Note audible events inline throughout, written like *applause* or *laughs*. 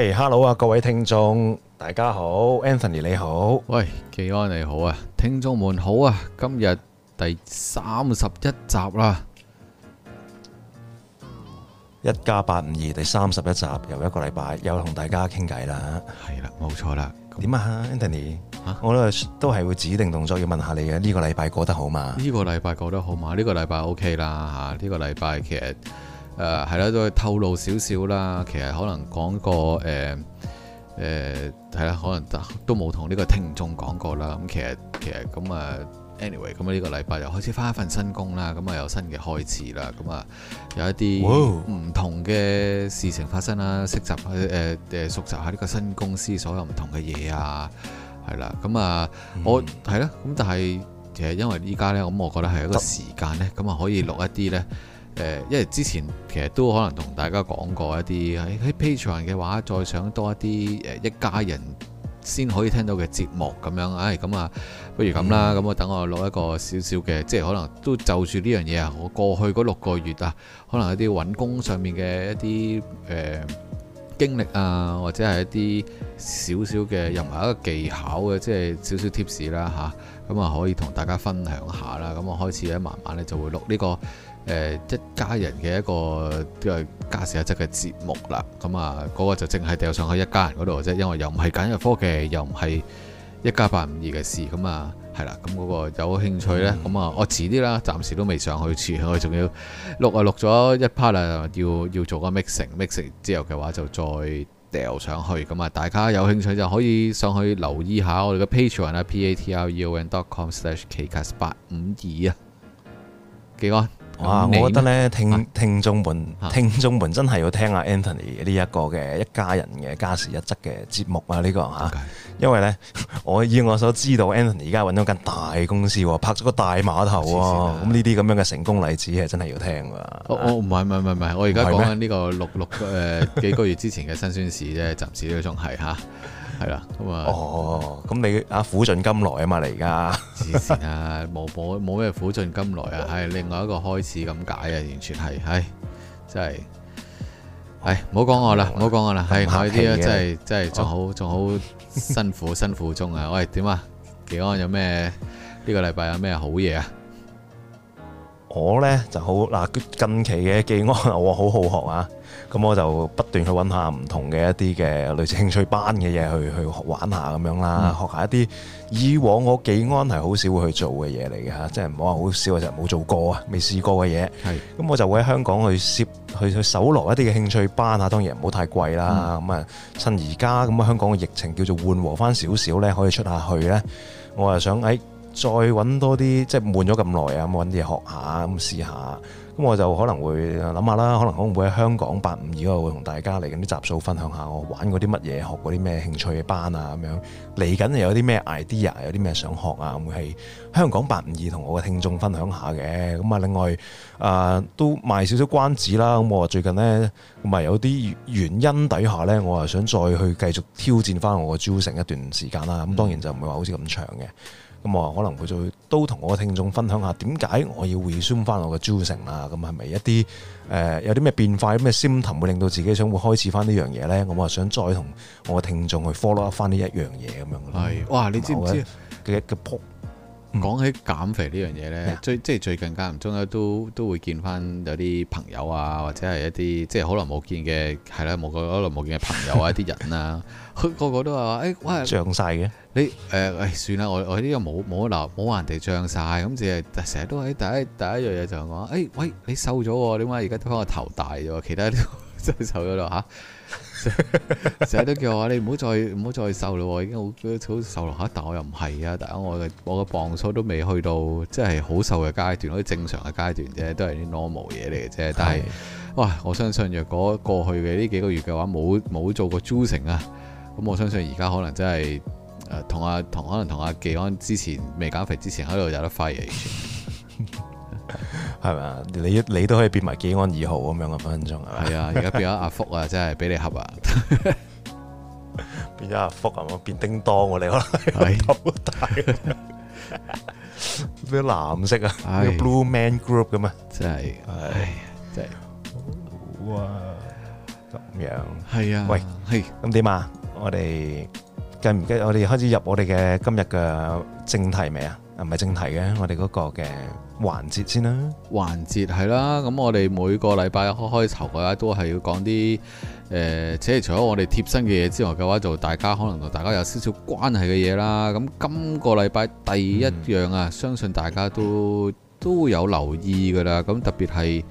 Hello 啊，hey, Hello，各位聽眾，大家好，Anthony 你好，喂，紀安你好啊，聽眾們好啊，今日第三十一集啦，一家八五二第三十一集，又一個禮拜又同大家傾偈啦，係啦，冇錯啦，點啊，Anthony 啊，Anthony? 啊我都係會指定動作要問下你嘅，呢個禮拜過得好嘛？呢個禮拜過得好嘛？呢個禮拜 OK 啦吓，啊，呢個禮拜其實。誒，係啦，都會透露少少啦。其實可能講個誒誒，係、呃、啦、呃，可能都冇同呢個聽眾講過啦。咁其實其實咁啊、嗯、，anyway，咁啊呢個禮拜又開始返一份新工啦。咁啊有新嘅開始啦。咁啊有一啲唔同嘅事情發生啦哇、呃。熟悉誒誒熟悉下呢個新公司所有唔同嘅嘢啊。係啦，咁啊我係啦。咁、嗯、但係其實因為依家咧，咁我覺得係一個時間咧，咁啊可以錄一啲咧。誒，因為之前其實都可能同大家講過一啲喺喺 Patreon 嘅話，再想多一啲一家人先可以聽到嘅節目咁樣、哎，唉，咁啊，不如咁啦，咁、嗯、我等我攞一個少少嘅，即係可能都就住呢樣嘢啊。我過去嗰六個月啊，可能一啲揾工上面嘅一啲、呃、經歷啊，或者係一啲少少嘅任何一個技巧嘅，即係少少 tips 啦吓，咁啊我可以同大家分享下啦。咁我開始咧、啊，慢慢咧就會錄呢、這個。誒、呃、一家人嘅一個啲啊加時一質嘅節目啦，咁啊嗰、那個就淨係掉上去一家人嗰度啫，因為又唔係簡約科技，又唔係一家八五二嘅事，咁啊係啦，咁嗰、啊那個有興趣呢？咁、嗯、啊我遲啲啦，暫時都未上去住，我仲要錄啊錄咗一 part 啊，要要做個 mixing，mixing 之後嘅話就再掉上去，咁啊大家有興趣就可以上去留意下我哋嘅 Patreon 啊 p a t r e o n c o m s l a s h k 八五二啊，記、e、安。哇、啊！我覺得咧，聽聽眾們，聽眾們、啊、真係要聽阿 Anthony 呢一 An 個嘅一家人嘅家事一則嘅節目啊！呢、這個嚇、啊，Okay. 因為咧，我以我所知道，Anthony 而家揾咗間大公司、啊，拍咗個大碼頭喎、啊。咁呢啲咁樣嘅成功例子係真係要聽㗎、啊。我我唔係唔係唔係，我而家講緊呢個六六誒、呃、幾個月之前嘅辛酸事啫，暫時都仲係嚇。啊。係啦，咁、嗯哦、啊，哦，咁你啊苦盡甘來啊嘛你而家，啊冇冇冇咩苦盡甘來啊，係、哦、另外一個開始咁解啊，完全係，唉、哎，真係，唉、哎，唔好講我啦，唔好講我啦，係快啲啊，真係真係仲好仲好辛苦辛苦中啊，喂，點啊？紀安有咩？呢、這個禮拜有咩好嘢啊？我咧就好嗱，近期嘅記安我好好學啊。咁我就不斷去揾下唔同嘅一啲嘅類似興趣班嘅嘢，去去玩下咁樣啦，嗯、學下一啲以往我紀安係好少會去做嘅嘢嚟嘅嚇，即係唔好話好少，就係冇做過啊，未試過嘅嘢。咁是 我就會喺香港去攝去去搜羅一啲嘅興趣班啊，當然唔好太貴啦。咁啊、嗯，趁而家咁啊香港嘅疫情叫做緩和翻少少咧，可以出下去咧，我又想誒再揾多啲，即係悶咗咁耐啊，揾啲嘢學下咁試下。試咁我就可能會諗下啦，可能可能會喺香港八五二嗰度同大家嚟緊啲集數分享下，我玩過啲乜嘢，學過啲咩興趣嘅班啊咁樣。嚟緊又有啲咩 idea，有啲咩想學啊，咁係香港八五二同我嘅聽眾分享下嘅。咁啊，另外啊、呃，都賣少少關子啦。咁我最近呢，同埋有啲原因底下呢，我啊想再去繼續挑戰翻我嘅招成一段時間啦。咁當然就唔會話好似咁長嘅。咁我可能會再都同我嘅聽眾分享下點解我要回 e s 翻我嘅 j o u 啦，咁係咪一啲誒、呃、有啲咩變化，咩心 t i 會令到自己想會開始翻呢樣嘢咧？我想再同我嘅聽眾去 follow 翻呢一樣嘢咁樣。係哇，我你知唔知嘅嘅講起減肥呢樣嘢咧，即係麼最近間唔中都都會見翻有啲朋友啊，或者係一啲即係好耐冇見嘅，係啦， *laughs* 冇個好耐冇見嘅朋友啊， *laughs* 一啲人啊，佢個個都話喂、哎，哇，漲曬嘅。你誒、呃哎、算啦，我我啲又冇冇得冇話人哋漲晒，咁，只係成日都喺第一第一樣嘢就係講誒喂，你瘦咗喎？點解而家都翻個頭大咗？其他都真係瘦咗啦吓，成日都叫我你唔好再唔好再瘦咯，已經好好瘦落嚇。但我又唔係而家，但我嘅我嘅磅數都未去到，即係好瘦嘅階段，好似正常嘅階段啫，都係啲 normal 嘢嚟嘅啫。但係哇是的、哎，我相信若果過去嘅呢幾個月嘅話，冇冇做過 juicing 啊，咁我相信而家可能真係。誒，同阿同可能同阿紀安之前未減肥之前喺度有得揮係咪啊？你你都可以變埋紀安二號咁樣嘅，分分鐘係啊，而家變咗阿福啊，真係俾你恰啊，變咗阿福啊，變叮當，我哋可能頭大，咩是、啊、 *laughs* 藍色啊，是啊 *laughs* ？Blue Man Group 咁啊，真係樣，唉，呀，真係，哇，咁樣係啊，喂，係咁點啊？我哋。計唔計？記記得我哋開始入我哋嘅今日嘅正題未啊？唔係正題嘅，我哋嗰個嘅環節先啦。環節係啦，咁我哋每個禮拜開開頭嘅話，都係要講啲誒，且係除咗我哋貼身嘅嘢之外嘅話，就大家可能同大家有少少關係嘅嘢啦。咁今個禮拜第一樣啊，嗯、相信大家都都有留意噶啦。咁特別係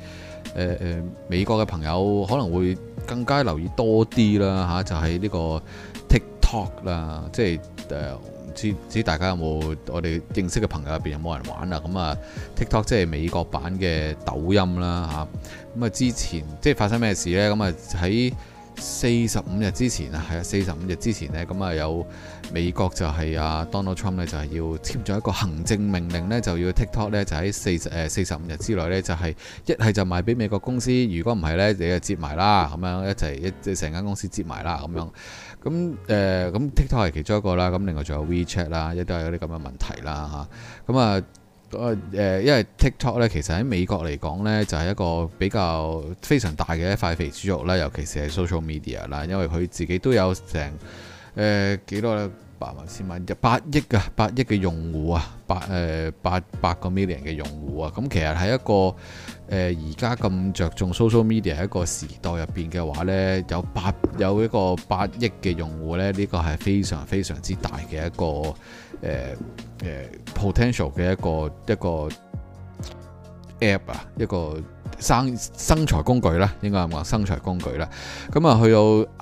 誒誒美國嘅朋友可能會更加留意多啲啦吓，就係、是、呢、這個。Talk 啦，TikTok, 即係誒，唔知知大家有冇我哋認識嘅朋友入邊有冇人玩啊？咁啊，TikTok 即係美國版嘅抖音啦嚇。咁啊，之前即係發生咩事呢？咁啊喺四十五日之前啊，係啊，四十五日之前呢，咁啊有美國就係啊 Donald Trump 呢，就係、是、要簽咗一個行政命令呢，就要 TikTok、ok、呢，就喺四十誒四十五日之內呢，就係、是、一係就賣俾美國公司，如果唔係呢，你就接埋啦，咁樣一齊即成間公司接埋啦，咁樣。咁誒，咁、呃、TikTok 係其中一個啦，咁另外仲有 WeChat 啦，亦都係有啲咁嘅問題，啦嚇，咁啊，啊、呃，因為 TikTok 咧，其實喺美國嚟講咧，就係、是、一個比較非常大嘅一塊肥豬肉啦，尤其是係 social media 啦，因為佢自己都有成誒、呃、幾多。百萬千萬就八億啊，八億嘅用戶啊，八誒八百個 million 嘅用戶啊，咁其實喺一個誒而家咁着重 social media 一個時代入邊嘅話呢，有八有一個八億嘅用戶呢，呢、呢個係非常非常之大嘅一個誒誒、呃呃、potential 嘅一個一個 app 啊，一個，生生財工具啦，應該係話生財工具啦。咁啊，去到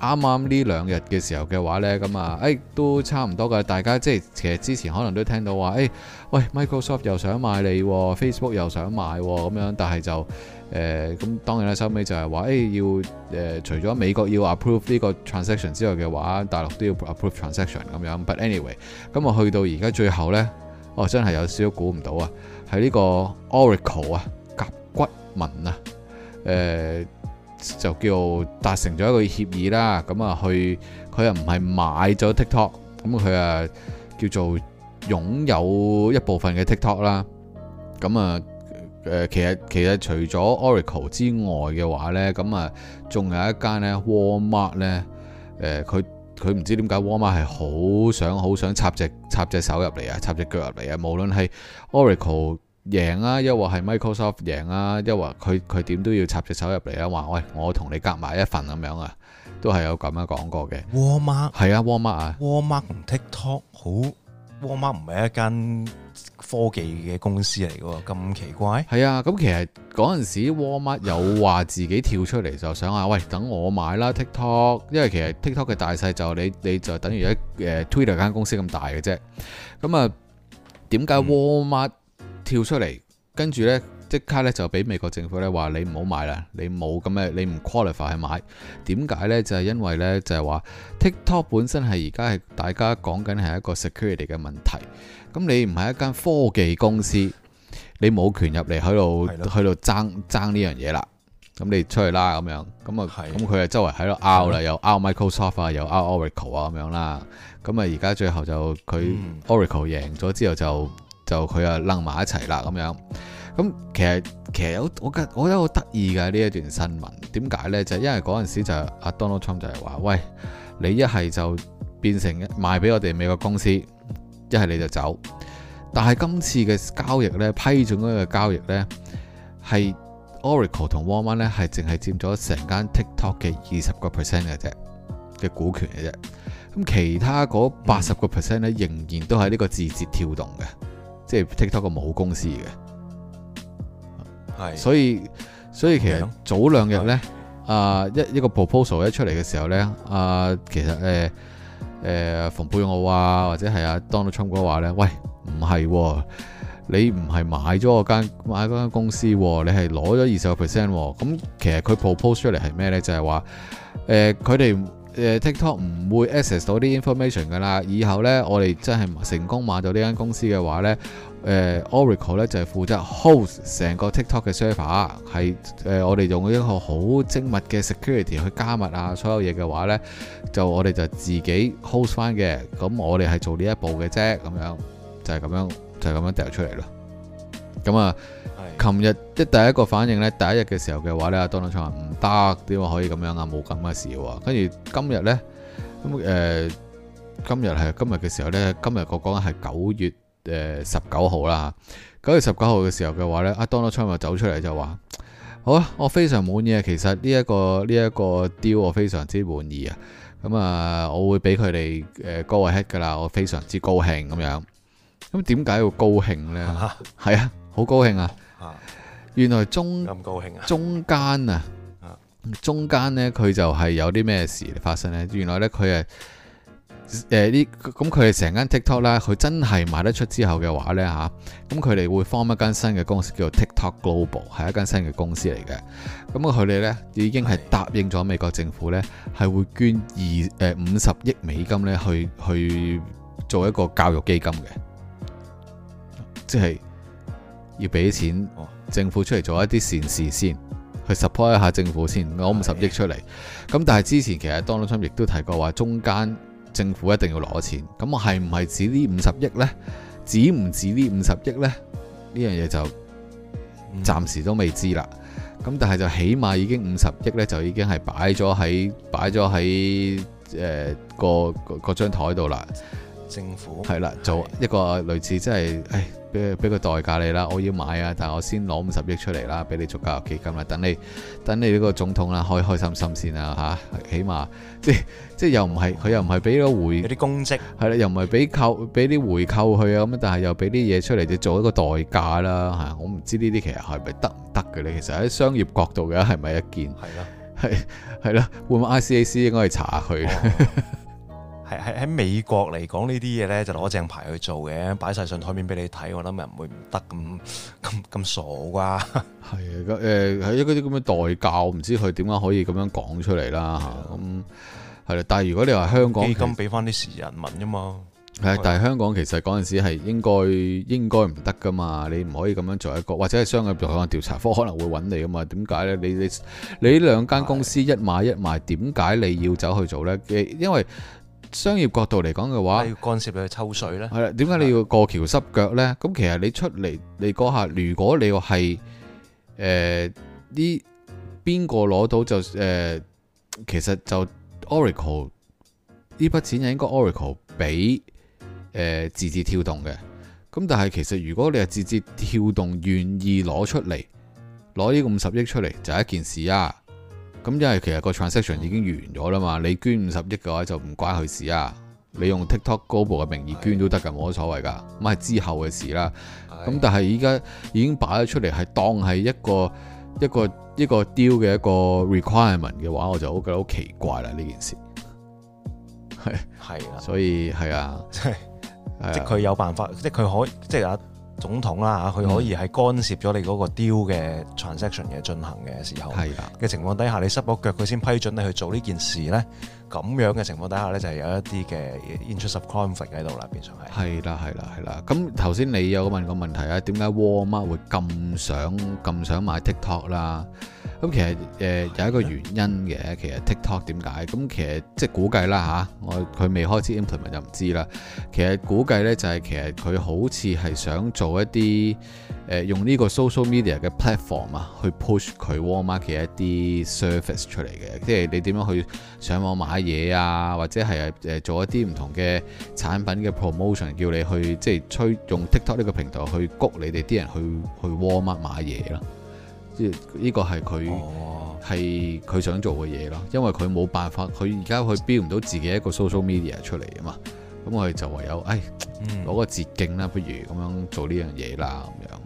啱啱呢兩日嘅時候嘅話呢，咁啊、哎，都差唔多嘅。大家即係其實之前可能都聽到話、哎，喂 Microsoft 又想買你，Facebook 又想買咁樣，但係就咁、呃、當然啦，收尾就係話、哎、要、呃、除咗美國要 approve 呢個 transaction 之外嘅話，大陸都要 approve transaction 咁樣。But anyway，咁啊，去到而家最後呢，我真係有少少估唔到啊，係呢個 Oracle 啊，甲骨。文啊，誒、呃、就叫達成咗一個協議啦。咁啊，去佢又唔係買咗 TikTok，咁佢啊叫做擁有一部分嘅 TikTok 啦。咁、呃、啊，誒其實其實除咗 Oracle 之外嘅話咧，咁啊仲有一間咧 Walmart 咧，誒佢佢唔知點解 Walmart 係好想好想插隻插隻手入嚟啊，插隻腳入嚟啊，無論係 Oracle。贏啊，一或係 Microsoft 贏啊，一或佢佢點都要插隻手入嚟啊，話喂，我同你夾埋一份咁樣，樣說 Walmart，啊，都係有咁樣講過嘅。Walmart 係啊，Walmart 啊 Walmart 同 TikTok 好，Walmart 唔係一間科技嘅公司嚟嘅喎，咁奇怪。係啊，咁其實嗰陣時 Walmart 有話自己跳出嚟，就想啊，喂，等我買啦 TikTok，因為其實 TikTok 嘅大細就你你就等於一誒、uh, Twitter 間公司咁大嘅啫。咁啊，點解 Walmart？跳出嚟，跟住呢即刻呢就俾美國政府呢話你唔好買啦，你冇咁嘅，你唔 qualify 去買。點解呢？就係因為呢，就係話 TikTok 本身係而家係大家講緊係一個 security 嘅問題。咁你唔係一間科技公司，你冇權入嚟喺度，喺度爭爭呢樣嘢啦。咁你出去啦咁樣，咁啊咁佢啊周圍喺度拗啦，又拗 Microsoft 啊，又拗 Oracle 啊咁樣啦。咁啊而家最後就佢 Oracle 贏咗之後就。嗯就佢又楞埋一齊啦，咁樣咁其實其實我嘅我覺得有個得意嘅呢一段新聞，點解呢？就係、因為嗰陣時就阿、啊、Donald Trump 就係話：，喂，你一係就變成賣俾我哋美國公司，一係你就走。但係今次嘅交易呢，批准嗰個交易呢，係 Oracle 同 Walmart 呢係淨係佔咗成間 TikTok 嘅二十個 percent 嘅啫嘅股權嘅啫。咁其他嗰八十個 percent 呢，仍然都係呢個字節跳動嘅。即係 TikTok 個母公司嘅，係，所以所以其實早兩日咧，啊一一個 proposal 一出嚟嘅時候咧，啊其實誒誒蓬佩奧啊話或者係啊 Donald Trump 都話咧，喂，唔係、啊，你唔係買咗個間買嗰間公司、啊，你係攞咗二十個 percent，咁其實佢 proposal 出嚟係咩咧？就係話誒佢哋。呃誒 TikTok 唔會 access 到啲 information 㗎啦，以後呢，我哋真係成功買到呢間公司嘅話呢，誒、呃、Oracle 呢就係、是、負責 host 成個 TikTok、ok、嘅 server，係誒、呃、我哋用一個好精密嘅 security 去加密啊所有嘢嘅話呢，就我哋就自己 host 翻嘅，咁我哋係做呢一步嘅啫，咁樣就係、是、咁樣就係、是、咁樣掉出嚟咯。咁啊，琴日即第一個反應呢，第一日嘅時候嘅話呢，阿 Donald Trump。得點話可以咁樣啊？冇咁嘅事喎。跟住今日咧，咁誒今日係今日嘅時候咧，今日個講係九月誒十九號啦。九月十九號嘅時候嘅話咧，阿 Donald Trump 就走出嚟就話：好啦，我非常滿意啊。其實呢一個呢一個 deal，我非常之滿意啊。咁啊，我會俾佢哋誒高位 hit 噶啦。我非常之高興咁樣。咁點解要高興咧？係啊，好高興啊！原來中咁高興啊，中間啊。中間呢，佢就係有啲咩事發生呢？原來呢，佢誒誒呢咁，佢哋成間 TikTok 啦，佢真係賣得出之後嘅話呢。吓，咁佢哋會 form 一間新嘅公司，叫做 TikTok Global，係一間新嘅公司嚟嘅。咁佢哋呢已經係答應咗美國政府呢，係會捐二誒五十億美金呢去去做一個教育基金嘅，即係要俾錢政府出嚟做一啲善事先。去 support 一下政府先，攞五十億出嚟。咁 Okay. 但係之前其實 Donald Trump 亦都提過話，中間政府一定要攞錢。咁我係唔係指呢五十億呢？指唔指呢五十億呢？呢樣嘢就暫時都未知啦。咁但係就起碼已經五十億呢，就已經係擺咗喺擺咗喺誒個個張台度啦。政府係啦，做一個類似即係誒。俾個代價你啦，我要買啊，但係我先攞五十億出嚟啦，俾你做教育基金啦，等你等你呢個總統啦、啊，開開心心先啊吓，起碼即即又唔係佢又唔係俾個回啲功績係啦，又唔係俾扣俾啲回扣佢啊咁，但係又俾啲嘢出嚟就做一個代價啦吓，我唔知呢啲其實係咪得唔得嘅咧？其實喺商業角度嘅係咪一件係咯係係啦，會唔會 ICAC 應該去查下佢？哦 *laughs* 喺喺美國嚟講呢啲嘢咧，就攞正牌去做嘅，擺晒上台面俾你睇。我諗又唔會唔得咁咁咁傻啩。係咁誒，係、呃、一啲咁嘅代教，唔知佢點解可以咁樣講出嚟啦嚇，咁係啦。但係如果你話香港基金俾翻啲市民嘅嘛係，但係香港其實嗰陣時係應該應該唔得噶嘛。你唔可以咁樣做一個，或者係相關調查科可能會揾你噶嘛？點解咧？你你你兩間公司一買一賣，點解的你要走去做咧？因為商業角度嚟講嘅話，你要干涉佢抽水呢？係啦，點解你要過橋濕腳呢？咁其實你出嚟，你嗰下如果你係誒呢邊個攞到就誒、呃，其實就 Oracle 呢筆錢應該 Oracle 俾誒、呃、字節跳動嘅。咁但係其實如果你係字節跳動願意攞出嚟攞呢個五十億出嚟，就係、是、一件事啊！咁因為其實個 transaction 已經完咗啦嘛，嗯、你捐五十億嘅話就唔關佢事啊，嗯、你用 TikTok Global 嘅名義捐都得噶，冇乜是的 所謂噶，咁係之後嘅事啦。咁是的 但係依家已經擺咗出嚟係當係一個是的 一個一個 deal 嘅一個 requirement 嘅話，我就覺得好奇怪啦呢件事。係係啦，所以係啊，即係即佢有辦法，即係佢可即係、就是、啊。總統啦、啊、嚇，佢可以係干涉咗你嗰個 deal 嘅 transaction 嘅進行嘅時候啦嘅情況底下，的你濕咗腳佢先批准你去做呢件事咧。咁樣嘅情況底下呢就係、是、有一啲嘅 interest of confidence 喺度啦，變相係。係啦，係啦，係啦。咁頭先你有問個問題啊，點解 Walmart 會咁想咁想買 TikTok 啦？咁其實誒、呃、的有一個原因嘅。其實 TikTok 點解？咁其實即係估計啦嚇、啊，我佢未開始 implement 就唔知啦。其實估計呢就係、是、其實佢好似係想做一啲。誒用呢個 social media 嘅 platform 啊，去 push 佢 Walmart 嘅一啲 service 出嚟嘅，即係你點樣去上網買嘢啊，或者係做一啲唔同嘅產品嘅 promotion，叫你去即係吹用 TikTok 呢個平台去谷你哋啲人去去 Walmart 買嘢啦，呢、這個係佢係佢想做嘅嘢咯，因為佢冇辦法，佢而家佢標唔到自己一個 social media 出嚟啊嘛，咁我哋就唯有誒攞、哎 mm. 個捷徑啦，不如咁樣做呢樣嘢啦咁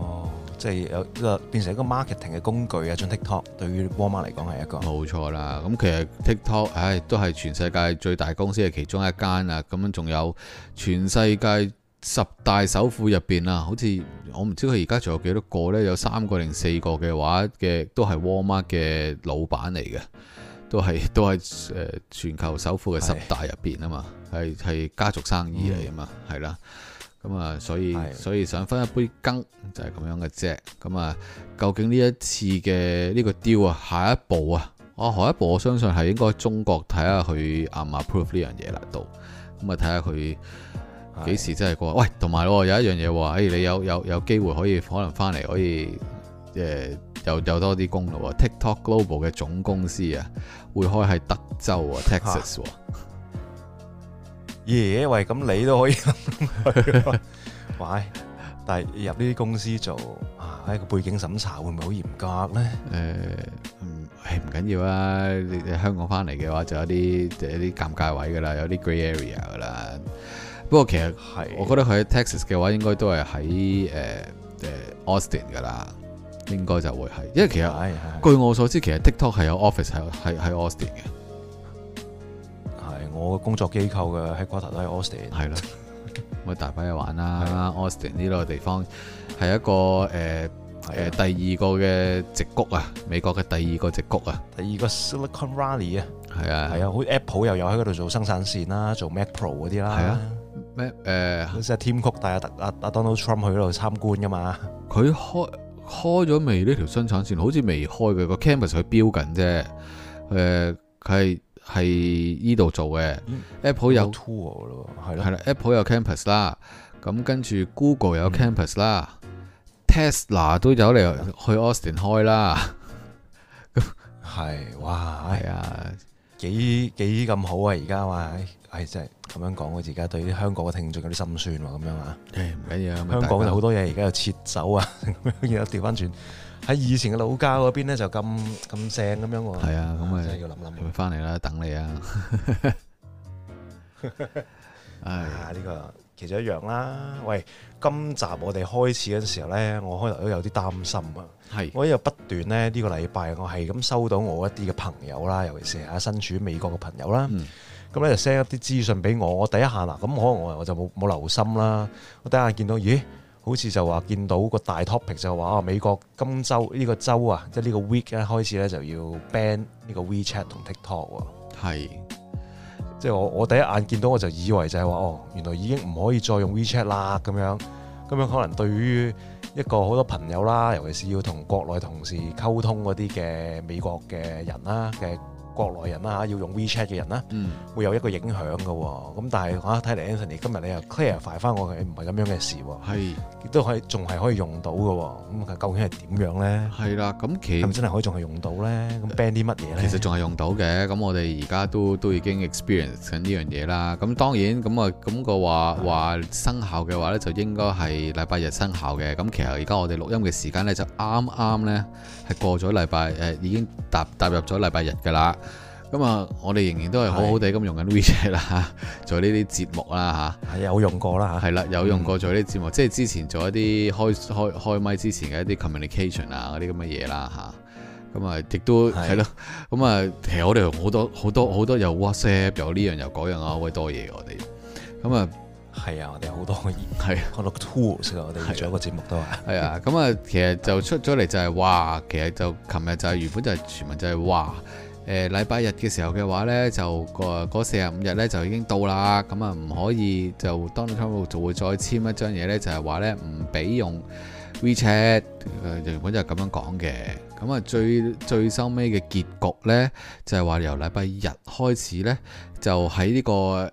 哦，即係有一個變成一個 marketing 嘅工具啊，將 TikTok 對於 Walmart 嚟講係一個冇錯啦。咁其實 TikTok，唉，都係全世界最大公司嘅其中一間啦。咁樣仲有全世界十大首富入邊啊，好似我唔知佢而家仲有幾多個呢？有三個定四個嘅話嘅，都係 Walmart 嘅老闆嚟嘅，都係都係誒全球首富嘅十大入邊啊嘛，係係家族生意嚟啊嘛，係啦。咁啊，所以的所以想分一杯羹就係、是、咁樣嘅啫。咁啊，究竟呢一次嘅呢、這個 deal 啊，下一步啊，哦、啊，下一步我相信係應該中國睇下佢啊，approve 呢樣嘢嚟到。咁啊的，睇下佢幾時真係過喂，同埋有，有一樣嘢喎，誒、哎，你有有有機會可以可能翻嚟可以誒，又、呃、有，有多啲功工咯、啊。TikTok Global 嘅總公司啊，會開喺德州啊，Texas 喎。哈耶、yeah, 喂，咁你都可以，喂！ *laughs* 但係入呢啲公司做啊，喺個背景審查會唔會好嚴格咧？誒，唔緊要啦。你香港翻嚟嘅話，就有啲有啲尷尬位噶啦，有啲 grey area 噶啦。不過其實係，我覺得佢喺 Texas 嘅話，應該都係喺 Austin 噶啦，應該就會係。因為其實據我所知，其實 TikTok 係有 office 喺喺 Austin 嘅。我嘅工作機構嘅喺瓜達尼奧斯汀，係咯，咁大把嘢玩啦。奧斯汀呢個地方係一個誒誒第二個嘅直谷啊，美國嘅第二個直谷啊，第二個 Silicon Valley 啊，係啊，係啊，好似 Apple 又有喺嗰度做生產線啦，做 Mac Pro 嗰啲啦，係啊，咩誒？好似係 Team 曲帶阿特阿 Donald Trump 去度參觀㗎嘛？佢開開咗未？呢條生產線好似未開嘅，個 campus 佢標緊啫。誒，佢係。係呢度做嘅、嗯、，Apple 有 tool 咯，係啦，Apple 有 campus 啦，咁跟住 Google 有 campus 啦、嗯、，Tesla 都有嚟去 Austin 開啦，咁係、嗯、 *laughs* 哇，係啊的，幾幾咁好啊，而家話，唉，真係咁樣講，我而家對於香港嘅聽眾有啲心酸喎，咁樣啊，唔一樣，哎、呀是香港就好多嘢而家又撤走啊，咁樣又調翻轉。喺以前嘅老家嗰邊咧就咁咁正咁樣喎。係啊，咁啊，佢翻嚟啦，等你啊。唉，呢個其實一樣啦。喂，今集我哋開始嗰陣時候咧，我開頭都有啲擔心啊。係是、這個，我又不斷咧呢個禮拜，我係咁收到我一啲嘅朋友啦，尤其是係身處美國嘅朋友啦。咁咧、嗯、就 send 一啲資訊俾我，我第一下嗱，咁可能我就我就冇冇留心啦。我第一下見到，咦？好似就話見到個大 topic 就係話美國今周呢個週啊，即係呢個 week 咧開始咧就要 ban 呢個 WeChat 同 TikTok 喎。係是，即係我我第一眼見到我就以為就係話哦，原來已經唔可以再用 WeChat 啦咁樣。咁樣可能對於一個好多朋友啦，尤其是要同國內同事溝通嗰啲嘅美國嘅人啦嘅。國內人啦、啊、嚇，要用 WeChat 嘅人啦、啊，嗯、會有一個影響嘅喎、啊。咁但係睇嚟 Anthony 今日你又 clarify 翻翻我嘅、啊，唔係咁樣嘅事喎。係，亦都可以仲係可以用到嘅喎、啊。咁究竟係點樣咧？係啦，咁其實真係可以仲係用到咧？咁 ban 啲乜嘢咧？其實仲係用到嘅。咁我哋而家都都已經 experience 緊呢樣嘢啦。咁當然咁啊，咁、那、嘅、個、話話的生效嘅話咧，就應該係禮拜日生效嘅。咁其實而家我哋錄音嘅時間咧就啱啱咧係過咗禮拜誒，已經踏踏入咗禮拜日㗎啦。咁啊，我哋仍然都係好好地咁用緊 WeChat 啦，做呢啲節目啦，吓係有用過啦，吓係啦，有用過做呢啲節目，即係之前做一啲開開開麥之前嘅一啲 communication 啊，嗰啲咁嘅嘢啦，吓咁啊，亦都係咯，咁啊，其實我哋好多好多好多有 WhatsApp，有呢樣又嗰樣啊，好鬼多嘢，我哋咁啊，係啊，我哋好多嘢，係好多 tools 啊，我哋做一個節目都係啊，咁啊，其實就出咗嚟就係哇，其實就琴日就係原本就係全民，就係哇。誒禮拜日嘅時候嘅話呢，就個嗰四十五日呢就已經到啦，咁啊唔可以就 Donald Trump 就會再簽一張嘢呢，就係、是、話呢唔俾用 WeChat，呃、原本就係咁樣講嘅，咁啊最最收尾嘅結局呢，就係、是、話由禮拜日開始呢，就喺呢、這個。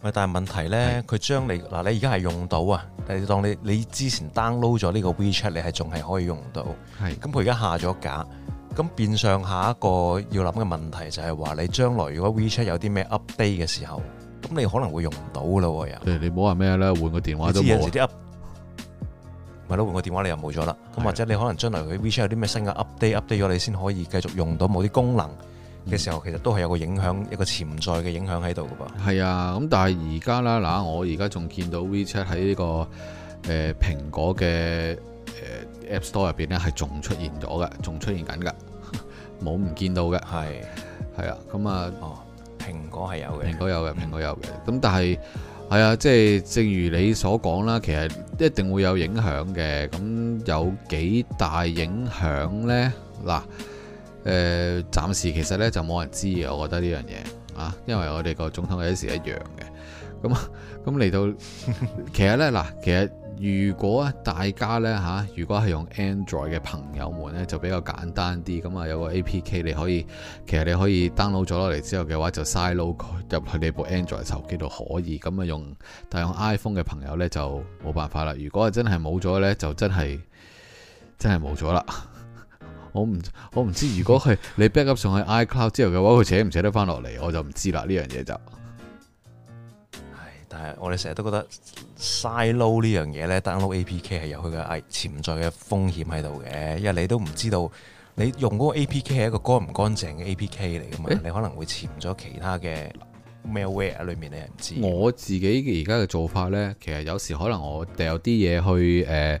但係問題呢，佢是將你嗱你而家係用到啊，但係當你你之前 download 咗呢個 WeChat，你係仲係可以用到。咁佢而家下咗架，咁變相下一個要諗嘅問題就係話，你將來如果 WeChat 有啲咩 update 嘅時候，咁你可能會用唔到啦喎。你唔好話咩啦，換個電話都冇。有時啲 up，咪咯，換個電話你又冇咗啦。咁或者你可能將來 WeChat 有啲咩新嘅 update，update 咗你先可以繼續用到某啲功能。嘅時候，其實都係有個影響，一個潛在嘅影響喺度㗎噃。係啊，咁但係而家啦，嗱，我而家仲見到 WeChat 喺呢個誒蘋果嘅誒 App Store 入邊咧，係仲出現咗嘅，仲出現緊噶，冇唔見到嘅。係係啊，咁啊，哦，蘋果係有嘅，蘋果有嘅，蘋果有嘅。咁但係係啊，即係正如你所講啦，其實一定會有影響嘅。咁有幾大影響咧？嗱。誒、呃，暫時其實咧就冇人知嘅，我覺得呢樣嘢啊，因為我哋個總統有啲時一樣嘅，咁咁嚟到，其實咧嗱，其實如果大家咧吓、啊，如果係用 Android 嘅朋友們咧就比較簡單啲，咁、嗯、啊有個 APK 你可以，其實你可以 download 咗落嚟之後嘅話就 side load 入去你部 Android 手機度可以，咁啊用，但用 iPhone 嘅朋友咧就冇辦法啦，如果係真係冇咗咧就真係真係冇咗啦。我唔我唔知，如果係你 backup 上去 iCloud 之後嘅話，佢扯唔扯得翻落嚟，我就唔知啦。呢樣嘢就係，但係我哋成日都覺得 silo 呢樣嘢咧，download APK 係有佢嘅潛在嘅風險喺度嘅，因為你都唔知道你用嗰個 APK 係一個乾唔乾淨嘅 APK 嚟嘅嘛，唉你可能會潛咗其他嘅 malware 裏面，你唔知。我自己而家嘅做法咧，其實有時可能我掉啲嘢去誒。呃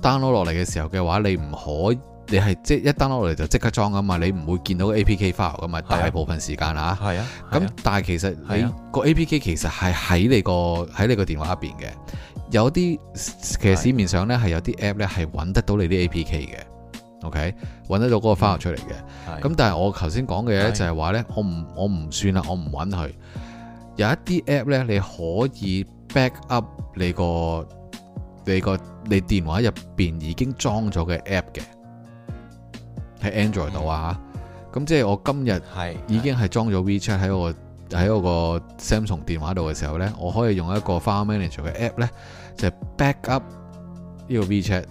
download 落嚟嘅時候嘅話，你唔可，你係即一 download 落嚟就即刻裝噶嘛，你唔會見到 APK file 噶嘛，啊、大部分時間啦啊，係咁啊，咁但係其實你個 APK 其實係喺你個喺你個電話入邊嘅，有啲其實市面上呢係有啲 app 呢係揾得到你啲 APK 嘅，OK 揾得到嗰個 file 出嚟嘅，咁、啊、但係我頭先講嘅嘢就係話呢，我唔我唔算啦，我唔揾佢，有一啲 app 呢，你可以 back up 你個。你個你電話入邊已經裝咗嘅 App 嘅，喺 Android 度啊，咁、嗯、即係我今日係已經係裝咗 WeChat 喺我喺我個 Samsung 電話度嘅時候呢，我可以用一個 File Manager 嘅 App 呢，就係、backup 呢個 WeChat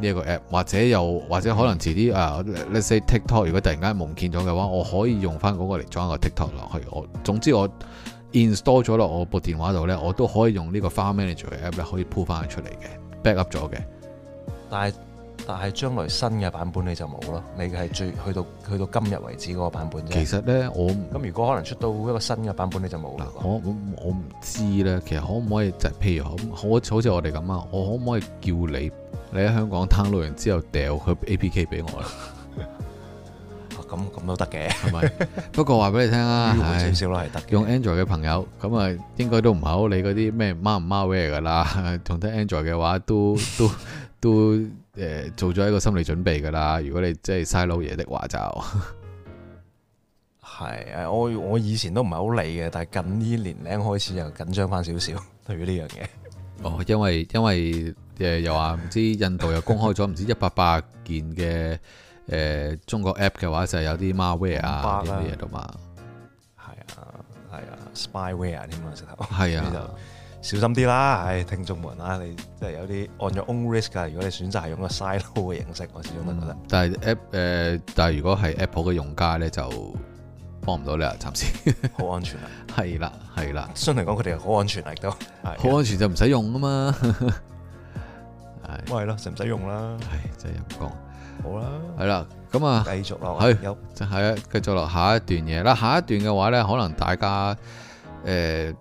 呢一個 App，或者又或者可能遲啲啊，Let’s say TikTok，如果突然間夢見咗嘅話，我可以用翻嗰個嚟裝一個 TikTok 落去。我總之我。install 咗落我部電話度咧，我都可以用呢個 File Manager 嘅 app 咧，可以 pull 翻佢出嚟嘅，backup 咗嘅。但係但係將來新嘅版本你就冇咯，你係最去到去到今日為止嗰個版本啫。其實咧我咁如果可能出到一個新嘅版本你就冇啦、啊。我我唔知咧，其實可唔可以就係譬如可好似我哋咁啊，我可唔可以叫你你喺香港 download 完之後掉佢 APK 俾我啦？ *laughs* 咁咁都得嘅，係咪？不過話俾你聽啦，少少都係得。用 Android 嘅朋友，咁啊 *laughs* 應該都唔係好理嗰啲咩貓唔貓尾嚟噶啦。同啲 Android 嘅話，都都 *laughs* 都誒、呃、做咗一個心理準備噶啦。如果你真係嘥老嘢的話就，就係 *laughs* 我我以前都唔係好理嘅，但係近呢年齡開始又緊張翻少少，對於呢樣嘢。哦，因為因為誒、呃、又話唔知印度又公開咗唔知一百八件嘅。誒，中國 app 嘅話就係有啲 malware 啊，啲乜嘢噶嘛，係啊，係啊，spyware 添啊，石頭，係啊，小心啲啦，誒，聽眾們啊，你即係有啲按咗 on risk 噶，如果你選擇係用個 side load 嘅形式，我始終都覺得。但係 app 誒，但係如果係 apple 嘅用家咧，就幫唔到你啊，暫時。好安全啊。係啦，係啦，相對嚟講，佢哋好安全嚟，亦都好安全就唔使用啊嘛，係，咪係咯，使唔使用啦，係真係咁講。好啦，係啦，咁啊，繼續落去，又係啊，繼續落下一段嘢啦。下一段嘅話呢，可能大家誒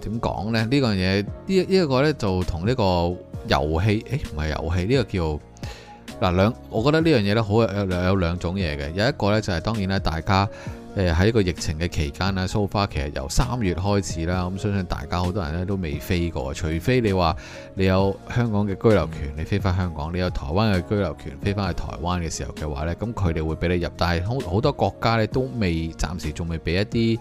點講呢？呢個嘢呢，呢一個呢就同呢個遊戲誒唔係遊戲，呢個叫嗱兩，啊，我覺得呢樣嘢咧好有有兩種嘢嘅，有一個呢就係當然咧大家。誒喺、呃、個疫情嘅期間啦，so far 其實由三月開始啦，咁相信大家好多人咧都未飛過，除非你話你有香港嘅居留權，你飛翻香港；你有台灣嘅居留權，飛翻去台灣嘅時候嘅話呢，咁佢哋會俾你入。但係好好多國家呢都未，暫時仲未俾一啲誒、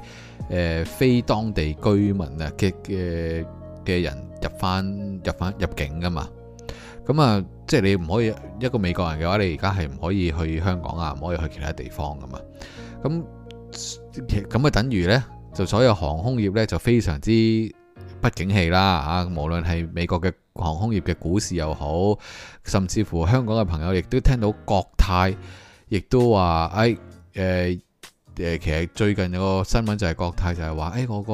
呃、非當地居民啊嘅嘅嘅人入翻入翻入境噶嘛。咁啊，即係你唔可以一個美國人嘅話，你而家係唔可以去香港啊，唔可以去其他地方噶嘛。咁咁啊，等於呢，就所有航空業呢，就非常之不景氣啦啊！無論係美國嘅航空業嘅股市又好，甚至乎香港嘅朋友亦都聽到國泰亦都話，誒、哎，誒，誒，其實最近有個新聞就係國泰就係話，誒、哎，嗰個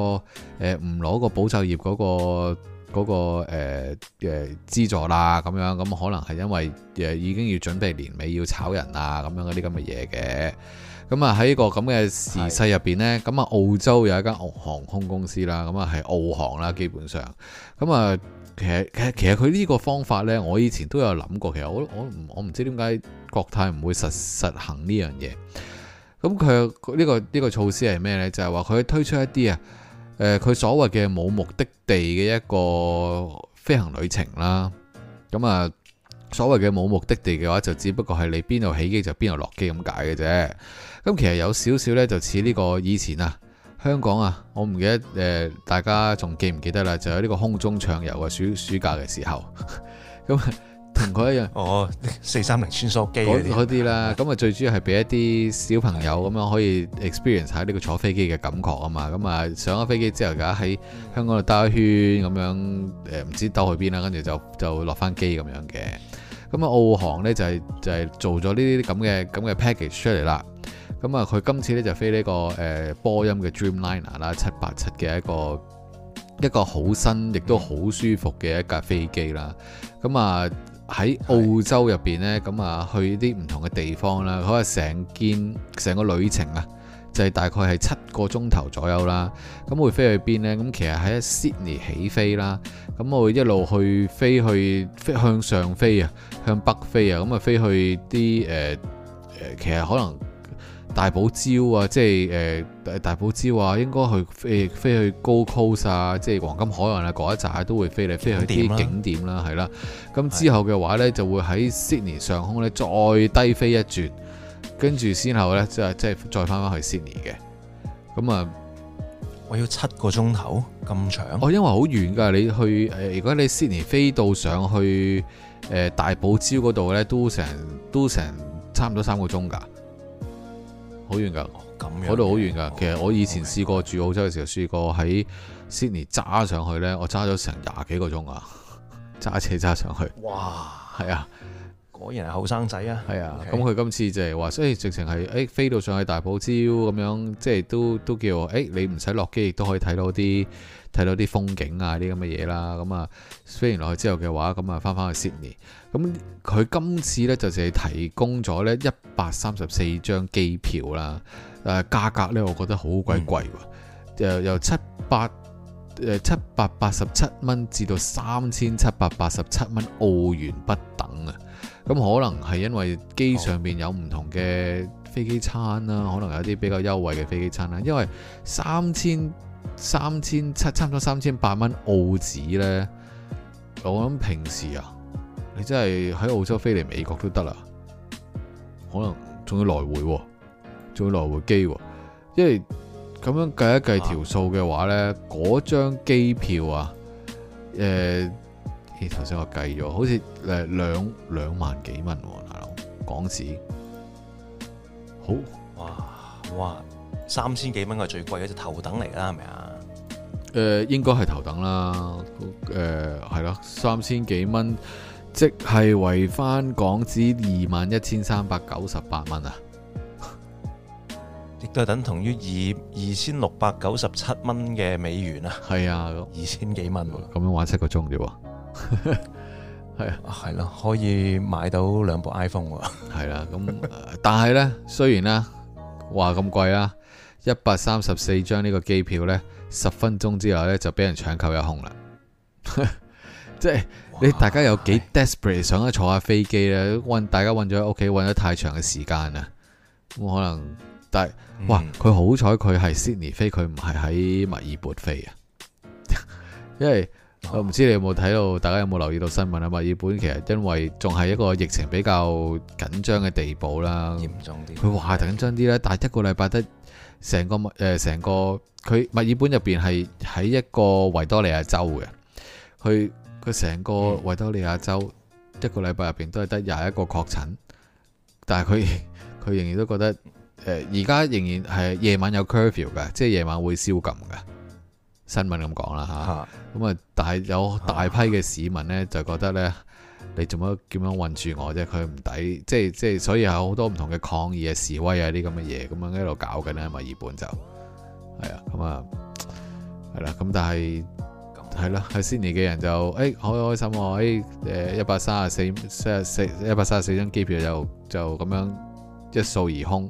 誒唔攞個保就業嗰、那個嗰、那個誒誒、呃、資助啦，咁樣咁可能係因為誒已經要準備年尾要炒人啊，咁樣嗰啲咁嘅嘢嘅。咁啊，喺呢個咁嘅時勢入邊呢，咁啊是，澳洲有一間航空公司啦，咁啊係澳航啦，基本上咁啊，其實其實佢呢個方法呢，我以前都有諗過，其實我我我唔知點解國泰唔會實實行呢樣嘢。咁佢呢個呢、呢個措施係咩呢？就係話佢推出一啲啊，誒、呃，佢所謂嘅冇目的地嘅一個飛行旅程啦。咁啊，所謂嘅冇目的地嘅話，就只不過係你邊度起機就邊度落機咁解嘅啫。咁其實有少少咧，就似呢個以前啊，香港啊，我唔記得誒、呃，大家仲記唔記得啦？就喺呢個空中暢遊啊，暑暑假嘅時候咁，同佢一樣哦，四三零穿梭機嗰啲啦。咁啊，最主要係俾一啲小朋友咁樣可以 experience 喺呢個坐飛機嘅感覺啊嘛。咁啊，上咗飛機之後，而家喺香港度兜一圈咁樣誒，呃、唔知兜去邊啦，跟住就就落翻機咁樣嘅。咁啊，澳航呢，就係、就係、做咗呢啲咁嘅咁嘅 package 出嚟啦。咁啊，佢今次咧就飛呢、這個誒、呃、波音嘅 Dreamliner 啦，七八七嘅一個一個好新亦都好舒服嘅一架飛機啦。咁啊喺澳洲入邊呢，咁啊是的 去啲唔同嘅地方啦，可能成件成個旅程啊，就係大概係七個鐘頭左右啦。咁會飛去邊呢？咁其實喺 Sydney 起飛啦，咁我會一路去飛去飛向上飛啊，向北飛啊，咁啊飛去啲誒誒，其實可能。大堡礁、呃、大寶礁 Coast，啊，即係誒大堡礁啊，應該去飛飛去 Gold Coast 啊，即係黃金海岸啊嗰一扎都會飛嚟。點飛去啲景點啦，係啦、啊。咁的之後嘅話呢，就會喺 Sydney 上空呢再低飛一轉，跟住先後呢，就是，即係即係再翻翻去 Sydney 嘅。咁啊，我要七個鐘頭咁長？哦，因為好遠噶，你去誒，如果你 Sydney 飛到上去誒、呃、大堡礁嗰度呢，都成都成差唔多三個鐘噶。好遠噶，我度好遠噶。Okay. 其實我以前試過 Okay. 住澳洲嘅時候，試過喺 Sydney 揸上去呢。我揸咗成廿幾個鐘啊，揸車揸上去。駕駕上去哇，係啊。果然係後生仔啊！係啊，咁佢 Okay 今次就係話，誒、哎、直情係誒飛到上去大堡礁咁樣，即係都都叫我、哎、你唔使落機，亦都可以睇到啲睇、嗯、到啲風景啊啲咁嘅嘢啦。咁啊飛完落去之後嘅話，咁啊翻翻去 Sydney。咁佢今次呢，就係、淨係、提供咗呢一百三十四張機票啦。誒價格呢，我覺得好鬼貴喎，嗯、由七百、呃、七百八十七蚊至到三千七百八十七蚊澳元不等啊！咁可能係因為機上面有唔同嘅飛機餐啦，哦、可能有啲比較優惠嘅飛機餐啦。因為三千三千七差唔多三千八蚊澳紙呢。我諗平時啊，你真係喺澳洲飛嚟美國都得啦。可能仲要來回、啊，仲要來回機、啊。因為咁樣計一計條數嘅話呢，嗰張機票啊，呃頭先我計咗，好似誒兩兩萬幾蚊，嗱，港紙，好，哇哇，三千幾蚊係最貴嘅，就頭等嚟啦，係咪啊？誒、呃，應該係頭等啦，誒、呃，係啦，三千幾蚊，即係為翻港紙二萬一千三百九十八蚊啊，亦都係等同於二二千六百九十七蚊嘅美元啊，係啊，二千幾蚊，咁樣玩七個鐘咋喎。係 *laughs* 啊，係咯、啊，可以買到兩部 iPhone 喎，係 *laughs* 啦、啊。咁、呃、但係呢，雖然咧話咁貴啦，一百三十四張呢個機票呢，十分鐘之後呢，就俾人搶購一空啦。 *laughs* 即係哇你大家有幾 desperate 想坐一坐下飛機呢？困是大家困咗喺屋企，困咗太長嘅時間啊。咁可能但係哇，佢、嗯、好彩，佢係 Sydney 飛，佢唔係喺墨爾本飛啊， *laughs* 因為。我唔知你有冇睇到，大家有冇留意到新聞啊？墨爾本其實因為仲係一個疫情比較緊張嘅地步啦，嚴重啲。佢話係緊張啲咧，但係一個禮拜得成個墨、呃、成個佢墨爾本入邊係喺一個維多利亞州嘅，佢佢成個維多利亞州一個禮拜入邊都係得廿一個確診，但係佢佢仍然都覺得誒而家仍然係夜晚有 curfew 嘅，即係夜晚會宵禁嘅。新聞咁講啦嚇，咁啊，但係有大批嘅市民咧就覺得咧，你做乜點樣困住我啫？佢唔抵，即係即係，所以有好多唔同嘅抗議啊、示威這些這啊啲咁嘅嘢，咁樣一路搞緊啦，墨爾本就係啊，咁啊，係啦，咁但係係啦，喺悉尼嘅人就誒好開心喎？誒，一百三十四、三十四、一百三十四張機票就就咁樣一掃而空，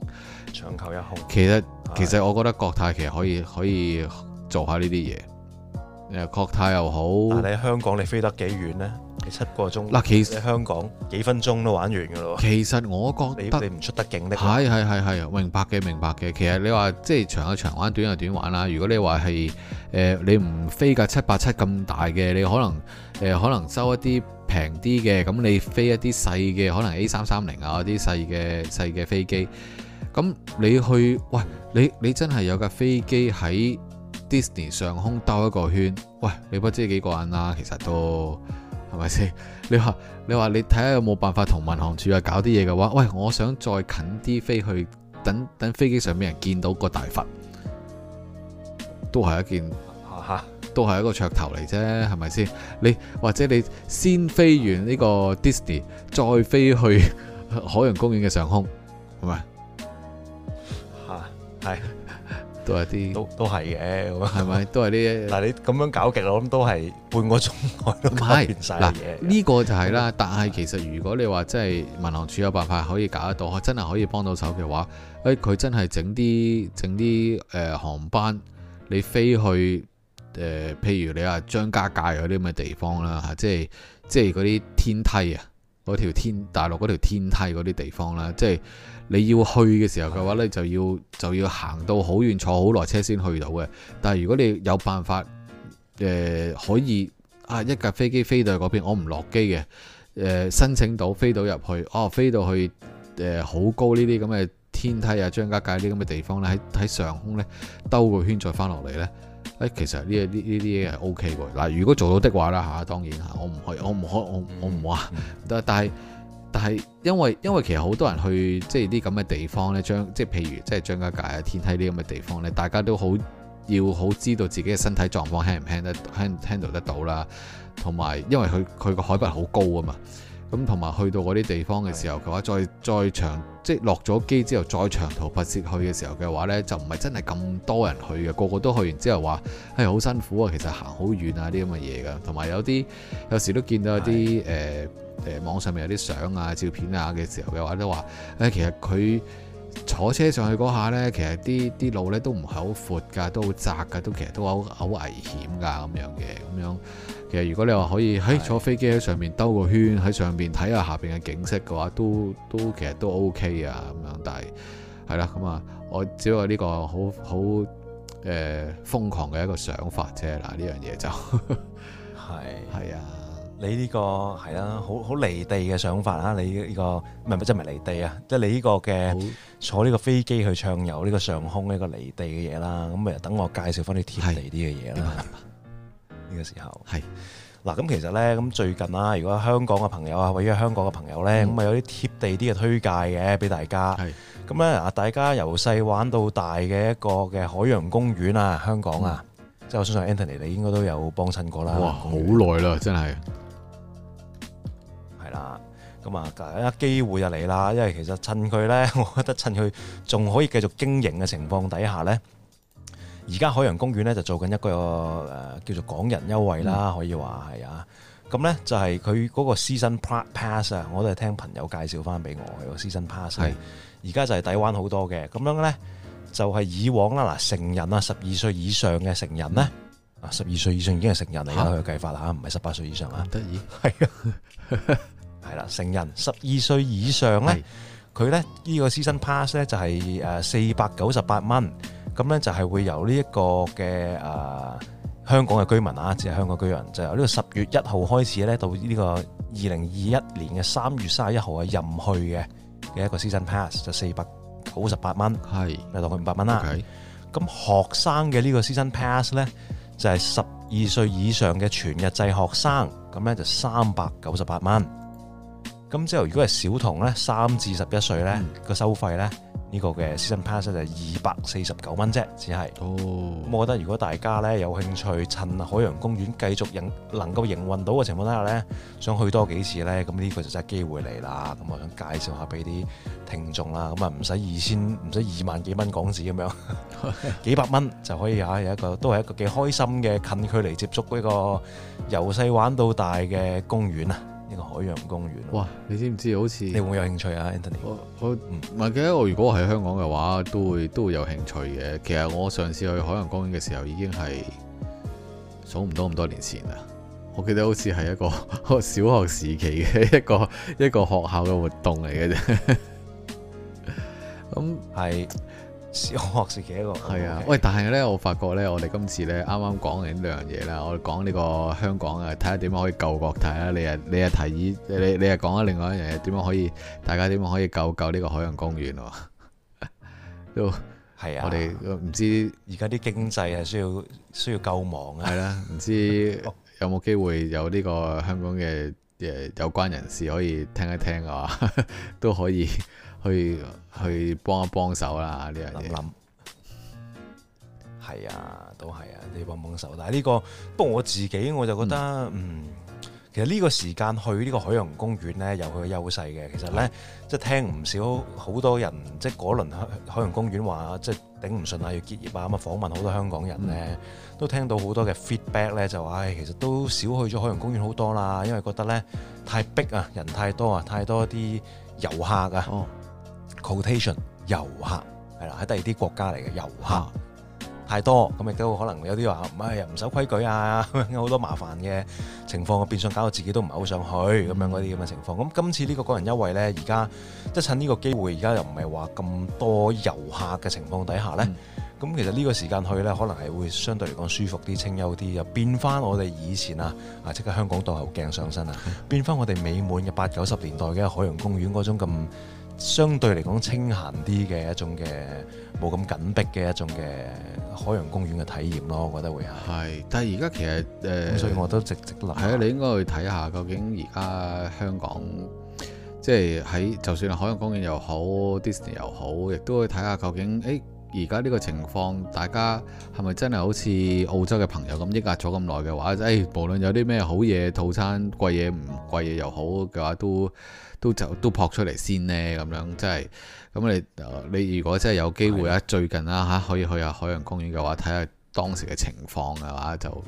搶購一空。其實其實我覺得國泰其實可以可以。做下呢啲嘢，誒、啊、國泰又好。但係香港，你飛得幾遠呢？你七個鐘嗱，其實你香港幾分鐘都玩完噶咯。其實我覺得你唔出得境的，係係明白嘅，明白嘅。其實你話即係長有長玩，短有短玩啦。如果你話係、呃、你唔飛架七八七咁大嘅，你可能誒、呃、可能收一啲平啲嘅，咁你飛一啲細嘅，可能 A 三三零啊，啲細嘅細嘅飛機。咁你去，喂你你真係有架飛機喺？Disney 上空兜一個圈，喂，你不知幾過癮啦，其實都係咪先？你話你話你睇下有冇辦法同民航處去搞啲嘢嘅話，喂，我想再近啲飛去，等等飛機上面人見到個大佛，都係一件吓，都係一個噱頭嚟啫，係咪先？你或者你先飛完呢個 Disney，再飛去海洋公園嘅上空，係咪吓係？啊都係啲，都都係嘅，係咪？ *laughs* 都係啲。但你咁樣搞極，我諗都係半個鐘內都搞完呢個，是的個就係啦， *laughs* 但係其實如果你話真係民航處有辦法可以搞得到，真係可以幫到手嘅話，誒佢真係整啲整啲誒航班，你飛去誒、呃，譬如你話張家界嗰啲咁嘅地方啦，嚇、啊，即係即係嗰啲天梯啊。嗰條天大陸嗰條天梯嗰啲地方啦，即係你要去嘅時候嘅話呢就要就要行到好遠，坐好耐車先去到嘅。但係如果你有辦法誒、呃、可以啊一架飛機飛到嗰邊，我唔落機嘅誒、呃，申請到飛到入去，哦、啊、飛到去誒好、呃、高呢啲咁嘅天梯啊，張家界啲咁嘅地方呢，喺喺上空咧兜個圈再翻落嚟呢。誒其實呢嘢呢啲嘢係 O K 喎，嗱如果做到的話啦嚇，當然嚇，我唔去，我唔可以，我我我唔話，但但係但係因為因為其實好多人去即係啲咁嘅地方咧，張即係譬如即係張家界啊、天梯啲咁嘅地方咧，大家都好要好知道自己嘅身體狀況輕唔輕得 handle 得到啦，同埋因為佢佢個海拔好高啊嘛。咁同埋去到嗰啲地方嘅時候嘅話再，再再長即係落咗機之後再長途跋涉去嘅時候嘅話呢就唔係真係咁多人去嘅，個個都去完之後話，唉、哎、好辛苦啊，其實行好遠啊啲咁嘅嘢噶，同埋有啲有，有時都見到有啲誒誒網上面有啲相啊照片啊嘅、啊、時候嘅話都話，唉、欸、其實佢坐車上去嗰下呢，其實啲啲路呢都唔係好闊㗎，都好窄㗎，都其實都好危險㗎咁樣嘅咁如果你話可以喺坐飛機喺上面兜個圈喺上面睇下下邊嘅景色嘅話，都都其實都 O K 啊咁樣，但係係啦咁啊，我只不過呢個好好誒瘋狂嘅一個想法啫嗱，呢樣嘢就係係啊，你呢個係啦，好好離地嘅想法啊，就是、你呢個唔係唔係即係離地啊，即係你呢個嘅坐呢個飛機去暢遊呢個上空呢個離地嘅嘢啦，咁咪等我介紹翻啲貼地啲嘅嘢啦嘅時候係嗱，咁是其實咧，咁最近啦，如果香港嘅朋友啊，或者香港嘅朋友咧，咁啊、嗯、有啲貼地啲嘅推介嘅，俾大家係咁咧啊！是大家由細玩到大嘅一個嘅海洋公園啊，香港啊，即係、嗯、我相信 Anthony 你應該都有幫襯過啦。哇！好耐啦，真係係啦，咁啊，一機會就嚟啦，因為其實趁佢咧，我覺得趁佢仲可以繼續經營嘅情況底下咧。而家海洋公園咧就做緊一個誒叫做港人優惠啦、嗯，可以話係啊。咁咧就係佢嗰個 season pass 啊，我都係聽朋友介紹翻俾我嘅 season pass 的。而家就係抵玩好多嘅。咁樣咧就係以往啦，嗱成人啊，十二歲以上嘅成人咧，啊十二歲以上已經係成人嚟啦，佢、嘅、計法啦，嚇唔係十八歲以上啊。得意係啊，係啦的， *laughs* 成人十二歲以上咧，佢咧呢個 season pass 咧就係誒四百九十八蚊。咁咧就係會由呢一個嘅誒、呃、香港嘅居民啊，即係香港居民，就由呢個十月一號開始咧，到呢個二零二一年嘅三月三十一號嘅任去嘅嘅一個 Season Pass，就四百九十八蚊，係咪當佢五百蚊啦？咁 okay. 學生嘅呢個 Season Pass 呢，就係十二歲以上嘅全日制學生，咁呢就三百九十八蚊。咁之後如果係小童呢，三至十一歲呢，個收費呢。嗯呢個嘅 Season pass 就係二百四十九蚊啫，只係。哦。我覺得如果大家咧有興趣，趁海洋公園繼續營能夠營運到嘅情況底下咧，想去多幾次咧，咁呢個就真係機會嚟啦。咁我想介紹下俾啲聽眾啦，咁啊唔使二千，唔使二萬幾蚊港紙咁樣，幾百蚊就可以嚇有一個，都係一個幾開心嘅近距離接觸呢個由細玩到大嘅公園啊！呢個海洋公園。哇，你知唔知？好似你會唔會有興趣啊，Anthony？我唔唔係記得。我，嗯、我如果喺香港嘅話，都會都會有興趣嘅。其實我上次去海洋公園嘅時候，已經係數唔到咁多年前啦。我記得好似係一個小學時期嘅一個一個學校嘅活動嚟嘅啫。咁 *laughs* 係、嗯。小學自己一個。係啊，okay 喂！但係咧，我發覺咧，我哋今次咧啱啱講完緊呢兩樣嘢啦，我哋講呢個香港啊，睇下點樣可以救國泰啦。你啊，你啊提議，嗯、你你啊講下另外一樣嘢，點樣可以大家點樣可以救救呢個海洋公園喎？ *laughs* 都係啊，我哋都唔知而家啲經濟係需要需要救亡啊。係啦、啊，唔知有冇機會有呢個香港嘅嘅有關人士可以聽一聽啊， *laughs* 都可以。去去幫一幫手啦，呢樣嘢，係諗啊，都係啊，你幫幫手。但係呢、呢個，不過我自己我就覺得，嗯，嗯，其實呢個時間去呢個海洋公園呢，有佢嘅優勢嘅。其實呢，即係、嗯、聽唔少好多人，即係嗰輪海洋公園話，即係頂唔順啊，要結業啊，咁啊訪問好多香港人呢，嗯、都聽到好多嘅 feedback 呢，就話唉、哎，其實都少去咗海洋公園好多啦，因為覺得呢太逼，啊，人太多啊，太多啲遊客啊。哦 quotation 遊客係啦，喺第二啲國家嚟嘅遊客太多，咁亦都可能有啲話唔係又唔守規矩啊，咁好多麻煩嘅情況，變相搞到自己都唔係好想去咁、嗯、樣嗰啲咁嘅情況。咁今次呢個個人優惠咧，而家即係趁呢個機會，而家又唔係話咁多遊客嘅情況底下咧，咁、嗯、其實呢個時間去咧，可能係會相對嚟講舒服啲、清幽啲，又變翻我哋以前啊啊即刻香港代號鏡上身啊，變翻我哋美滿嘅八九十年代嘅海洋公園嗰種咁。相對嚟講清閒啲嘅一種嘅，冇咁緊迫嘅一種嘅海洋公園嘅體驗咯，我覺得會係。但係而家其實誒，嗯、所以我都直直諗。係啊，你應該去睇下究竟而家香港即係喺，就算係海洋公園又好，Disney 又好，亦都去睇下究竟，誒而家呢個情況，大家係咪真係好似澳洲嘅朋友咁抑壓咗咁耐嘅話，即、哎、係無論有啲咩好嘢套餐貴嘢唔貴嘢又好嘅話都。都就都撲出嚟先呢，咁樣即係咁你，你如果真係有機會啊，的最近啦吓可以去下海洋公園嘅話，睇下當時嘅情況嘅話，就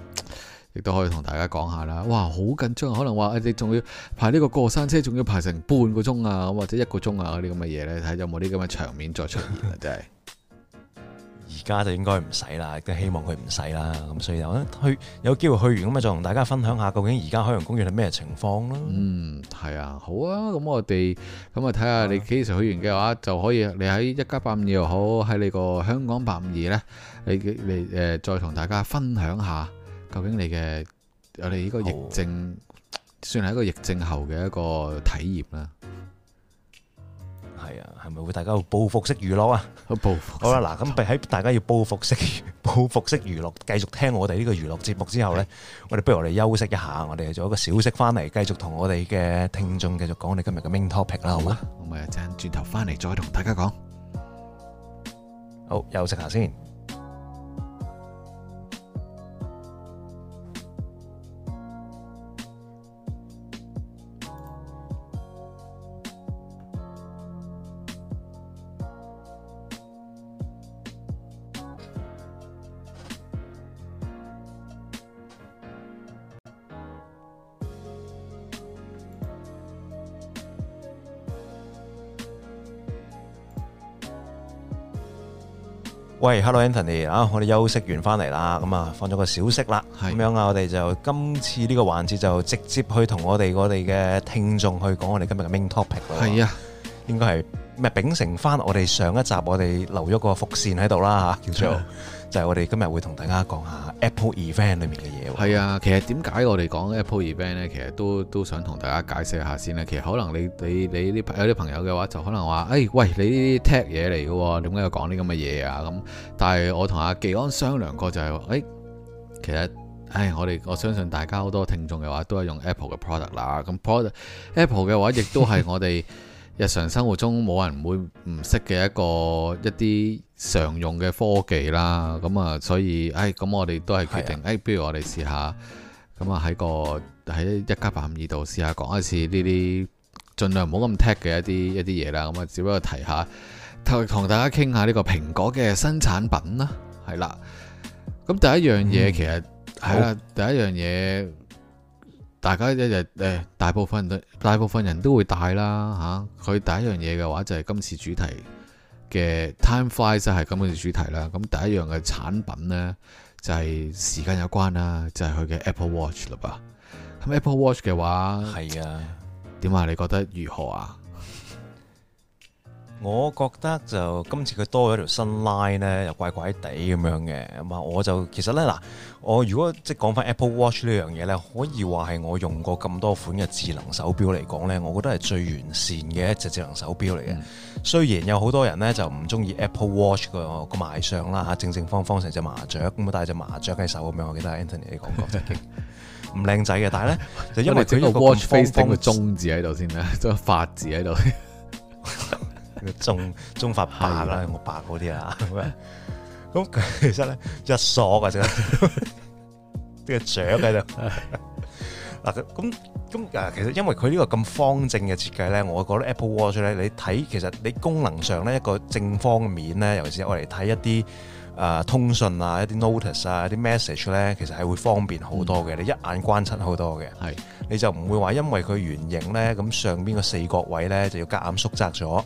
亦都可以同大家講下啦。哇，好緊張，可能話你仲要排呢個過山車，仲要排成半個鐘啊，或者一個鐘啊嗰啲咁嘅嘢咧，睇有冇啲咁嘅場面再出現啊，真係。家就應該唔使啦，都希望佢唔使啦，咁所以又去有機會去完咁咪，再同大家分享下究竟而家海洋公園係咩情況咯？嗯，係啊，好啊，咁我哋咁啊睇下你幾時去完嘅話，啊啊、就可以你喺一加八五二又好，喺你個香港八五二咧，你你誒，你再同大家分享下究竟你嘅我哋呢個疫症，啊、算係一個疫症後嘅一個體驗啦。係啊，係咪會大家會報復式娛樂啊？報復好啦，嗱，咁喺大家要報復式報復式娛樂，繼續聽我哋呢個娛樂節目之後呢，Okay. 我哋不如我哋休息一下，我哋做一個小息翻嚟，繼續同我哋嘅聽眾繼續講我哋今日嘅 main topic 啦，好嘛？我咪轉頭翻嚟，再同大家講，好休息下先。喂，Hello，Anthony，啊，我哋休息完翻嚟啦，咁、嗯、啊放咗個小息啦，咁是的 樣啊，我哋就今次呢個環節就直接去同我哋我哋嘅聽眾去講我哋今日嘅 main topic 啦，係啊，是的 應該係咩？秉承翻我哋上一集我哋留咗個伏線喺度啦吓，叫、啊、做。解就係我哋今日會同大家講下 Apple Event 裏面嘅嘢。係啊，其實點解我哋講 Apple Event 呢？其實都都想同大家解釋一下先咧。其實可能你你你啲有啲朋友嘅話，就可能話，誒、哎，喂，你呢啲 tech 嘢嚟嘅喎，點解要講啲咁嘅嘢啊？咁，但係我同阿技安商量過、就是，就係誒，其實誒、哎，我哋我相信大家好多聽眾嘅話都係用 Apple 嘅 product 啦。咁 product Apple 嘅話，亦都係我哋。 *laughs* 日常生活中冇人會唔識嘅一個一啲常用嘅科技啦，咁啊，所以，唉、哎，咁我哋都係決定，的哎，不如我哋試下，咁啊喺個喺一家852度試下講一次呢啲，儘量唔好咁 technical 嘅一啲一啲嘢啦，咁啊，只不過提下，同大家傾下呢個蘋果嘅新產品啦，係啦，咁第一樣嘢其實係啦、嗯，第一樣嘢。大家一日，誒，大部分人都，大部分人都會帶啦，吓，佢第一樣嘢嘅話就係今次主題嘅 time flies 就係今次主題啦。咁第一樣嘅產品咧就係、是、時間有關啦，就係、是、佢嘅 Apple Watch 啦噃。咁 Apple Watch 嘅話係啊，點啊？你覺得如何啊？我覺得就今次佢多咗條新 line 咧，又怪怪地咁樣嘅，咁啊我就其實咧嗱，我如果即係講翻 Apple Watch 呢樣嘢咧，可以話係我用過咁多款嘅智能手錶嚟講咧，我覺得係最完善嘅一隻智能手錶嚟嘅。嗯、雖然有好多人咧就唔中意 Apple Watch 個個賣相啦嚇，正正方方成隻麻雀咁啊，戴隻麻雀喺手咁樣，我記得 Anthony 你講過，唔靚仔嘅，但係咧，就因為佢個 w a t 中字喺度先啦，即係法字喺度。 *laughs* 中中法白啦，我的白嗰啲啊。咁的 *laughs* 其實咧一鎖嘅啫，啲雀喺度。嗱咁咁咁，其實因為佢呢個咁方正嘅設計咧，我覺得 Apple Watch 咧，你睇其實你功能上咧一個正方面咧，尤其是我嚟睇一啲。啊、通訊啊，一啲 notice 啊，一啲 message 呢，其實係會方便好多嘅，嗯、你一眼觀察好多嘅，是你就唔會話因為佢圓形呢，咁上邊個四角位呢就要夾硬縮窄咗，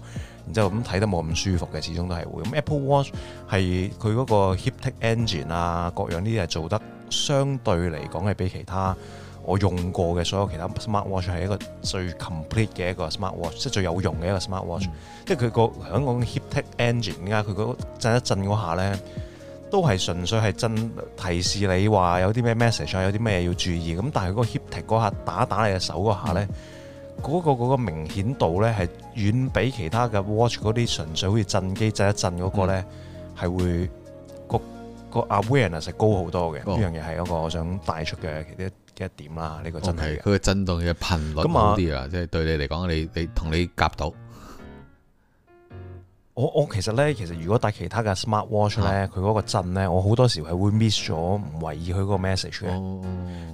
然之後咁睇得冇咁舒服嘅，始終都係會。咁 Apple Watch 係佢嗰個 Haptic Engine 啊，各樣呢啲係做得相對嚟講係比其他。我用過嘅所有其他 smart watch 係一個最 complete 嘅一個 smart watch，即係最有用嘅一個 smart watch。嗯嗯、那個。即係佢個香港 hip tech engine，點解佢嗰震一震嗰下咧，都係純粹係震提示你話有啲咩 message 啊，有啲咩要注意。咁但係嗰個 hip tech 嗰下打打你嘅手嗰下咧，嗰、嗯那個嗰、那個明顯度咧係遠比其他嘅 watch 嗰啲純粹好似震機震一震嗰個咧，係、嗯嗯、會、那個 awareness 高好多嘅。呢、嗯嗯、樣嘢係一個我想帶出嘅。一點啦，呢、這個真係佢嘅震動嘅頻率高啲、嗯、啊，即係對你嚟講，你你同你夾到。我我其實咧，其實如果戴其他嘅 smart watch 咧，佢嗰、啊、個震咧，我好多時係會 miss 咗，唔留意佢嗰、哦、個 message 嘅。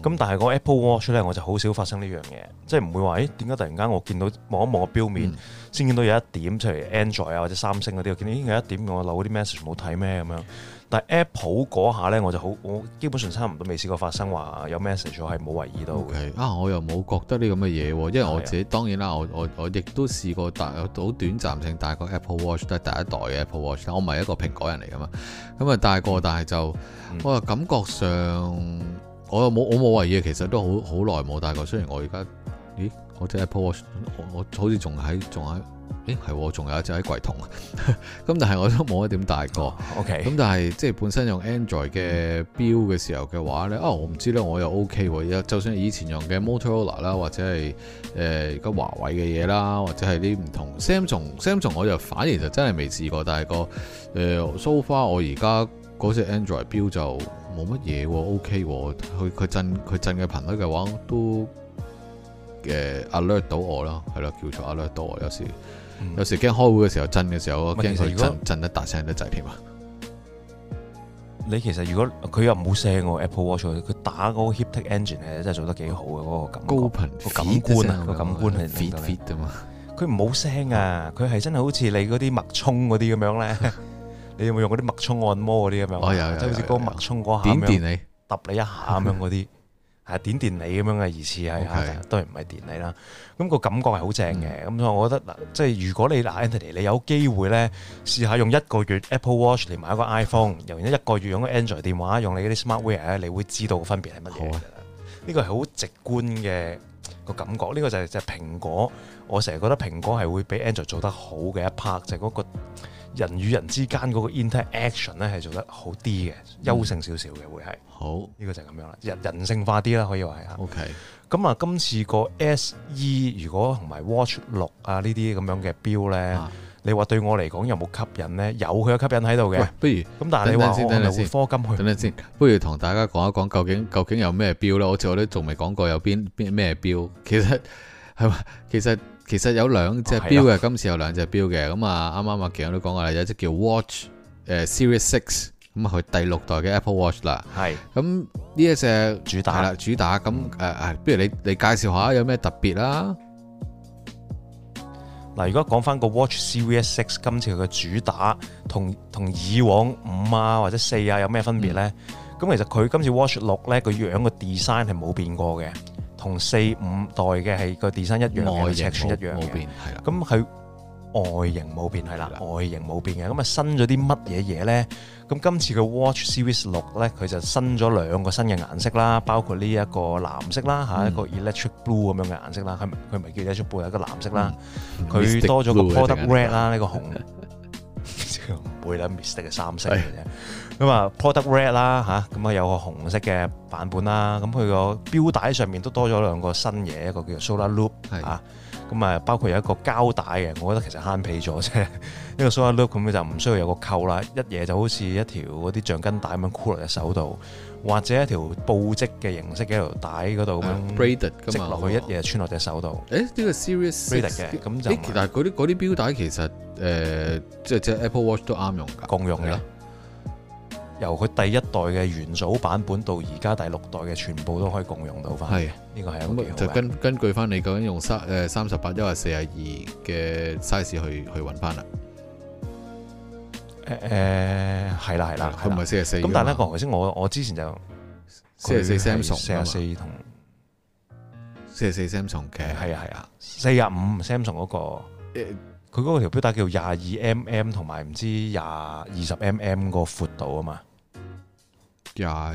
咁但係個 Apple Watch 咧，我就好少發生呢樣嘢，即係唔會話，誒，點解突然間我見到望一望個表面，先見、嗯、到有一點即係，Android 啊或者三星嗰啲，我見到有一點我漏啲 message 冇睇咩咁樣。但 Apple 嗰下咧，我就好，我基本上差唔多未試過發生話有 message，我係冇遺意到，okay, 啊，我又冇覺得呢咁嘅嘢，因為我自己是的 當然啦，我我我亦都試過戴，好短暫性戴過 Apple Watch，都係第一代嘅 Apple Watch，我唔係一個蘋果人嚟噶嘛。咁啊戴過，但係就我就感覺上我又冇我冇遺意，其實都好好耐冇戴過。雖然我而家咦，我隻 Apple Watch 我，我好似仲喺仲喺誒，係、欸，仲有一隻喺櫃筒，咁 *laughs* 但係我都冇乜點戴過，咁 Okay. 但係即係本身用 Android 嘅表嘅時候嘅話咧，啊，我唔知咧，我又 OK，而家就算以前用嘅 Motorola 啦、呃，或者係誒而家華為嘅嘢啦，或者係啲唔同 Samsung，Samsung 我又反而就真係未試過，但係個誒、呃、so far 我而家嗰隻 Android 表就冇乜嘢，OK，佢佢震佢震嘅頻率嘅話都誒 alert 到我啦，係啦，叫做 alert 到我有時。有時驚開會嘅時候震嘅時候，我驚佢震震得大聲得滯添啊！你其實如果佢又唔好聲，Apple Watch 佢打嗰個 Haptic Engine 真係做得幾好嘅，嗰個感高頻個感官啊個感官係 fit fit 啊嘛！佢唔好聲啊！佢係真係好似你嗰啲脈衝嗰啲咁樣咧，你有冇用嗰啲脈衝按摩嗰啲咁樣？哦有有，即係好似嗰個脈衝嗰下咁樣，揼你一下咁樣嗰啲。係點電你咁樣嘅意思係，Okay. 當然唔係電你啦。咁、個感覺係好正嘅。咁、嗯、所以我覺得，即係如果你嗱 Anthony 你有機會咧試下用一個月 Apple Watch 嚟買一個 iPhone，由一一個月用個 Android 電話用你啲 smart wear 咧，你會知道分別係乜嘢。呢個係好直觀嘅、個感覺。呢、呢個就係就係蘋果。我成日覺得蘋果係會比 Android 做得好嘅一 part，就係、係、嗰、嗰個。人與人之間嗰個 interaction 咧係做得好啲嘅，優勝少少嘅會係好，呢個就係咁樣啦，人人性化啲啦可以話係啊。OK，咁啊，今次個 SE 如果同埋 Watch 六啊這這呢啲咁樣嘅錶咧，啊、你話對我嚟講有冇吸引呢？有，佢有吸引喺度嘅。不如咁，但係你話我，我會課金去。等等先，不如同大家講一講究竟究竟有咩錶咧？好似我都仲未講過有邊邊咩錶。其實係嘛，其實。其實有兩隻錶嘅，的今次有兩隻錶嘅，咁啊，啱啱阿強都講過，有一隻叫 Watch 誒 Series Six，咁啊，佢第六代嘅 Apple Watch 啦，係是，咁呢一隻主打啦，主打，咁誒誒，不如你你介紹下有咩特別啦？嗱，如果講翻個 Watch Series Six，今次佢嘅主打同同以往五啊或者四啊有咩分別咧？咁、嗯、其實佢今次 Watch 六咧，佢樣個 design 係冇變過嘅。同四五代嘅係個 design 一樣外尺寸一樣嘅，咁佢外形冇變係啦，的外形冇變嘅，咁啊新咗啲乜嘢嘢咧？咁今次嘅 Watch Series 六咧，佢就新咗兩個新嘅顏色啦，包括呢、嗯一, e e、一個藍色啦，嚇、嗯、一個 Electric Blue 咁樣嘅顏色啦，佢佢唔係叫 Electric Blue 係一個藍色啦，佢多咗個 Product Red 啦，呢個紅背啦，mistake 嘅三色嘅啫。咁啊，Product Red 啦吓，咁啊有個紅色嘅版本啦，咁佢個錶帶上面都多咗兩個新嘢，一個叫 Solar Loop 嚇是，咁啊包括有一個膠帶嘅，我覺得其實慳皮咗啫。一個 Solar Loop 咁就唔需要有個扣啦，一嘢就好似一條嗰啲橡筋帶咁樣箍落隻手度，或者一條布織嘅形式嘅條帶嗰度咁樣織落、啊、去，一嘢穿落隻手度。誒呢個 Series 6嘅咁就但係嗰啲嗰啲錶帶其實誒、呃、即係即 Apple Watch 都啱用噶，共用嘅。由佢第一代嘅元祖版本到而家第六代嘅，全部都可以共用到翻。係的，呢個係咁樣。就根根據翻你究竟用三誒三十八，一、欸、為四十二嘅 size 去去揾翻啦。誒係啦係啦，佢唔係四十四。咁但係咧，講頭先我我之前就四十四 Samsung，四十四同四十四 Samsung 嘅係啊係啊，四十五 Samsung 嗰個佢嗰個條錶帶叫廿二 mm 同埋唔知廿二十 mm 個闊度啊嘛。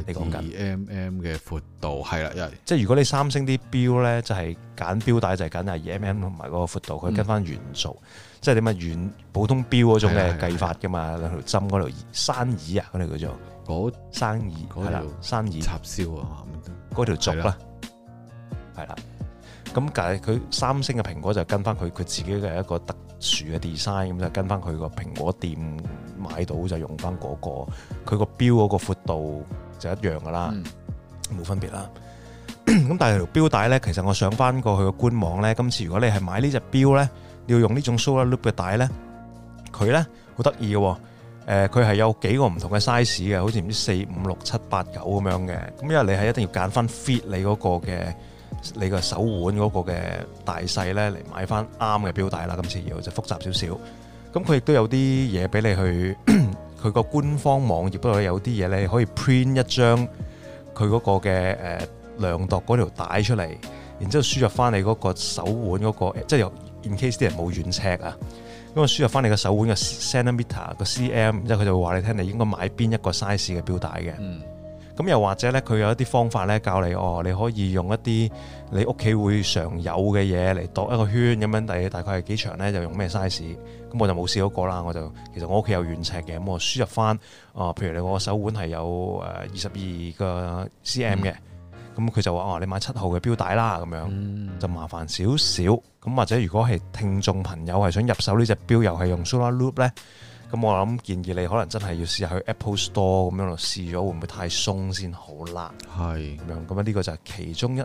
你講緊廿二 mm 嘅闊度係啦，即係如果你三星啲錶咧，就係、是、揀錶帶就係揀廿二 mm 同埋嗰個闊度，佢跟翻原族，嗯、即係點啊原普通錶嗰種嘅計法噶嘛，兩、嗯、條針嗰條山耳啊，嗰條叫做嗰山耳係啦，山耳插銷啊，嗰條軸對了 啦，係啦，咁但係佢三星嘅蘋果就跟翻佢佢自己嘅一個特殊嘅 design，咁就跟翻佢個蘋果店。買到就用翻、那、嗰個，佢個錶嗰個闊度就一樣噶啦，冇、嗯、分別啦。咁但係條錶帶咧，其實我上翻過去個官網咧，今次如果你係買隻呢隻錶咧，你要用種呢種 Solo Loop 嘅帶咧，佢咧好得意嘅，誒佢係有幾個唔同嘅 size 嘅，好似唔知四五六七八九咁樣嘅。咁因為你係一定要揀翻 fit 你嗰、那個嘅你個手腕嗰個嘅大細咧嚟買翻啱嘅錶帶啦。今次要就複雜少少。咁佢亦都有啲嘢俾你去，佢個官方網頁度有啲嘢咧可以 print 一張佢嗰個嘅誒量度嗰條帶出嚟，然之後輸入翻你嗰個手腕嗰個，即係有 in case 啲人冇軟尺啊，咁啊輸入翻你個手腕嘅 centimeter 個 cm，之後佢就會話你聽你應該買邊一個 size 嘅表帶嘅。嗯咁又或者咧，佢有一啲方法咧，教你哦，你可以用一啲你屋企會常有嘅嘢嚟度一個圈咁樣，大大概係幾長咧，就用咩 size？咁我就冇試過啦。我就，沒我就其實我屋企有軟尺嘅，咁、嗯、我輸入翻哦、啊，譬如你我手腕係有誒二十二個 cm 嘅，咁、嗯、佢、嗯、就話哦，你買七號嘅表帶啦，咁樣、嗯、就麻煩少少。咁、嗯、或者如果係聽眾朋友係想入手呢隻表，又係用 Solo Loop 咧？咁我諗建議你可能真係要試下去 Apple Store 咁樣度試咗，會唔會太鬆先好啦？係咁是樣，咁啊呢個就係其中一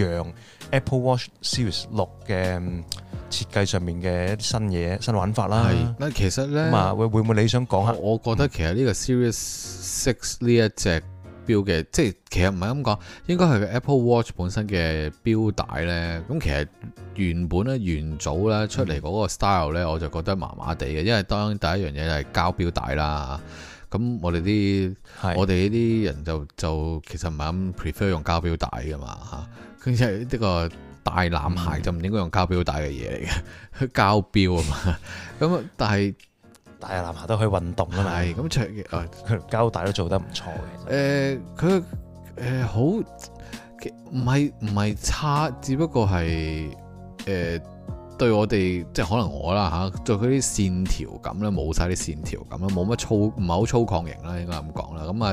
樣 Apple Watch Series 六嘅設計上面嘅新嘢、新玩法啦。係，嗱其實咧，會會唔會你想講下我？我覺得其實呢個 Series Six 呢一隻。錶嘅，即係其實唔係咁講，應該係 Apple Watch 本身嘅錶帶呢。咁其實原本咧，原早咧出嚟嗰個 style 呢，嗯，我就覺得麻麻地嘅。因為當第一樣嘢就係膠錶帶啦，咁我哋啲的我哋呢啲人就就其實唔係咁 prefer 用膠錶帶噶嘛吓。佢就呢個大男孩，就唔應該用膠錶帶嘅嘢嚟嘅，膠錶啊嘛。咁但係。大啊，籃下都可以運動㗎嘛。係，咁卓越，佢交帶都做得唔錯嘅。佢好、呃，唔係、呃、唔係差，只不過係誒。呃對，我哋即係可能我啦嚇、啊，對佢啲線條感咧，冇晒啲線條感啦，冇乜粗，唔係好粗獷型啦，應該咁講啦。咁啊、嗯，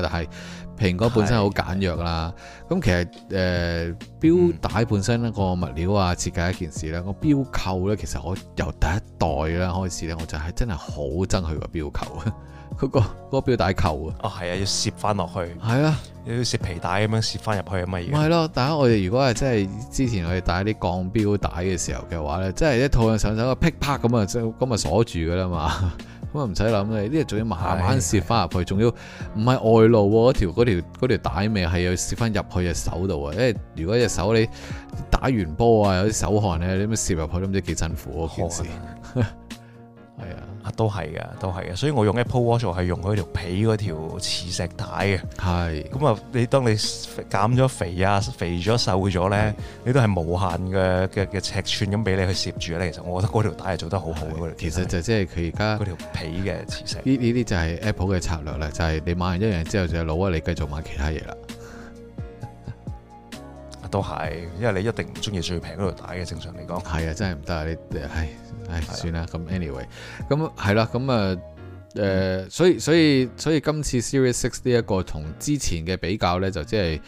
但係蘋果本身好簡約啦。咁的其實誒錶帶本身呢個物料啊，設計一件事咧，個錶、嗯、扣咧，其實我由第一代啦開始咧，我就係真係好憎佢個錶扣啊，嗰個嗰個錶帶扣啊。哦，係啊，要攝翻落去。係啊。你要食皮帶咁樣摺翻入去啊？乜嘢？咪係咯，但係我哋如果係真係之前我哋戴啲鋼錶帶嘅時候嘅話咧，真係一套上手上，一噼啪咁就咁就鎖住噶啦嘛，咁啊，唔使諗啦，啲仲要慢慢摺翻入去，仲的要唔係外露喎，一條嗰條條嗰帶咪係要摺翻入去隻手度啊！因為如果隻手你打完波啊，有啲手汗咧，你咁樣摺入去都唔知幾辛苦啊，嗰時啊。 *laughs* 都係嘅，都係嘅。所以我用 Apple Watch 係用佢條皮嗰條磁石帶嘅。係的，咁啊，你當你減咗肥啊，肥咗瘦咗咧，你的都係無限嘅嘅嘅尺寸咁俾你去攝住咧。其實我覺得嗰條帶係做得好好嘅。是的其，其實就即係佢而家嗰條皮嘅磁石。呢呢啲就係 Apple 嘅策略咧，就係、是、你買完一樣之後就攞啊，你繼續買其他嘢啦。都係，因為你一定唔中意最平嗰條帶嘅。正常嚟講係啊，真係唔得啊，你誒。唉，算啦，咁 anyway，咁係啦，咁啊，誒、呃，所以所以所以今次 Series Six 呢一個同之前嘅比較咧，就即係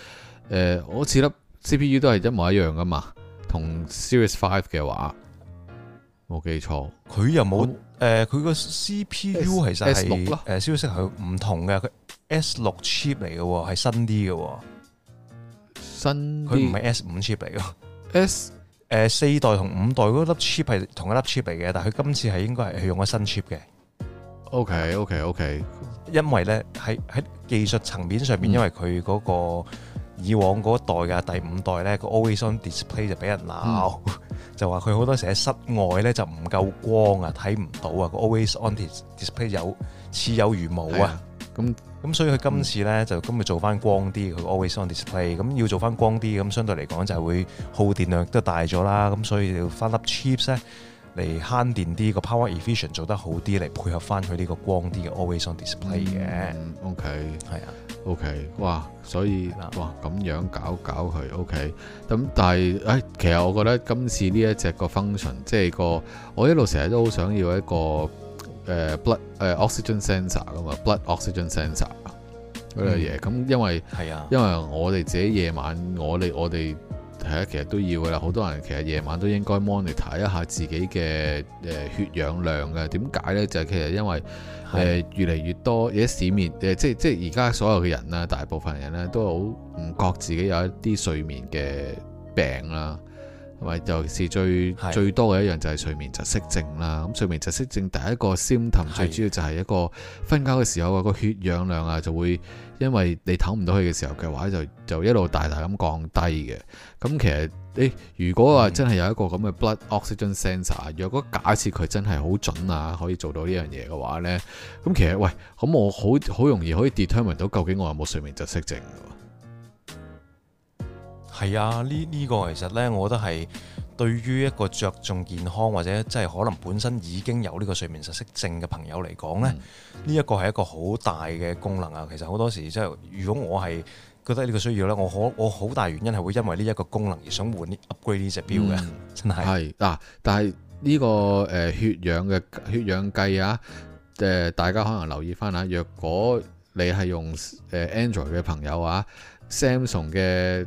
誒，好、呃、似粒 CPU 都係一模一樣噶嘛，同 Series Five 嘅話，冇記錯，佢又冇誒，佢個 CPU 其實係誒消息係唔同嘅，佢 S 六 chip 嚟嘅，係新啲嘅，新啲，佢唔係 S 五 chip 嚟嘅，S。誒四代同五代嗰粒 chip 係同一粒 chip 嚟嘅，但係佢今次係應該係用咗新 chip 嘅。OK OK OK，因為咧喺喺技術層面上面，因為佢嗰個以往嗰一代嘅第五代咧個 Always On Display 就俾人鬧，就話佢好多時喺室外咧就唔夠光啊，睇唔到啊，個 Always On Display 有似有如無啊，咁。咁所以佢今次呢，嗯、就今日做翻光啲佢 Always On Display，咁要做翻光啲，咁相對嚟講就係會耗電量都大咗啦。咁所以要翻粒 chips 呢，嚟慳電啲個 Power Efficient 做得好啲，嚟配合翻佢呢個光啲嘅 Always On Display 嘅。OK 係啊，OK，哇，所以的哇咁樣搞搞佢，OK。咁但係誒、哎，其實我覺得今次呢一隻個 function 即係個，我一路成日都好想要一個。誒 blood oxygen sensor 咁嘛，blood oxygen sensor 嗰樣嘢，咁因為係是啊，因為我哋自己夜晚，我哋我哋係啊，其實都要噶啦，好多人其實夜晚都應該 monitor 一下自己嘅誒血氧量嘅。點解呢？就係、是、其實因為誒越嚟越多而家市面誒是、啊，即係即係而家所有嘅人啦，大部分人咧都好唔覺自己有一啲睡眠嘅病啦。喂，尤其是最是的最多嘅一樣就係睡眠窒息症啦。咁睡眠窒息症第一個 symptom< 的>，最主要就係一個瞓覺嘅時候啊，那個血氧量啊就會因為你唞唔到氣嘅時候嘅話，就就一路大大咁降低嘅。咁其實、欸、如果話真係有一個咁嘅 blood oxygen sensor，若果假設佢真係好準啊，可以做到呢樣嘢嘅話呢，咁其實喂，咁、欸、我好好容易可以 determine 到究竟我有冇睡眠窒息症。係啊，呢、這、呢個其實呢，我覺得係對於一個着重健康或者即係可能本身已經有呢個睡眠窒息症嘅朋友嚟講咧，呢、嗯、一個係一個好大嘅功能啊。其實好多時即係、就是，如果我係覺得呢個需要呢，我可我好大原因係會因為呢一個功能而想換 upgrade 呢隻表嘅，嗯、真係係嗱。但係呢個誒血氧嘅血氧計啊，誒、呃、大家可能留意翻下，若果你係用誒 Android 嘅朋友啊，Samsung 嘅。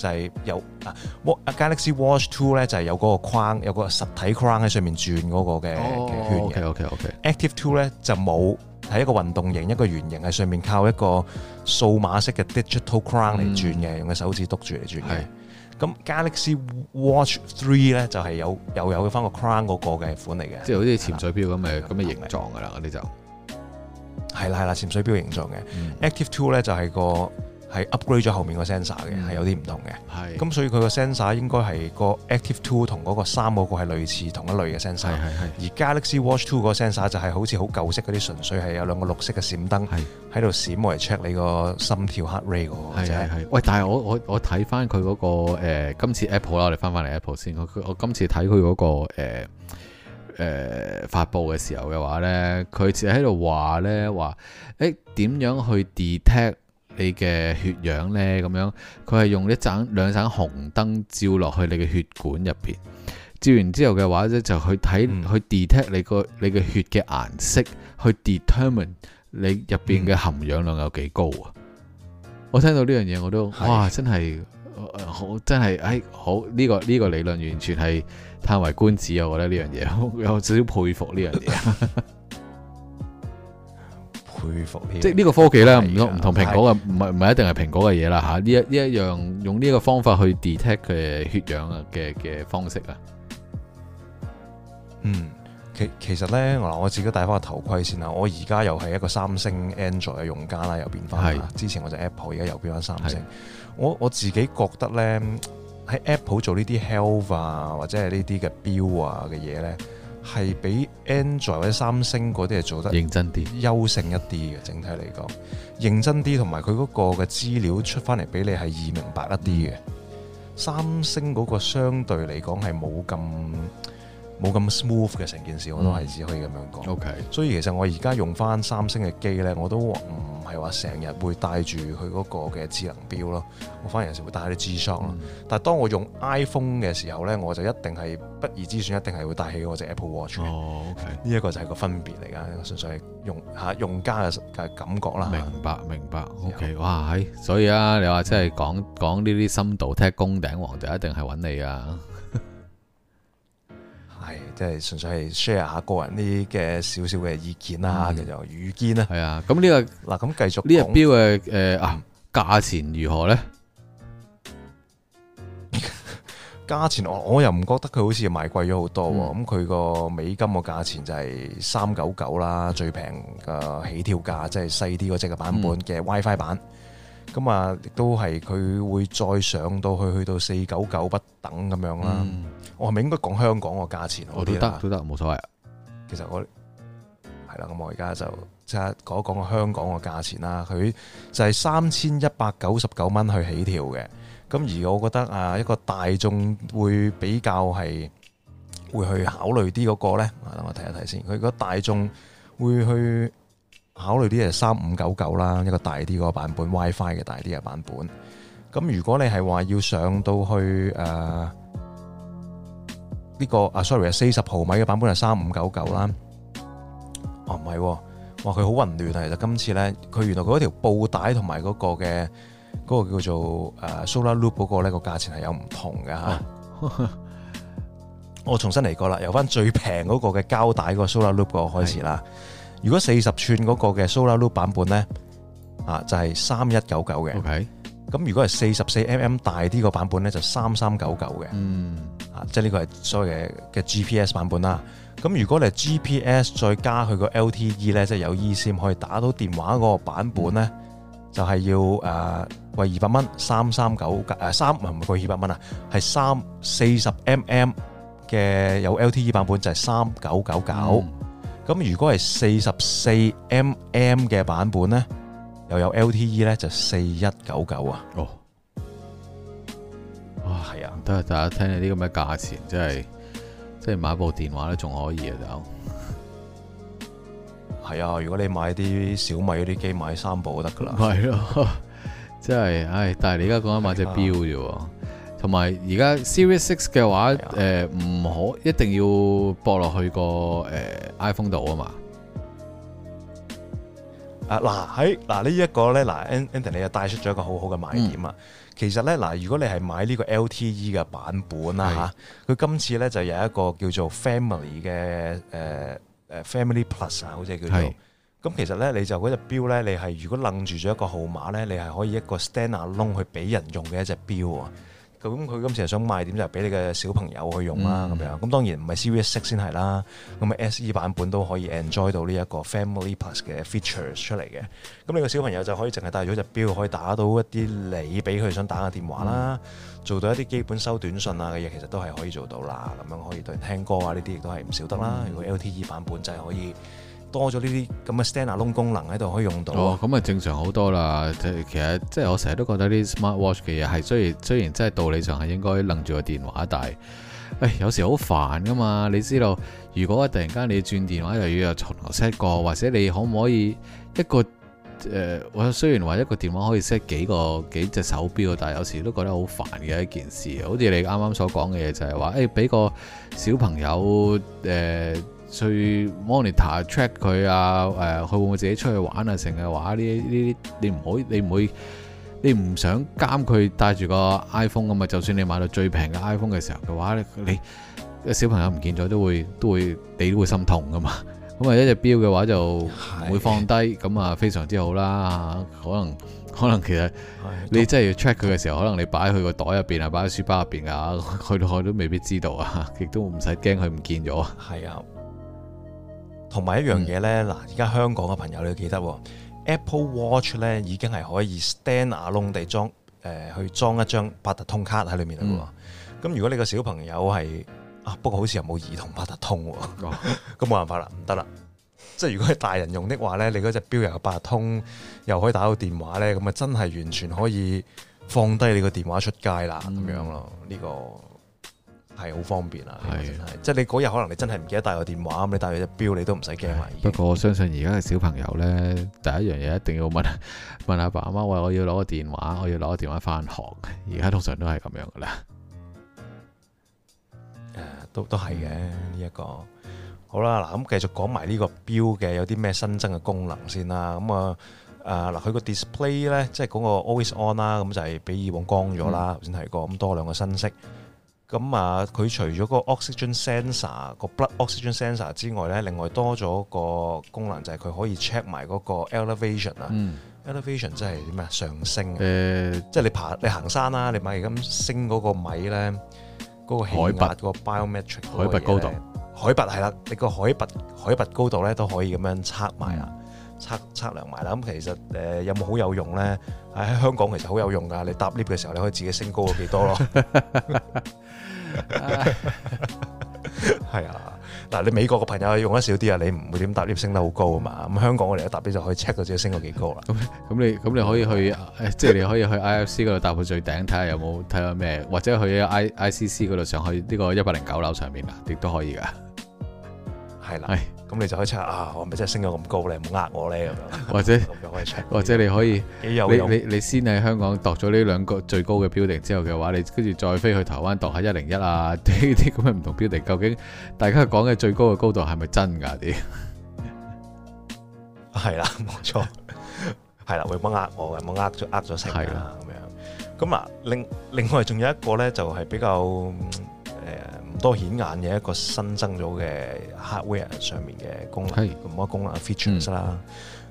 就係有啊，Galaxy Watch Two 咧就係有嗰個框，有個實體框喺上面轉嗰個嘅圈嘅。OK OK OK。Active Two 咧就冇，係一個運動型，一個圓形喺上面靠一個數碼式嘅 digital crown 嚟轉嘅，用個手指篤住嚟轉嘅。咁 Galaxy Watch Three 咧就係有又有翻個框嗰個嘅款嚟嘅。即係好似潛水錶咁嘅咁嘅形狀噶啦，嗰啲就係啦係啦，潛水錶形狀嘅。Active Two 咧就係個。係 upgrade 咗後面個 sensor 嘅，係有啲唔同嘅。係。咁所以佢個 sensor 應該係個 Active Two 同嗰個三嗰個係類似同一類嘅 sensor。係。係。而 Galaxy Watch Two 個 sensor 就係好似好舊式嗰啲，純粹係有兩個綠色嘅閃燈在裡閃，係喺度閃嚟 check 你個心跳 heart rate 嗰個。係。係。喂，但係我我我睇翻佢嗰個、呃、今次 Apple 啦，我哋翻翻嚟 Apple 先。我今次睇佢嗰個誒誒、呃呃、發佈嘅時候嘅話咧，佢似喺度話咧話，誒點、欸、樣去 detect？你嘅血氧呢，咁樣，佢係用一盞兩盞紅燈照落去你嘅血管入邊，照完之後嘅話咧就去睇、嗯、去 detect 你個你嘅血嘅顏色，去 determine 你入邊嘅含氧量有幾高啊！嗯、我聽到呢樣嘢我都的哇，真係、哎、好真係哎好呢個呢、這個理論完全係嘆為觀止啊！我覺得呢樣嘢有少少佩服呢樣嘢。 *laughs* 佩服，即係呢個科技咧，唔同唔同蘋果嘅，唔係唔係一定係蘋果嘅嘢啦嚇。呢一呢一樣用呢個方法去 detect 嘅血氧啊嘅嘅方式啊。嗯，其其實咧，嗱，我自己戴翻個頭盔先啦。我而家又係一個三星 Android 嘅用家啦，又變翻。是之前我隻 Apple，而家又變翻三星。是我我自己覺得咧，喺 Apple 做呢啲 health 啊，或者係呢啲嘅表啊嘅嘢咧。係比 Android 或者三星嗰啲係做得認真啲、優勝一啲嘅。整體嚟講，認真啲同埋佢嗰個嘅資料出翻嚟俾你係易明白一啲嘅。嗯、三星嗰個相對嚟講係冇咁冇咁 smooth 嘅成件事，我都係只可以咁樣講，嗯。OK，所以其實我而家用翻三星嘅機咧，我都唔係話成日會帶住佢嗰個嘅智能表咯。我反而有時會帶啲 G-Shock 咯。OK，嗯、但係當我用 iPhone 嘅時候咧，我就一定係不二之選，一定係會帶起我隻 Apple Watch 哦。哦，OK，呢一個就係個分別嚟噶，純粹係用嚇用家嘅嘅感覺啦。明白，明白。後 OK，哇，所以啊，你話即係講，嗯、講呢啲深度王，聽宮頂皇帝一定係揾你啊！係，即係純粹係 share 下個人啲嘅少少嘅意見啦，叫做愚見啦。係啊，咁呢個嗱，咁繼續呢個錶嘅誒啊，價錢如何呢？價 *laughs* 錢我我又唔覺得佢好似賣貴咗好多，咁佢、嗯、個美金個價錢就係三九九啦，最平嘅起跳價，即係細啲嗰隻嘅版本嘅 WiFi 版。嗯嗯咁啊，亦都係佢會再上到去，去到四九九不等咁樣啦。嗯、我係咪應該講香港個價錢？我都得，都得，冇所謂啊。其實我係啦，咁我而家就即係講講個香港嘅價錢啦。佢就係三千一百九十九蚊去起跳嘅。咁而我覺得啊，一個大眾會比較係會去考慮啲嗰個呢。我睇一睇先。佢如果大眾會去。考慮啲係三五九九啦，一個大啲個版本 WiFi 嘅大啲嘅版本。咁如果你係話要上到去誒呢、呃呢個，啊，sorry，四十毫米嘅版本係三五九九啦。哦，唔係，哇，佢好混亂啊！其實今次咧，佢原來嗰條布帶同埋嗰個嘅嗰、嗰個叫做誒 Solar Loop 嗰個咧，個價錢係有唔同㗎吓。哦、 *laughs* 我重新嚟過啦，由返最平嗰個嘅膠帶個 Solar Loop 個開始啦。如果四十寸嗰個嘅 Solo Loop 版本咧，啊就係三一九九嘅。咁 Okay 如果係四十四 mm 大啲個版本咧，就三三九九嘅。啊、嗯，即係呢個係所謂嘅嘅 GPS 版本啦。咁如果你 GPS 再加佢個 LTE 咧，即係有 eSIM 可以打到電話嗰個版本咧，就係要誒貴二百蚊，三三九九誒三唔係貴二百蚊啊，係三四十 mm 嘅有 LTE 版本就係三九九九。嗯。咁如果係四十四 mm 嘅版本咧，又有 LTE 咧，就四一九九啊。哦，哇，係啊，都係大家聽下啲咁嘅價錢，真係，即係買部電話咧，仲可以啊，就係啊。如果你買啲小米嗰啲機，買三部就得噶啦。係咯、啊，即係，唉、哎，但係你、啊、而家講緊買隻表啫喎。同埋而家 Series Six 嘅話，誒唔好一定要駁落去個誒、呃、iPhone 度啊嘛。啊嗱喺嗱呢、啊、又帶一個咧嗱，Anthony 啊帶出咗一個好好嘅賣點啊。嗯、其實咧嗱、啊，如果你係買呢個 LTE 嘅版本啦吓，佢是的、啊、今次咧就有一個叫做 Family 嘅誒誒 Family Plus 啊，好似叫做。咁是的、嗯、其實咧，你就嗰隻表咧，你係如果楞住咗一個號碼咧，你係可以一個 stand alone 去俾人用嘅一隻表啊。咁佢今次想賣點就係、是、俾你嘅小朋友去用啦咁、嗯、樣，咁當然唔係 Series 6先係啦，咁啊 S E 版本都可以 enjoy 到呢一個 Family Plus 嘅 features 出嚟嘅。咁你個小朋友就可以淨係戴咗隻表，可以打到一啲你俾佢想打嘅電話啦，嗯、做到一啲基本收短信啊嘅嘢，其實都係可以做到啦。咁樣可以對聽歌啊呢啲亦都係唔少得啦。嗯、如果 L T E 版本就係可以。多咗呢啲咁嘅 standalone 功能喺度可以用到哦，咁啊正常好多啦。即係其實即係我成日都覺得啲 smartwatch 嘅嘢係雖然雖然真係道理上係應該拎住個電話，但係誒有時好煩噶嘛。你知道如果突然間你轉電話又要又重頭 set 過，或者你可唔可以一個誒我、呃、雖然話一個電話可以 set 幾個幾隻手錶，但係有時都覺得好煩嘅一件事。好似你啱啱所講嘅嘢就係、是、話，誒俾個小朋友誒。呃去 monitor、check 佢啊，誒佢會唔會自己出去玩啊，成日話呢呢啲你唔會你唔會，你唔想監佢帶住個 iPhone 咁嘛。就算你買到最平嘅 iPhone 嘅時候嘅話，你小朋友唔見咗都會都會你都會心痛噶嘛。咁啊一隻錶嘅話就唔會放低，咁啊的非常之好啦。可能可能其實你真係要 check 佢嘅時候，可能你擺喺佢個袋入面啊，擺喺書包入面啊，佢都都未必知道啊，亦都唔使驚佢唔見咗。啊。同埋一樣嘢呢，嗱、嗯，而家香港嘅朋友你要記得，Apple Watch 呢已經係可以 stand alone 地裝，誒、呃、去裝一張八達通卡喺裏面啦喎。咁、嗯、如果你個小朋友係啊，不過好似又冇兒童八達通，咁冇、嗯、 *laughs* 辦法啦，唔得啦。 *laughs* 即係如果係大人用的話呢，你嗰隻錶又有八達通，又可以打到電話呢，咁啊真係完全可以放低你個電話出街啦，咁、嗯、樣咯，呢、呢個。係好方便啦，即係你嗰日可能你真係唔記得帶個電話咁，你帶住隻錶你都唔使驚埋。不過我相信而家嘅小朋友咧，第一樣嘢一定要問，問阿爸阿媽，喂，我要攞個電話，我要攞個電話返學。而家通常都係咁樣噶啦。誒，都都係嘅呢一個。好啦，嗱咁繼續講埋呢個錶嘅有啲咩新增嘅功能先啦。咁啊，誒嗱，佢個 display 咧，即係嗰個 always on 啦，咁就係比以往光咗啦，頭先提過，咁多兩個新色。咁啊，佢除咗個 oxygen sensor 個 blood oxygen sensor 之外咧，另外多咗個功能就係、是、佢可以 check 埋嗰個 elevation 啊、嗯、elevation 即係點啊上升即係、呃、你爬你行山啦、啊，你咪咁升嗰個米咧，嗰、那個，個海拔個 biometric 海拔高度，海拔係啦，你個海拔海拔高度咧都可以咁樣測埋啦測測量埋啦，咁其實誒有冇好有,有用咧？喺、哎、香港其實好有用噶，你搭 lift 嘅時候你可以自己升高咗幾多咯。係 *laughs* *laughs* *laughs* 啊，嗱你美國個朋友用得少啲啊，你唔會點搭 lift 升得好高啊嘛。咁、嗯、香港我哋一搭 lift 就可以 check 到自己升到幾高啦。咁咁你咁你可以去 *laughs* 即係你可以去 IFC 嗰度搭到最頂睇下有冇睇下咩，或者去 I I C C 嗰度上去呢個一百零九樓上面啊，亦都可以噶。係啦。咁你就可以查啊！我咪真係升咗咁高，你唔好呃我咧咁樣。或者 *laughs* 或者你可以，有你你你先喺香港度咗呢兩個最高嘅標定之後嘅話，你跟住再飛去台灣度下一零一啊，呢啲咁嘅唔同標定，究竟大家講嘅最高嘅高度係咪真㗎？啲係啦，冇錯，係啦 *laughs* *laughs* 的會我冇呃我嘅，冇呃咗呃咗成啦，咁、啊、的樣。咁啊，另另外仲有一個咧，就係比較誒。呃很多顯眼嘅一個新增咗嘅 hardware 上面嘅功能，咁乜是功能 features 啦、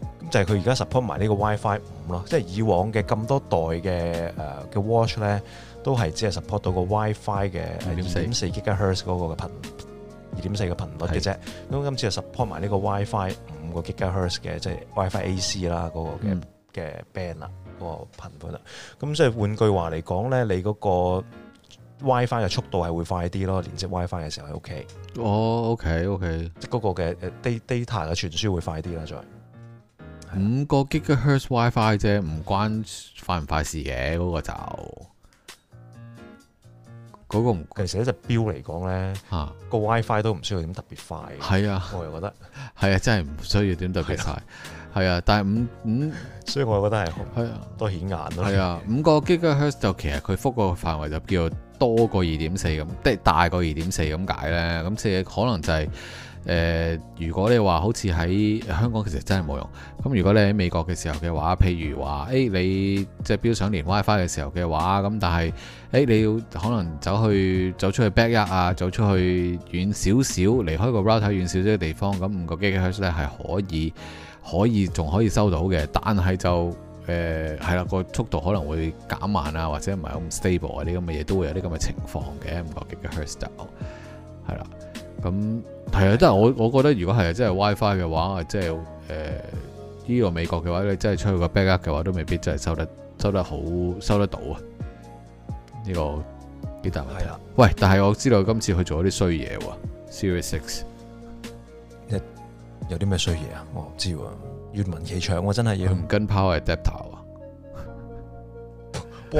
嗯，咁就係佢而家 support 埋呢個 WiFi 五咯，5, 即係以往嘅咁多代嘅誒嘅 watch 咧，都係只係 support 到個 WiFi 嘅二點四 h 赫茲嗰個嘅頻，二點四嘅頻率嘅啫。咁是今次就 support 埋呢個 WiFi 五、就是、個吉赫茲嘅，即係 WiFi AC 啦嗰個嘅嘅 band 啦，嗰個頻率啊。咁所以換句話嚟講咧，你嗰、那個。WiFi 嘅速度係會快啲咯，連接 WiFi 嘅時候喺屋企。哦，OK，OK，即嗰個嘅誒 data 嘅傳輸會快啲啦。再五個 GigaHertz WiFi 啫，唔、啊、關快唔快事嘅，嗰、嗰個就嗰個唔其實一隻表嚟講咧，啊個 WiFi 都唔需要點特別快。係啊，我又覺得係啊，真係唔需要點特別快。係啊，啊，但係五五，嗯、所以我覺得係係啊，多顯眼咯。係啊，五個 GigaHertz 就其實佢覆個範圍就叫。多過二點四咁，即係大過二點四咁解咧。咁即係可能就係、是、誒、呃，如果你話好似喺香港其實真係冇用。咁如果你喺美國嘅時候嘅話，譬如說、哎、你想連的時候的話，誒你即係標上連 WiFi 嘅時候嘅話，咁但係誒你要可能走去走出去 back up 啊，走出去遠少少，離開個 router 遠少少嘅地方，咁個 Gigahertz 係可以可以仲可以收到嘅，但係就。誒，係啦、嗯，個速度可能會減慢啊，或者唔係咁 stable 啊啲咁嘅嘢，都會有啲咁嘅情況嘅，唔覺幾嘅 hertz 走，係 *noise* 啦樂，咁係啊，但係了我我覺得如果係真係 WiFi 嘅話，即係誒呢個美國嘅話，你真係出去個 backup 嘅話，都未必真係收得收得好，收得到啊呢，這個幾大問題。了喂，但係我知道今次去做咗啲衰嘢喎，Series 6 s 有啲咩衰嘢啊？我唔知喎。願聞其詳，真的我真係要唔跟 power adapter *laughs* 啊？哇！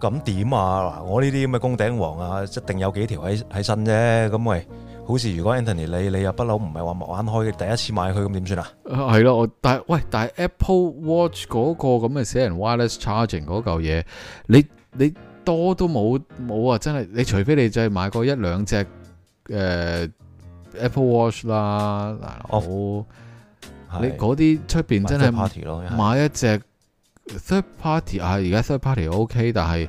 咁點啊？嗱，我呢啲咁嘅工頂王啊，一定有幾條喺喺身啫。咁喂，好似如果 Anthony 你你又不嬲唔係話玩眼嘅第一次買佢咁點算啊？係咯，我但係喂，但係 Apple Watch 嗰，那個咁嘅寫人 wireless charging 嗰嚿嘢，你你多都冇冇啊！真係，你除非你就係買過一兩隻誒 Apple Watch 啦，嗱，我。Oh. 你嗰啲出邊真係買一隻 third party 啊？而家 third party OK，但係誒、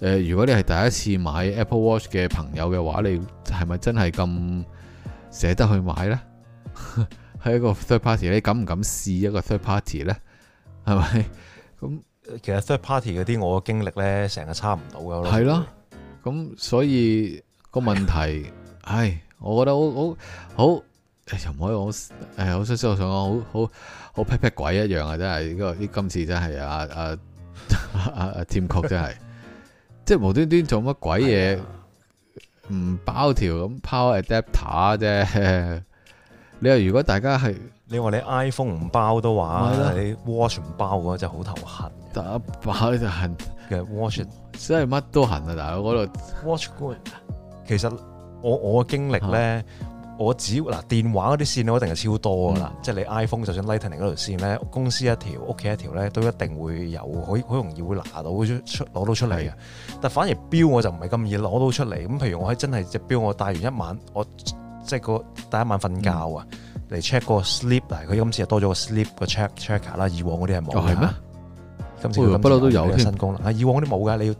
呃，如果你係第一次買 Apple Watch 嘅朋友嘅話，你係咪真係咁捨得去買咧？係 *laughs* 一個 third party，你敢唔敢試一個 third party 咧？係咪？咁其實 third party 嗰啲我嘅經歷咧，成日差唔到㗎咯。係咯，咁、啊、所以個問題係、 *laughs* 哎，我覺得好好好。哎、又唔可以我誒，我想想我想講好好好 pat pat 鬼一樣啊！真係呢個今次真係啊啊啊啊 Tim Cook、啊啊、 *laughs* 真係，即係無端端做乜鬼嘢，唔、啊、包條咁 power adapter 啫、啊啊。你話如果大家係你話你 iPhone 唔包都話，你 Watch 唔包嘅話真就好頭痕。但一包就痕嘅 Watch 真係乜都痕啊！大佬嗰度 Watch Good，其實我我嘅經歷咧。啊我只要嗱電話嗰啲線咧，一定係超多噶啦。嗯、即係你 iPhone 就算 Lightning 嗰條線咧，公司一條，屋企一條咧，都一定會有，好好容易會攞到拿出攞到出嚟嘅。的但反而錶我就唔係咁易攞到出嚟。咁譬如我喺真係隻錶，我戴完一晚，我即係個第一晚瞓覺啊，嚟 check、嗯、個 sleep 嗱，佢今次又多咗個 sleep 個 check checker 啦。以往嗰啲係冇嘅。今次不嬲都有新功能。以往嗰啲冇㗎，你要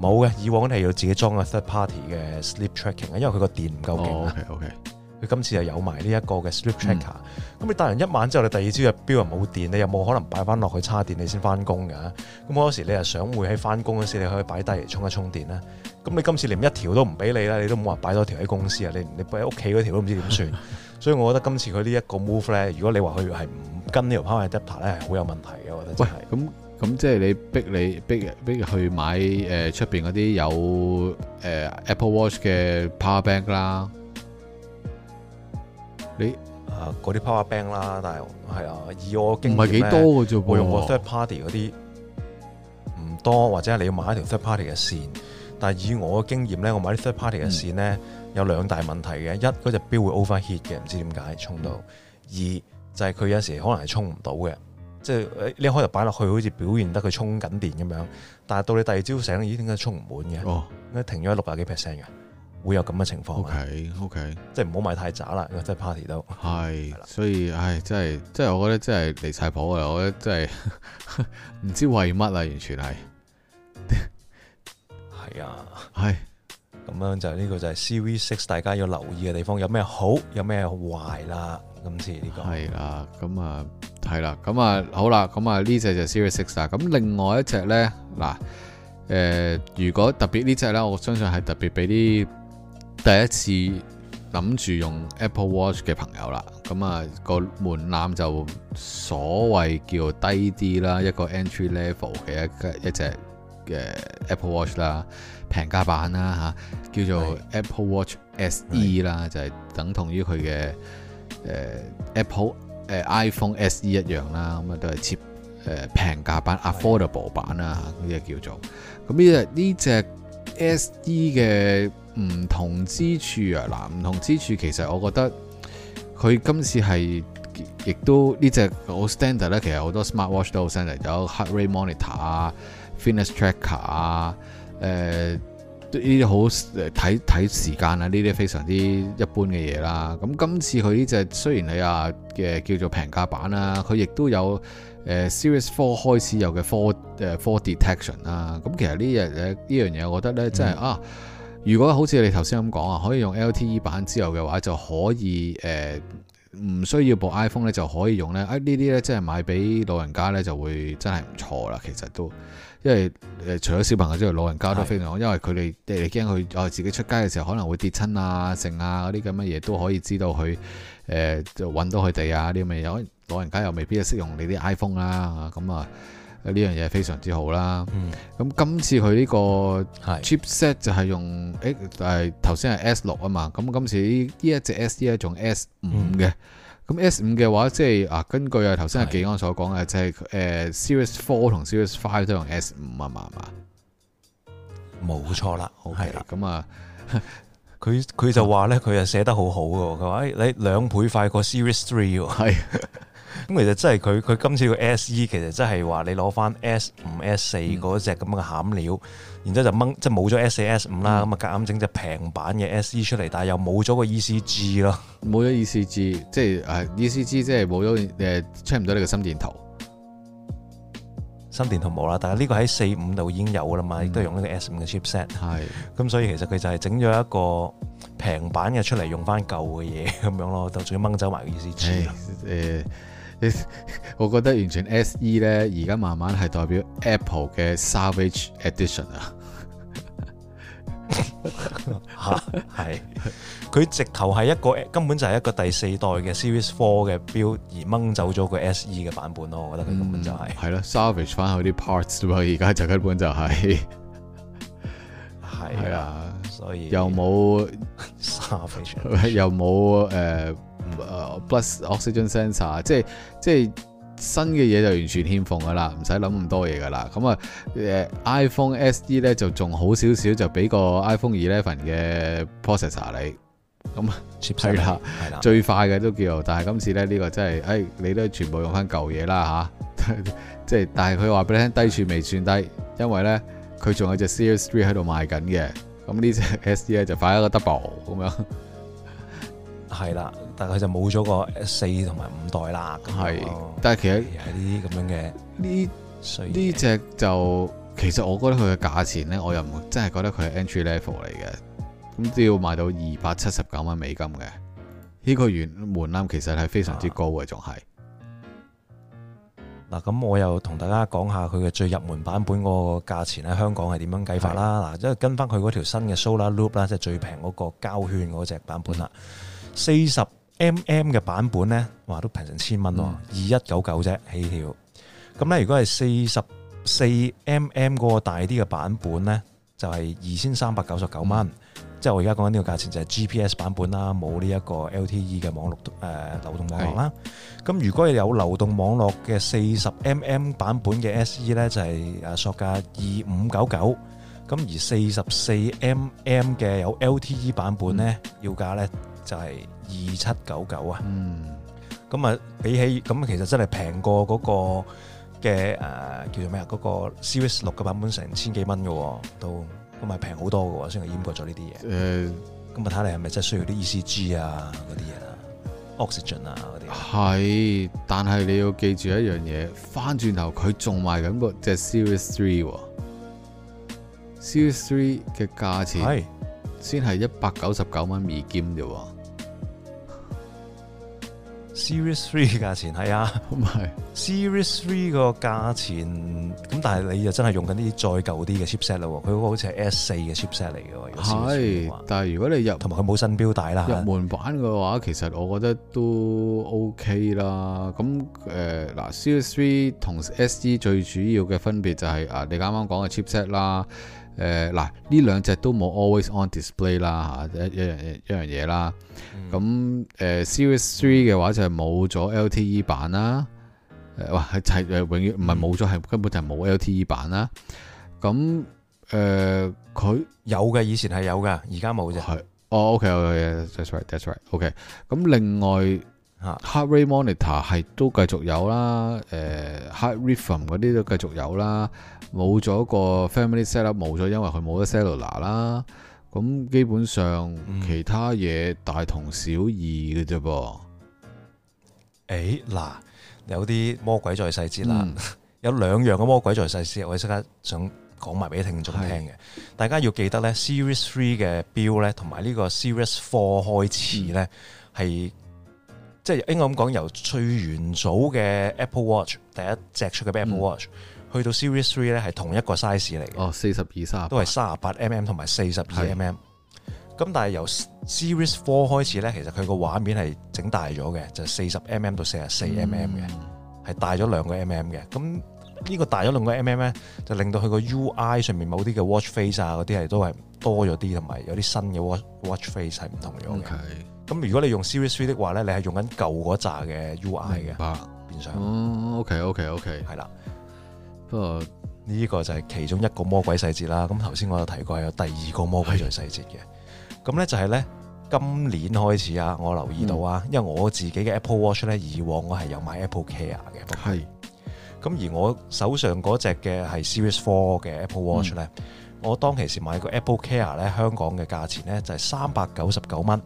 冇嘅。以往嗰啲係要自己裝個 third party 嘅 sleep tracking，因為佢個電唔夠勁啊。哦 okay, okay 你今次又有埋呢一個嘅 Sleep Checker 咁、嗯、你戴完一晚之後，你第二朝嘅錶又冇電，你有冇可能擺翻落去叉電你先翻工㗎？咁好多時你又想會喺翻工嗰時你可以擺低嚟充一充電啦。咁你今次連一條都唔俾你啦，你都冇話擺多條喺公司啊？你你擺喺屋企嗰條都唔知點算？ *laughs* 所以我覺得今次佢呢一個 Move 咧，如果你話佢係唔跟呢條 Power Adapter 咧，係好有問題嘅。我覺得真係喂，咁咁即係你逼你逼逼去買誒出邊嗰啲有誒、呃、Apple Watch 嘅 Power Bank 啦。你啊，嗰啲 power bank 啦，但係係啊，以我嘅經驗咧，唔係幾多㗎咋喎，我用過 third party 嗰啲唔多，或者係你要買一條 third party 嘅線。但係以我嘅經驗咧，我買啲 third party 嘅線咧，嗯、有兩大問題嘅。一，嗰隻錶會 overheat 嘅，唔知點解充到。嗯、二就係、是，佢有時可能係充唔到嘅，即、就、係、是、你一開頭擺落去好似表現得佢充緊電咁樣，但係到你第二朝醒，咦，點解充唔滿嘅？哦、應該停咗六百幾 percent 嘅。會有咁嘅情況，OK，OK，okay, okay 即係唔好買太渣啦，因為真係 party 都係，是了所以，唉，真係，真係，我覺得真係離晒譜啊！我覺得真係唔知為乜啊，完全係，係啊，係是，咁樣就呢、是這個就係 Series Six 大家要留意嘅地方，有咩好，有咩壞啦？今次呢、這個係啦，咁啊，係啦、啊，咁啊，啊，好啦，咁啊呢隻就 Series Six 啦，咁另外一隻呢？嗱，誒、呃，如果特別呢隻呢，我相信係特別俾啲。第一次諗住用 Apple Watch 嘅朋友啦，咁啊個門檻就所謂叫低啲啦，一個 entry level 嘅一隻嘅 Apple Watch 啦，平價版啦嚇，叫做 Apple Watch SE 啦對，就係等同於佢嘅誒 Apple 誒對 iPhone SE 一樣啦，咁啊都係切誒平價版、對 Affordable 版啦，呢個叫做，咁呢隻呢隻 SE 嘅。唔同之處啊！嗱，唔同之處其實我覺得佢今次係亦都呢隻我 standard 咧，其實好多 Smart Watch 都好 standard 有 Heart Rate Monitor 啊、呃、Fitness Tracker 啊、誒呢啲好誒睇睇時間啊，呢啲非常之一般嘅嘢啦。咁今次佢呢隻雖然你啊嘅叫做平價版啦，佢亦都有誒、呃、Series Four 開始有嘅 Four 誒 Fall Detection 啦、啊。咁其實呢樣咧呢樣嘢，這個、我覺得咧、嗯、真係啊！如果好似你頭先咁講啊，可以用 LTE 版之後嘅話，就可以呃、唔需要部 iPhone 咧就可以用咧。啊呢啲咧真係買俾老人家咧就會真係唔錯啦，其實都，因為、呃、除咗小朋友之外，老人家都非常，好是，因為佢哋誒驚佢哦自己出街嘅時候可能會跌親啊、剩啊嗰啲咁嘅嘢都可以知道佢誒就揾到佢哋啊啲咁嘅嘢。老人家又未必係識用你啲 iPhone 啦咁啊。呢樣嘢非常之好啦。咁、嗯、今次佢呢個 chipset 就係用誒頭先係 S 六啊是嘛。咁今次呢一隻 S 呢仲 S 五嘅、嗯。咁 S 五嘅話，即係啊，根據啊頭先阿記安所講嘅，是就係、是、誒、呃、Series Four 同 Series Five 都用 S 五啊嘛，係嘛？冇錯啦。係啦。咁啊，佢佢就話呢，佢係寫得好好嘅。佢話你兩倍快過 Series Three 喎。係。咁其實真係佢，佢今次個 SE 其實真係話你攞翻 S 五 S 四嗰隻咁嘅餡料，然之後就掹，即係冇咗 S 四 S 五啦，咁啊夾硬整隻平板嘅 SE 出嚟，但係又冇咗個 E C G 咯，冇咗 E C G，即係誒 E C G 即係冇咗誒，出唔到你個心電圖，心電圖冇啦，但係呢個喺四五度已經有啦嘛，亦都係用呢個 S 五嘅 chipset，係，咁所以其實佢就係整咗一個平板嘅出嚟用翻舊嘅嘢咁樣咯，就仲要掹走埋個 E C G，誒。我覺得完全 SE 咧，而家慢慢係代表 Apple 嘅 Savage Edition 啊 *laughs* 係，佢直頭係一個根本就係一個第四代嘅 Series Four 嘅表而掹走咗個 SE 嘅版本咯，我覺得佢根本就係係咯 Savage 翻去啲 parts，而家就根本就係、係、係啊，所以又冇 Savage， *laughs* 又冇誒。呃誒，plus oxygen sensor，即係即係新嘅嘢就完全欠奉噶啦，唔使諗咁多嘢噶啦。咁啊，誒 iPhone SE 咧就仲好少少，就俾個 iPhone Eleven 嘅 processor 你咁係啦，係啦，最快嘅都叫，但係今次咧呢、這個真係誒、哎，你都全部用翻舊嘢啦吓，即、啊、係 *laughs* 但係佢話俾你聽，低處未算低，因為咧佢仲有隻 Series Three 喺度賣緊嘅，咁呢隻 SE 咧就快一個 double 咁樣係啦。但係佢就冇咗個 S 四同埋五代啦。係、那個，但係其實係啲咁樣嘅呢？呢隻就其實我覺得佢嘅價錢呢，我又唔真係覺得佢係 entry level 嚟嘅。咁都要賣到二百七十九蚊美金嘅呢、這個門門檻，其實係非常之高嘅，仲係。嗱、啊，咁我又同大家講下佢嘅最入門版本個價錢喺香港係點樣計法啦。嗱，即係跟翻佢嗰條新嘅 Solar Loop 啦，即係最平嗰個膠圈嗰隻版本啦，四十、嗯。M M 嘅版本咧，哇都平成千蚊喎，二一九九啫起跳。咁咧，如果係四十四 M M 嗰個大啲嘅版本咧，就係二千三百九十九蚊。即係我而家講緊呢個價錢就係 G P S 版本啦，冇呢一個 L T E 嘅網絡誒流動網絡啦。咁如果係有流動網絡嘅四十 M M 版本嘅 S E 咧，就係誒索價二五九九。咁而四十四 M M 嘅有 L T E 版本咧，要價咧。就係二七九九啊，咁啊、嗯、比起咁其實真係平過嗰個嘅誒、啊、叫做咩啊嗰個 Series 六嘅版本成千幾蚊嘅，都咁咪平好多嘅，先係閹割咗呢啲嘢。誒、呃，咁睇下你係咪真係需要啲 ECG 啊嗰啲嘢啊，oxygen 啊嗰啲。係，但係你要記住一樣嘢，翻轉頭佢仲賣緊個即係 Series Three，Series Three 嘅價錢是先係一百九十九蚊美金啫。Series three 嘅價錢係啊，唔係 *laughs* Series three 個價錢咁，但係你就真係用緊啲再舊啲嘅 chipset 啦，佢嗰個好似 S 四嘅 chipset 嚟嘅喎。係是，但係如果你入同埋佢冇新標帶啦，入門版嘅話，其實我覺得都 OK 啦。咁誒嗱，Series three 同 SE 最主要嘅分別就係、是、啊，你啱啱講嘅 chipset 啦。誒嗱，呢兩隻都冇 always on display 啦，嚇一一樣一樣嘢啦。咁誒 Series Three 嘅話就係冇咗 LTE 版啦。誒哇，係係誒永遠唔係冇咗，係根本就係冇 LTE 版啦。咁誒佢有嘅，以前係有㗎，而家冇啫。係，哦，OK OK，that's right that's right，OK。咁另外。啊，Heart Rate Monitor 係都繼續有啦，誒，Heart Rhythm 嗰啲都繼續有啦，冇咗個 Family Setup 冇咗，因為佢冇咗 Cellular 啦，咁基本上其他嘢大同小異嘅啫噃。誒、嗯，嗱，有啲魔鬼在細節啦，嗯、 *laughs* 有兩樣嘅魔鬼在細節，我即刻想講埋俾聽眾聽嘅，是大家要記得咧，Series Three 嘅錶咧，同埋呢個 Series Four 開始咧係。嗯即係應該咁講，由最元祖嘅 Apple Watch 第一隻出嘅 Apple Watch，嗯、去到 Series Three 咧係同一個 size 嚟嘅。哦，四十二三都係三十八 mm 同埋四十二 mm 是。咁但係由 Series Four 開始咧，其實佢個畫面係整大咗嘅，就係四十 mm 到四十四 mm 嘅，係、嗯、大咗兩個 mm 嘅。咁呢個大咗兩個 mm 咧，就令到佢個 UI 上面某啲嘅 Watch Face 啊嗰啲係都係多咗啲，同埋有啲新嘅 Watch Watch Face 係唔同咗嘅。Okay. 咁如果你用 Series Three 的話咧，你係用緊舊嗰扎嘅 UI 嘅變相。哦，OK，OK，OK，係啦。不過呢個就係其中一個魔鬼細節啦。咁頭先我有提過，有第二個魔鬼在細節嘅。咁咧是就係咧，今年開始啊，我留意到啊，嗯、因為我自己嘅 Apple Watch 咧，以往我係有買 Apple Care 的 Apple Care 嘅。係咁是而我手上嗰隻嘅係 Series Four 嘅 Apple Watch 咧、嗯，我當其時買個 Apple Care 咧，香港嘅價錢咧就係三百九十九蚊。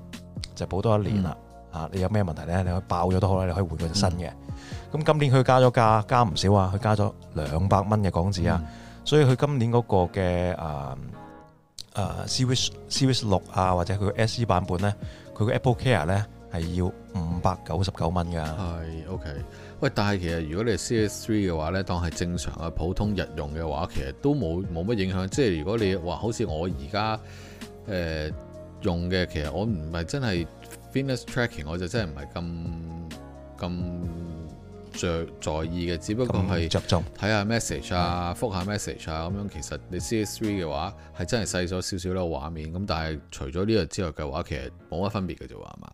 就保多一年啦，啊、嗯，你有咩問題咧？你可以爆咗都好啦，你可以換個新嘅。咁、嗯、今年佢加咗價，加唔少啊！佢加咗兩百蚊嘅港紙啊，嗯、所以佢今年嗰個嘅誒、啊啊、Series Series 六啊，或者佢個 S E 版本咧，佢個 Apple Care 咧係要五百九十九蚊㗎。係，OK。喂，但係其實如果你係 Series Three 嘅話咧，當係正常嘅普通日用嘅話，其實都冇冇乜影響。即係如果你話好似我而家誒用嘅其實我唔係真係 fitness tracking，我就真係唔係咁咁着在意嘅，只不過係睇下 message 啊，復、嗯、下 message 啊咁樣。其實你 CS3 嘅話係真係細咗少少咯畫面。咁但係除咗呢個之外嘅話，其實冇乜分別嘅啫喎，係嘛？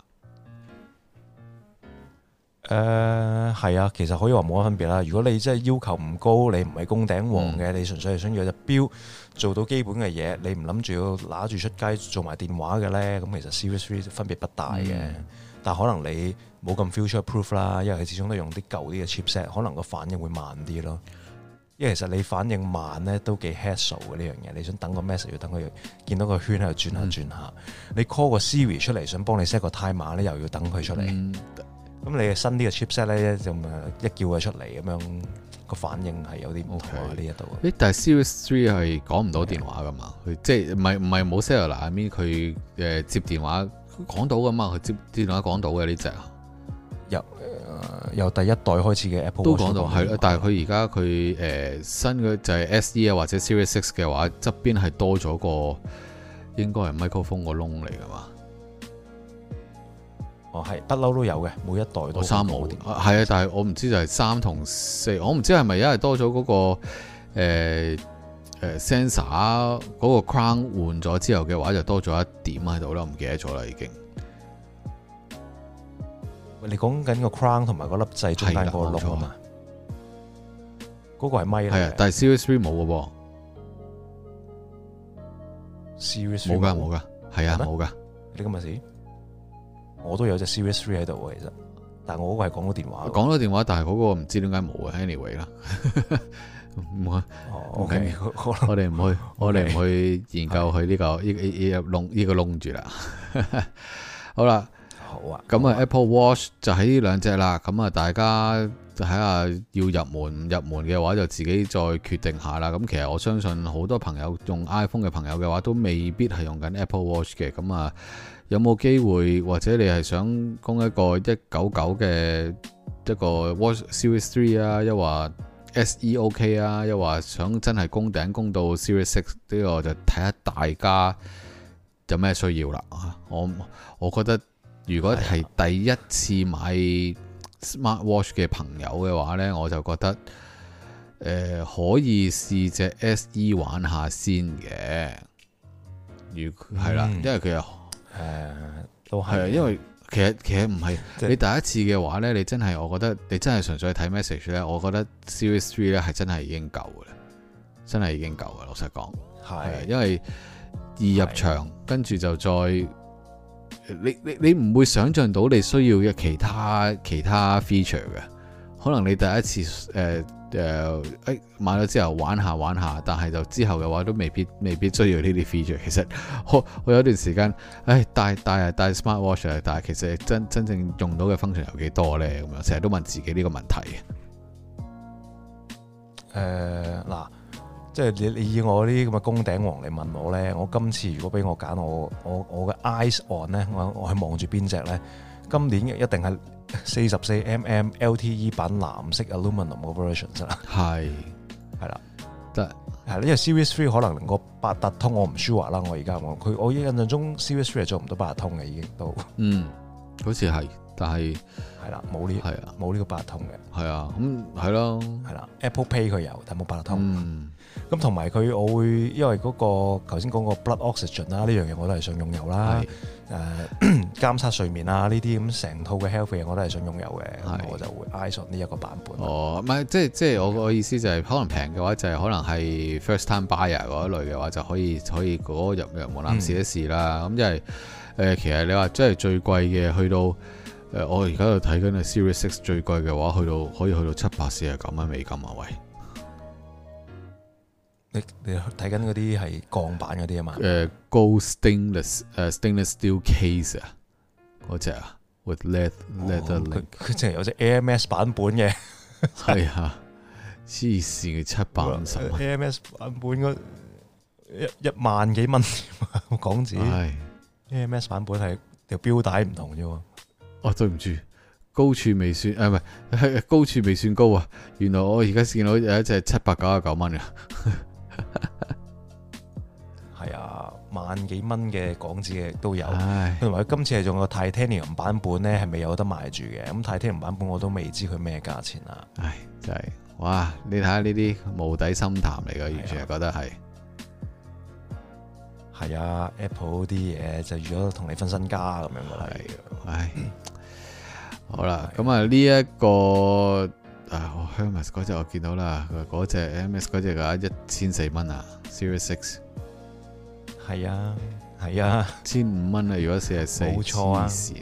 誒，係、uh, 啊，其實可以話冇乜分別啦。如果你真係要求唔高，你唔係攻頂王嘅，mm. 你純粹係想要隻表做到基本嘅嘢，你唔諗住要拿住出街做埋電話嘅咧，咁其實 Series Three 分別不大嘅。Mm. 但可能你冇咁 future proof 啦，因為佢始終都用啲舊啲嘅 chipset，可能個反應會慢啲咯。因為其實你反應慢咧都幾 hassle 嘅呢樣、這、嘢、個。你想等個 message 要等佢見到個圈喺度轉下轉下，mm. 你 call 個 Siri 出嚟想幫你 set 個 timer 咧，又要等佢出嚟。Mm. 咁你嘅新的個 set 呢個 chipset 咧，就咪一叫佢出嚟，咁樣個反應係有啲唔同喺呢一度。誒，okay, 但係 Series Three 係講唔到電話噶嘛？佢 Okay. 即係唔係唔係冇 Siri 啊 m 咪佢誒接電話講到噶嘛？佢接電話講到嘅，呢隻。由由第一代開始嘅 Apple 都講到係啦，但係佢而家佢誒新嘅就係 SE 啊或者 Series Six 嘅話，側邊係多咗個應該係 microphone 個窿嚟噶嘛？哦，係不嬲都有嘅，每一代都三冇？係啊對，但係我唔知就係三同四，我唔知係咪因為多咗嗰、那個誒誒、呃呃、sensor 嗰個 crown 換咗之後嘅話就多咗一點喺度啦，唔記得咗啦已經了了。喂，你講緊個 crown 同埋嗰粒掣中間嗰個窿啊？嗰個係咪？係啊，但係 Series Three 冇嘅喎。Series 冇噶，冇噶，係啊冇噶。你今日死？我都有隻 Series Three 喺度，其實，但係我嗰個係講咗電話，講咗電話，但係嗰個唔知點解冇 Anyway 啦，唔會，OK，好啦，我哋唔去， *laughs* 我哋唔去研究佢、呢、呢個呢的、呢個窿呢、呢個窿住啦，呢個、了 *laughs* 好啦了，好啊，咁啊,啊 Apple Watch 就喺呢兩隻啦，咁啊大家睇下要入門，入門嘅話就自己再決定下啦。咁其實我相信好多朋友用 iPhone 嘅朋友嘅話，都未必係用緊 Apple Watch 嘅，咁啊。有冇機會或者你係想供一個一九九嘅一個 Watch Series Three 啊，又話 SE OK 啊，又話想真係供頂供到 Series Six 呢個就睇下大家有咩需要啦。我我覺得如果係第一次買 Smart Watch 嘅朋友嘅話呢，我就覺得、呃、可以試隻 SE 玩下先嘅。如係啦、嗯，因為佢又。誒，uh, 都係，啊，因為其實其實唔係，就是，你第一次嘅話呢，你真係，我覺得你真係純粹睇 message 呢。我覺得 Series Three 咧係真係已經夠嘅啦，真係已經夠嘅。老實講，係是，因為二入場是的 跟住就再，你你你唔會想象到你需要嘅其他其他 feature 嘅，可能你第一次誒。Uh, .誒，誒，買咗之後玩下玩下，但係就之後嘅話都未必未必需要呢啲 feature。其實我我有段時間，誒，戴戴戴 smartwatch 啊，但係其實真真正用到嘅 function 有幾多咧？咁樣成日都問自己呢個問題，呃。誒，嗱，即係你你以我呢啲咁嘅攻頂王嚟問我咧，我今次如果俾我揀，我我我嘅 eyes on 咧，我、e、呢我係望住邊隻咧？今年一定係。四十四 mm LTE 版藍色 aluminum 個 versions 啦是，係 *laughs* 了，係啦對，得係呢個 Series Three 可能連個八達通我唔舒華啦，我而家我佢我印象中 Series Three 做唔到八達通嘅已經都，嗯，好似係。但係係啦，冇呢，係啊，冇呢的個百達通嘅，係啊，咁係咯，係啦，Apple Pay 佢有，但冇八達通。咁同埋佢，我會因為嗰、那個頭先講個 Blood Oxygen 啦，呢樣嘢，我都係想擁有啦。誒的，監測、呃、睡眠啊呢啲咁成套嘅 Healthy 嘢，我都係想擁有嘅，的我就會 i p o n 呢一個版本。哦，唔係，即係即係我我意思就係、是、可能平嘅話就係、是、可能係 First Time Buyer 嗰一類嘅話就可以可以入入門檻試一試啦。咁即係誒，其實你話即係最貴嘅去到。誒、啊，我而家就睇緊啊，Series Six 最貴嘅話，去到可以去到七百四十九蚊美金啊，喂！你你睇緊嗰啲係鋼板嗰啲啊嘛？誒、uh,，Gold Stain、uh, less 誒 Stainless Steel Case 啊，嗰、那、隻、個、啊，With Leather Leather 佢佢淨係有隻 AMS 版本嘅。係啊、哎，黐線嘅七百五十蚊。啊、AMS 版本嗰一一萬幾蚊 *laughs* 港紙幣。哎、AMS 版本係條錶帶唔同啫喎。哦，對唔住，高處未算，誒唔係，高處未算高啊！原來我而家見到有一隻七百九十九蚊啊，係啊，萬幾蚊嘅港紙嘅都有，同埋唉今次係仲有 Titanium 版本咧，係未有得賣住嘅。咁 Titanium 版本我都未知佢咩價錢啊。唉，真係，哇！你睇下呢啲無底深潭嚟嘅，啊、完全係覺得係，係啊，Apple 啲嘢就如果同你分身家咁樣嘅係，是唉。好啦，咁、這個、是啊呢一個啊 Hermes 嗰隻我見到啦，佢隻 Hermes 嗰隻啊，一千四蚊啊，Series Six，係啊，1, 係啊，千五蚊啊，啊 1,，如果四十四，冇錯啊，係、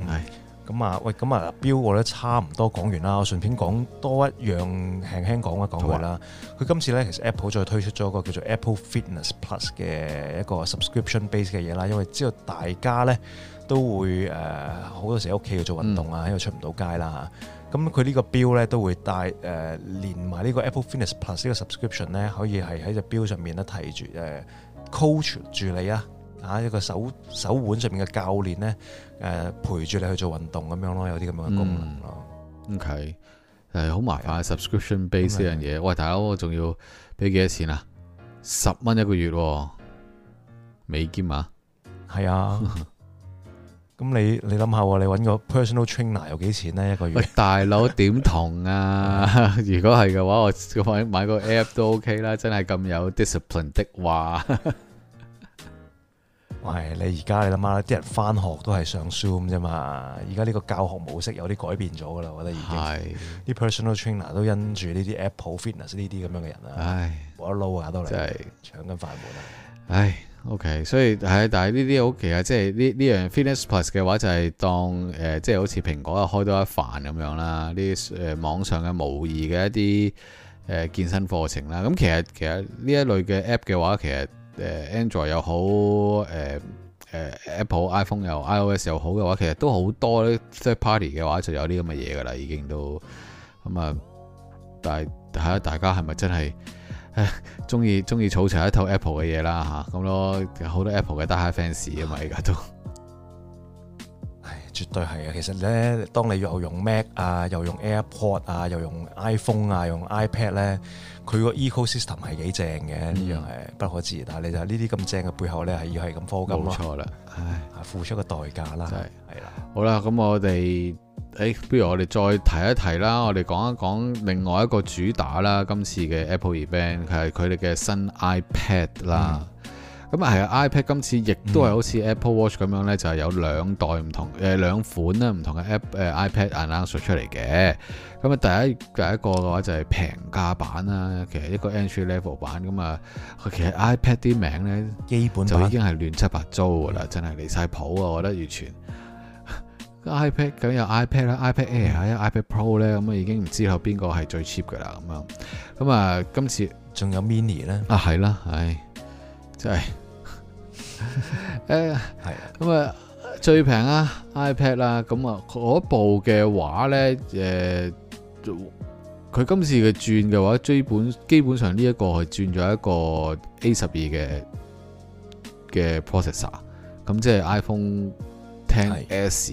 嗯，咁唉、嗯嗯嗯、啊，喂，咁啊，表我咧差唔多講完啦，我順便講多一樣輕輕講一講佢啦，佢今次咧其實 Apple 再推出咗一個叫做 Apple Fitness Plus 嘅一個 subscription base 嘅嘢啦，因為知道大家咧。都會誒好多時喺屋企去做運動啊，嗯、因為出唔到街啦，咁佢呢個表咧都會帶誒、呃、連埋呢個 Apple Fitness Plus 個呢個 subscription 咧，可以係喺隻表上面咧提住誒 coach 住你啊，啊一個手手腕上面嘅教練咧誒陪住你去做運動咁樣咯，有啲咁樣嘅功能咯、嗯。OK，誒好麻煩 subscription base 呢樣嘢。喂，大佬，我仲要俾幾多錢啊？十蚊一個月、啊，美金啊？係啊。 *laughs* 咁你你諗下，你揾個 personal trainer 有幾錢呢？一個月大佬點同啊？的如果係嘅話，我買買個 app 都 OK 啦。 *laughs* 真係咁有 discipline 的話， *laughs* 喂，你而家你諗下啲人翻學都係上 Zoom 啫嘛。而家呢個教學模式有啲改變咗噶啦，我覺得已經。係啲 personal trainer 都因住呢啲 Apple Fitness 呢啲咁樣嘅人啊。唉，冇得撈啊，都嚟搶緊飯碗，唉。O.K.，所以係，但係呢啲好，其實即係呢呢樣 Fitness Plus 嘅話就係當誒，即、呃、係、就是、好似蘋果又開多一範咁樣啦，呢啲誒網上嘅模擬嘅一啲誒、呃、健身課程啦。咁其實其實呢一類嘅 App 嘅話，其實誒、呃、Android 又好，誒、呃、誒、呃、Apple iPhone 又 iOS 又好嘅話，其實都好多咧 third party 嘅話就有啲咁嘅嘢噶啦，已經都咁啊、嗯！但係睇下大家係咪真係？唉，中意中意，儲齊一套 Apple 嘅嘢啦吓，咁咯好多 Apple 嘅 Die Hard fans 啊嘛，而家都。絕對係啊！其實咧，當你又用 Mac 啊，又用 AirPod 啊，又用 iPhone 啊，用 iPad 咧，佢個 ecosystem 係幾正嘅，呢樣係不可置疑、啊。但係你就呢啲咁正嘅背後咧，係要係咁課金咯，冇錯啦。錯嗯、唉，付出個代價啦，係係啦。好啦，咁我哋誒，不如我哋再提一提啦，我哋講一講另外一個主打啦，今次嘅 Apple Event，佢係佢哋嘅新 iPad 啦。嗯。咁啊，係啊！iPad 今次亦都係好似 Apple Watch 咁樣咧，嗯、就係有兩代唔同誒，兩、呃、款啦、呃，唔同嘅 App 誒，iPad announce 出嚟嘅。咁啊，第一第一個嘅話就係平價版啦，其實一個 Entry Level 版。咁啊，其實 iPad 啲名咧，基本就已經係亂七八糟噶啦，嗯、真係離晒譜啊！我覺得完全 iPad 咁有 iPad 啦，iPad Air 啊，iPad Pro 咧，咁、嗯、啊，已經唔知道邊個係最 cheap 噶啦。咁樣，咁啊，今次仲有 Mini 咧，啊係啦，唉，真係。誒，係咁、 *laughs* 嗯、的啊最平啊 iPad 啦，咁啊嗰部嘅話咧，誒、呃，佢今次嘅轉嘅話，追本基本上呢一個係轉咗一個 A 十二嘅嘅 processor，咁即係 iPhone Ten S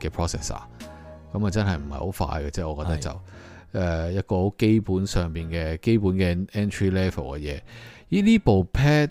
嘅 processor，咁啊的真係唔係好快嘅，即係我覺得就誒的、呃、一個好基本上面嘅基本嘅 entry level 嘅嘢，依呢部 pad。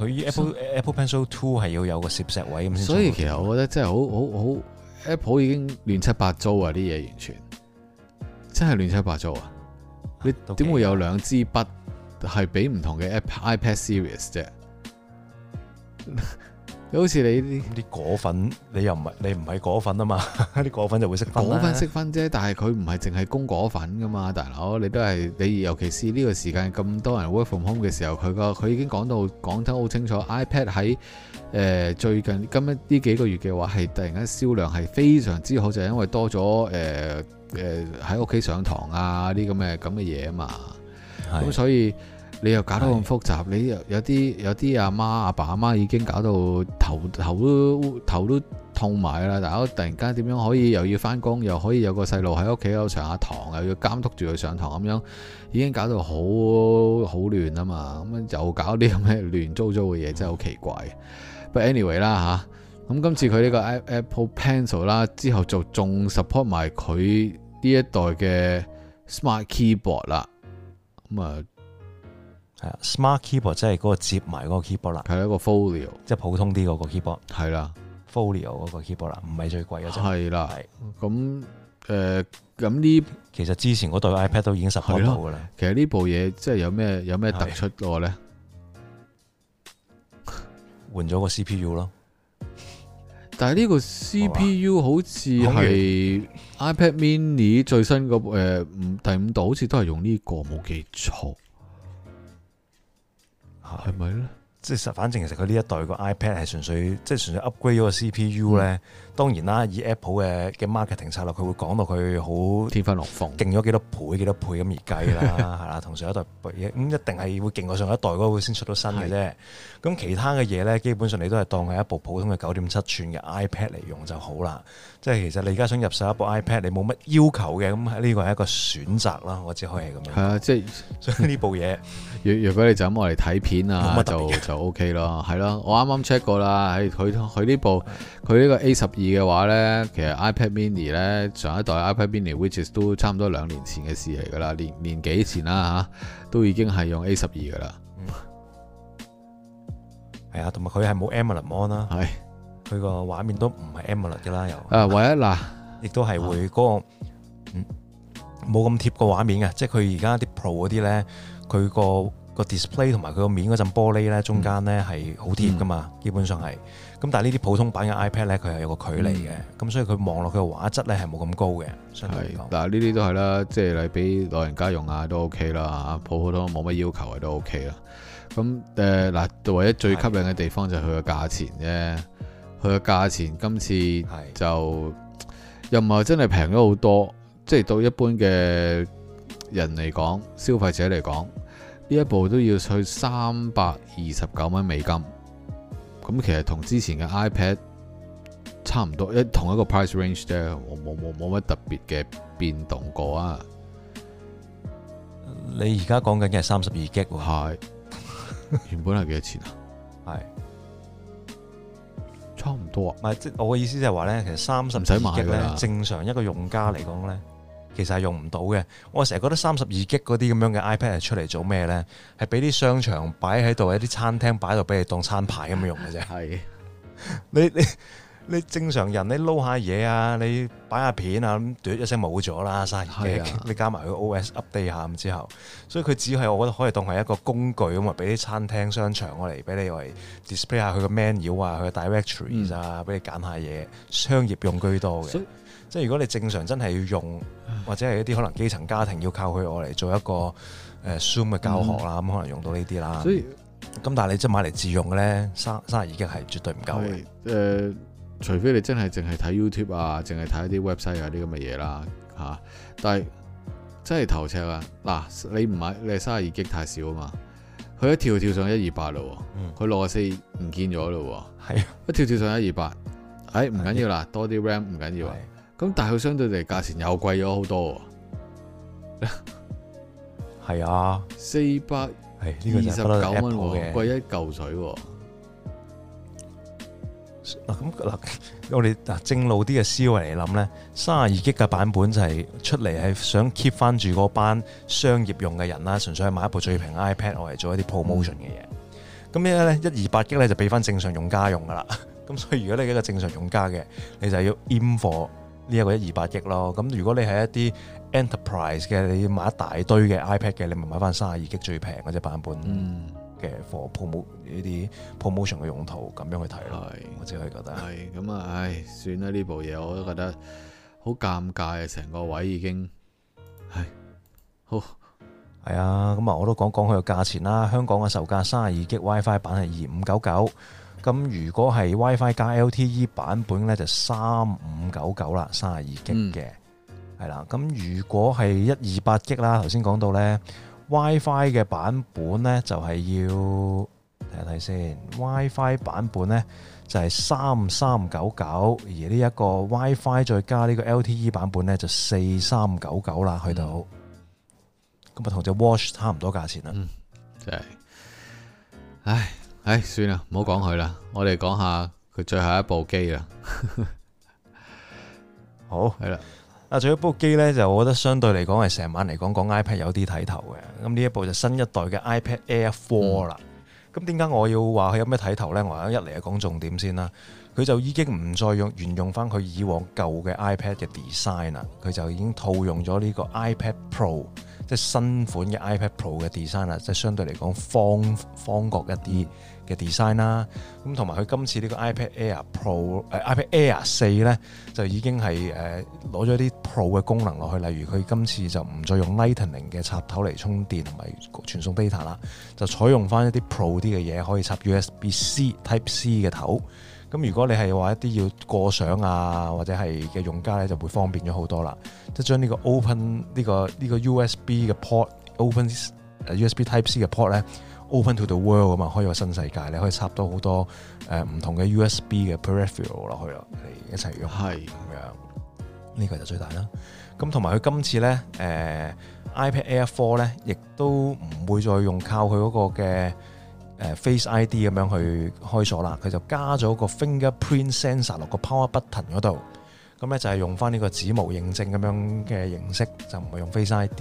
佢 App So, Apple Apple Pencil Two 係要有個攝石位咁先，所以其實我覺得真係好好好，Apple 已經亂七八糟啊！啲嘢完全真係亂七八糟啊！你點會有兩支筆係俾唔同嘅 iPad Series 啫、啊？ *laughs* 好似你啲啲果粉，你又唔係你唔係果粉啊嘛？啲果粉就會識分果粉識分啫，但係佢唔係淨係供果粉㗎嘛，大佬你都係你尤其是呢個時間咁多人 work from home 嘅時候，佢個佢已經講到講得好清楚，iPad 喺、呃、最近今日呢幾個月嘅話，係突然間銷量係非常之好，就係、是、因為多咗誒喺屋企上堂啊啲咁嘅咁嘅嘢啊嘛，咁的所以。你又搞得咁複雜，是你又有啲有啲阿媽阿爸阿媽已經搞到頭頭都頭都痛埋啦。大家突然間點樣可以又要翻工，又可以有個細路喺屋企有上下堂，又要監督住佢上堂咁樣，已經搞到好好亂啊嘛。咁又搞啲咁嘅亂糟糟嘅嘢，真係好奇怪。But anyway 啦、啊、吓，咁今次佢呢個 Apple Pencil 啦，之後就仲 support 埋佢呢一代嘅 Smart Keyboard 啦，咁啊。Smart Keyboard 即係嗰個接埋嗰個 keyboard 啦，係一個 folio，即係普通啲嗰個 keyboard，係啦的，folio 嗰個 keyboard 啦，唔係最貴嘅，係啦，咁誒，咁呢？呃、其實之前嗰代 iPad 都已經支援到㗎啦，其實部的呢部嘢即係有咩有咩突出過咧？換咗個 CPU 咯，但係呢個 CPU 好似係 iPad Mini 最新嗰誒五第五代好似都係用呢、這個，冇記錯。係咪咧？Uh, 即係反正其實佢呢一代個 iPad 係純粹，即係純粹 upgrade 咗個 CPU 咧。嗯、當然啦，以 Apple 嘅嘅 marketing 策略，佢會講到佢好天花龍鳳勁咗幾多倍、幾多倍咁而計啦，係 *laughs* 啦。同上一代咁、嗯、一定係會勁過上一代嗰個會先出到新嘅啫。咁的其他嘅嘢咧，基本上你都係當係一部普通嘅九點七吋嘅 iPad 嚟用就好啦。即係其實你而家想入手一部 iPad，你冇乜要求嘅，咁呢個係一個選擇啦。我只可以係咁樣。即係呢部嘢，若果你就咁我嚟睇片啊，就。 *laughs* 就 OK 咯，係咯，我啱啱 check 過啦，喺佢佢呢部佢呢個 A 十二嘅話咧，其實 iPad Mini 咧上一代 iPad Mini which 都差唔多兩年前嘅事嚟噶啦，年年幾前啦吓，都已經係用 A 十二噶啦，係啊、嗯，同埋佢係冇 AMOLED 啦，係佢個畫面都唔係 AMOLED 噶啦，又誒，唯一嗱，亦都係會嗰、那個冇咁、啊、貼個畫面嘅，即係佢而家啲 Pro 嗰啲咧，佢個。個 display 同埋佢個面嗰陣玻璃咧，中間咧係好貼噶嘛。嗯、基本上係咁，但係呢啲普通版嘅 iPad 咧，佢係有個距離嘅。咁、嗯、所以佢望落佢嘅畫質咧係冇咁高嘅。係嗱，呢啲都係啦。嗯、即係你俾老人家用啊，都 OK 啦。嚇，普普通冇乜要求都 OK 啦。咁誒嗱，唯一最吸引嘅地方就係佢個價錢啫。佢個是價錢今次就是又唔係真係平咗好多，即係到一般嘅人嚟講，消費者嚟講。呢一部都要去三百二十九蚊美金，咁其實同之前嘅 iPad 差唔多，一同一個 price range 啫，冇冇冇冇乜特別嘅變動過啊！你而家講緊嘅係三十二 G 喎，係原本係幾多錢啊？係 *laughs* 是差唔多啊，唔係，即我嘅意思就係話咧，其實三十唔使買嘅，正常一個用家嚟講咧。其實係用唔到嘅，我成日覺得三十二 G 嗰啲咁樣嘅 iPad 係出嚟做咩咧？係俾啲商場擺喺度，一啲餐廳擺喺度俾你當餐牌咁樣用嘅啫。係 *laughs* *laughs* 你你你正常人你撈下嘢啊，你擺下片啊咁，奪一聲冇咗啦曬嘢。機啊、你加埋佢 OS update 下咁之後，所以佢只係我覺得可以當係一個工具咁啊，俾啲餐廳、商場攞嚟俾你嚟 display 下佢個 menu 啊、佢嘅 directory 啊，俾你揀下嘢，商業用居多嘅。即係如果你正常真係要用，或者係一啲可能基層家庭要靠佢我嚟做一個誒 Zoom 嘅教學啦，咁、嗯、可能用到呢啲啦。所以咁但係你真係買嚟自用咧，三三十二 gig 係絕對唔夠嘅。誒、呃，除非你真係淨係睇 YouTube 啊，淨係睇一啲 website 啊啲咁嘅嘢啦，吓 1,。但係真係頭赤啊！嗱，你唔買你三十二 gig 太少啊嘛。佢一跳跳上一二八啦，佢六四唔見咗啦，係啊，一跳跳上一二八，誒，唔緊要啦，多啲 RAM 唔緊要。咁但係佢相對嚟價錢又貴咗好多，係啊，四百呢個二十九蚊，貴一嚿水嗱。咁嗱，我哋嗱正路啲嘅思維嚟諗咧，三十二 G 嘅版本就係出嚟係想 keep 翻住嗰班商業用嘅人啦，純粹係買一部最平 iPad 嚟做一啲 promotion 嘅嘢。咁呢咧？一二八 G 咧就俾翻正常用家用噶啦。咁所以如果你一個正常用家嘅，你就要腌貨。呢一個一二百億咯，咁如果你係一啲 Enterprise 嘅，你要買一大堆嘅 iPad 嘅，你咪買翻三十二 G 最平嗰隻版本嘅貨，呢啲 promotion 嘅用途，咁樣去睇咯。係，我只係覺得。係，咁啊，唉，算啦，呢部嘢我都覺得好尷尬啊，成個位已經係好係啊，咁啊，我都講講佢嘅價錢啦。香港嘅售價三十二 G WiFi 版係二五九九。咁如果係 WiFi 加 LTE 版本咧，就三五九九啦，三十二 G 嘅，係啦。咁如果係一二八 G 啦，頭先講到呢，WiFi 嘅版本呢，就係要睇下睇先，WiFi 版本呢，就係三三九九，而呢一個 WiFi 再加呢個 LTE 版本呢，就四三九九啦，去到咁啊，同隻 Watch 差唔多價錢啦、嗯。唉。唉，算啦，唔好講佢啦，的我哋講下佢最後一部機啦。 *laughs* 好係啦，啊了，仲一部機呢，就我覺得相對嚟講，係成晚嚟講講 iPad 有啲睇頭嘅。咁呢一部就新一代嘅 iPad Air Four 啦。咁點解我要話佢有咩睇頭呢？我一嚟就講重點先啦。佢就已經唔再用沿用翻佢以往舊嘅 iPad 嘅 design 啦，佢就已經套用咗呢個 iPad Pro。即係新款嘅 iPad Pro 嘅 design 啦，即係相對嚟講方方角一啲嘅 design 啦。咁同埋佢今次呢個 iPad Air Pro，啊，iPad Air Pro，誒 iPad Air 四咧就已經係誒攞咗啲 Pro 嘅功能落去，例如佢今次就唔再用 Lightning 嘅插頭嚟充電同埋傳送 data 啦，就採用翻一啲 Pro 啲嘅嘢，可以插 USB-C Type C 嘅頭。咁如果你係話一啲要過相啊，或者係嘅用家咧，就會方便咗好多啦。即係將呢個 open 呢個呢個 USB 嘅 port，open USB Type C 嘅 port 咧，open to the world 啊嘛，開個新世界，你可以插到好多誒唔同嘅 USB 嘅 peripheral 落去啊，嚟一齊用的。係咁是樣，呢個就最大啦。咁同埋佢今次咧，誒、呃、iPad Air Four 咧，亦都唔會再用靠佢嗰個嘅。誒 Face ID 咁樣去開鎖啦，佢就加咗個 fingerprint sensor 落個 power button 嗰度，咁咧就係用翻呢個指模認證咁樣嘅形式，就唔係用 Face ID。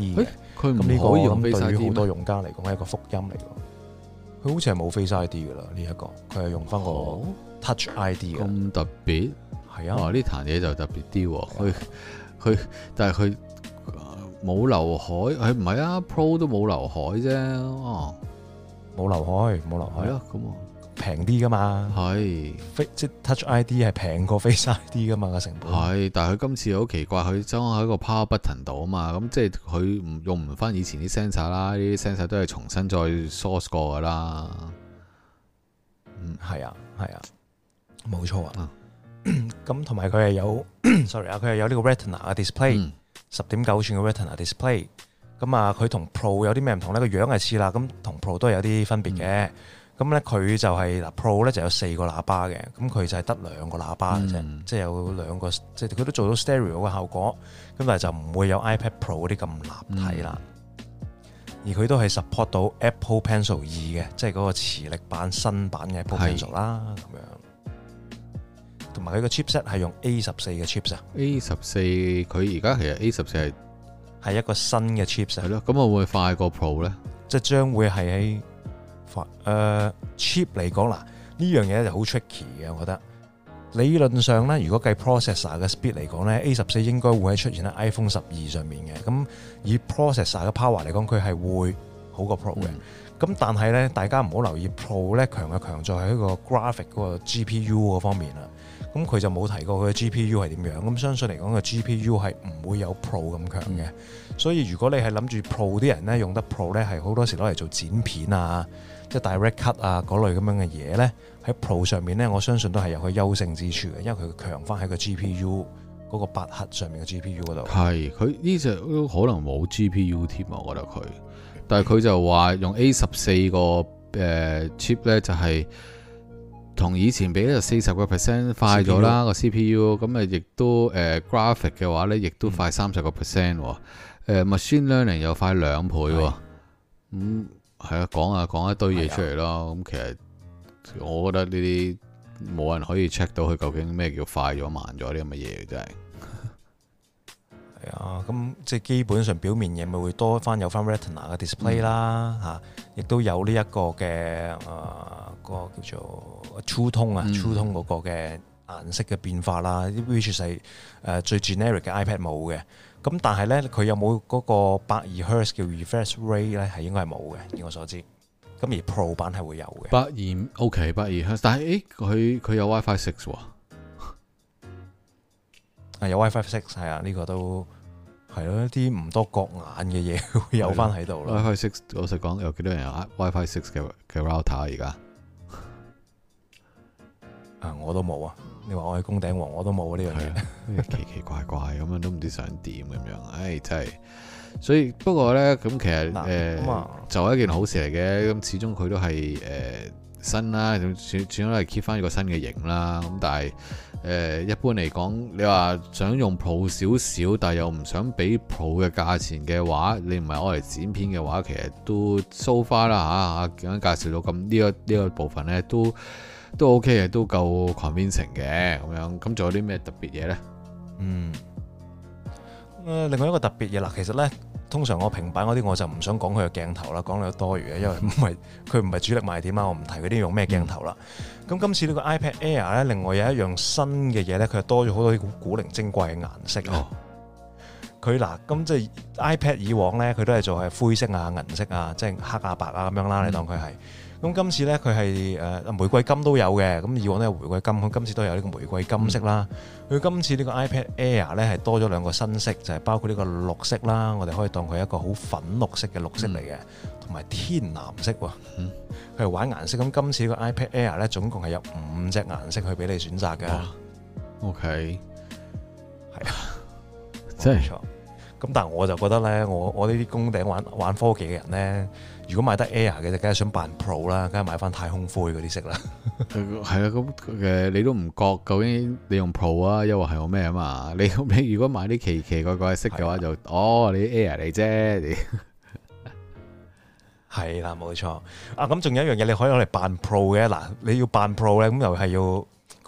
佢唔、欸、可以用 Face ID。咁呢個對於好多用家嚟講係一個福音嚟㗎。佢好似係冇 Face ID 㗎啦，呢、這個哦、一個佢係用翻個 Touch ID 嘅。咁特別係啊，呢壇嘢就特別啲喎。佢佢但係佢冇劉海，佢唔係啊 Pro 都冇劉海啫。冇留海，冇留海啊。咁啊平啲噶嘛，係的即 Touch ID 係平過 Face ID 噶嘛個成本係，但係佢今次好奇怪，佢裝喺個 power button 度啊嘛，咁即係佢用唔翻以前啲 sensor 啦，呢啲 sensor 都係重新再 source 過噶啦，嗯係啊係啊，冇錯啊，咁同埋佢係有 sorry 啊，佢係 *coughs* 有呢個 retina 嘅 display，十點九寸嘅 retina display。咁啊，佢同 Pro 有啲咩唔同呢？個樣係似啦，咁同 Pro 都係有啲分別嘅。咁咧、嗯就是，佢就係嗱，Pro 咧就有四個喇叭嘅，咁佢就係得兩個喇叭嘅啫，嗯、即係有兩個，即係佢都做到 stereo 嘅效果。咁但係就唔會有 iPad Pro 啲咁立體啦。嗯、而佢都係 support 到 Apple Pencil 二嘅，即係嗰個磁力版新版嘅 Apple Pencil 啦，咁是 樣。同埋佢個 chipset 係用 A 十四嘅 chip s 啊。A 十四佢而家其實 A 十四係。係一個新嘅 chip，係咯，咁會唔會快過 Pro 咧？即係將會係喺，誒 chip 嚟講啦，呢樣嘢就好 tricky 嘅，我覺得。理論上咧，如果計 processor、er、嘅 speed 嚟講咧，A 十四應該會喺出現喺 iPhone 十二上面嘅。咁以 processor、er、嘅 power 嚟講，佢係會好過 Pro 嘅。咁、嗯、但係咧，大家唔好留意 Pro 咧強嘅強在喺個 graphic 嗰個 GPU 嗰方面啦。咁佢就冇提過佢嘅 GPU 係點樣，咁相信嚟講嘅 GPU 係唔會有 Pro 咁強嘅。所以如果你係諗住 Pro 啲人咧用得 Pro 咧，係好多時攞嚟做剪片啊，即係 Direct Cut 啊嗰類咁樣嘅嘢咧，喺 Pro 上面咧，我相信都係有佢優勝之處嘅，因為佢強翻喺個 GPU 嗰個八核上面嘅 GPU 度。係，佢呢隻都可能冇 GPU 添啊，我覺得佢。但係佢就話用 A 十四個誒 chip 咧，就係。同以前比 CPU? PU、呃、呢，就四十個 percent 快咗啦個 CPU，咁啊亦都誒 graphic 嘅話咧，亦都快三十個、哦、percent，Machine、呃、Learning 又快兩倍喎、哦。咁係的、嗯、啊，講啊講一堆嘢出嚟咯。咁的其實我覺得呢啲冇人可以 check 到佢究竟咩叫快咗慢咗呢咁嘅嘢，真係。係啊，咁即係基本上表面嘢咪會多翻有翻 retina 嘅 display 啦，嚇的，亦、啊、都有呢一個嘅誒。呃個叫做 True Tone 啊、嗯、True Tone 嗰個嘅顏色嘅變化啦，啲、嗯、which 係誒、uh, 最 generic 嘅 iPad 冇嘅，咁但係咧佢有冇嗰個八二 Hertz 叫 refresh rate 咧，係應該係冇嘅，以我所知。咁而 Pro 版係會有嘅。八二 OK，八二 Hertz，但係誒佢佢有 WiFi Six 喎，啊、哦、 *laughs* 有 WiFi Six 係啊，呢、這個都係咯、啊，一啲唔多角眼嘅嘢會有翻喺度啦。WiFi Six，老實講有幾多人有 WiFi Six 嘅嘅 router 而家？啊！我都冇啊！你話我係宮頂王，我都冇啊！呢樣嘢奇奇怪怪咁樣，都唔知想點咁樣。唉，真係。所以不過咧，咁其實誒、呃，就係一件好事嚟嘅。咁始終佢都係誒、呃、新啦，咁始終都係嚟 keep 翻一個新嘅型啦。咁但係誒、呃，一般嚟講，你話想用 Pro 少少，但係又唔想俾 Pro 嘅價錢嘅話，你唔係攞嚟剪片嘅話，其實都 so far 啦吓、啊。阿健介紹到咁、這、呢個呢、這個部分咧都。都 OK 嘅，都夠 convincing 嘅咁樣，咁仲有啲咩特別嘢咧？嗯，誒，另外一個特別嘢啦，其實咧，通常我平板嗰啲我就唔想講佢嘅鏡頭啦，講到多餘嘅，因為唔係佢唔係主力賣點啊，我唔提嗰啲用咩鏡頭啦。咁今次呢個 iPad Air 咧，另外有一樣新嘅嘢咧，佢又多咗好多啲古靈精怪嘅顏色啊。佢嗱，咁即係 iPad 以往呢，佢都係做係灰色啊、銀色啊，即係黑啊、白啊咁樣啦。嗯、你當佢係，咁今次呢，佢係誒玫瑰金都有嘅。咁以往都有玫瑰金，佢今次都有呢個玫瑰金色啦。佢今、嗯、次呢個 iPad Air 呢，係多咗兩個新色，就係、係、包括呢個綠色啦，我哋可以當佢一個好粉綠色嘅綠色嚟嘅，同埋、嗯、天藍色，啊。嗯，佢係玩顏色咁，今次呢個 iPad Air 呢，總共係有五隻顏色去俾你選擇㗎。O K，係啊。Okay *laughs* 真係錯，咁但係我就覺得咧，我我呢啲工頂玩玩科技嘅人咧，如果買得 Air 嘅就梗係想扮 Pro 啦，梗係買翻太空灰嗰啲色啦。係啊，咁誒你都唔覺，究竟你用 Pro 啊，又或係用咩啊嘛？你如果買啲奇奇怪怪色嘅話就，就的哦你 Air 嚟啫，你係啦，冇錯啊。咁仲有一樣嘢你可以攞嚟扮 Pro 嘅嗱，你要扮 Pro 咧，咁又係要。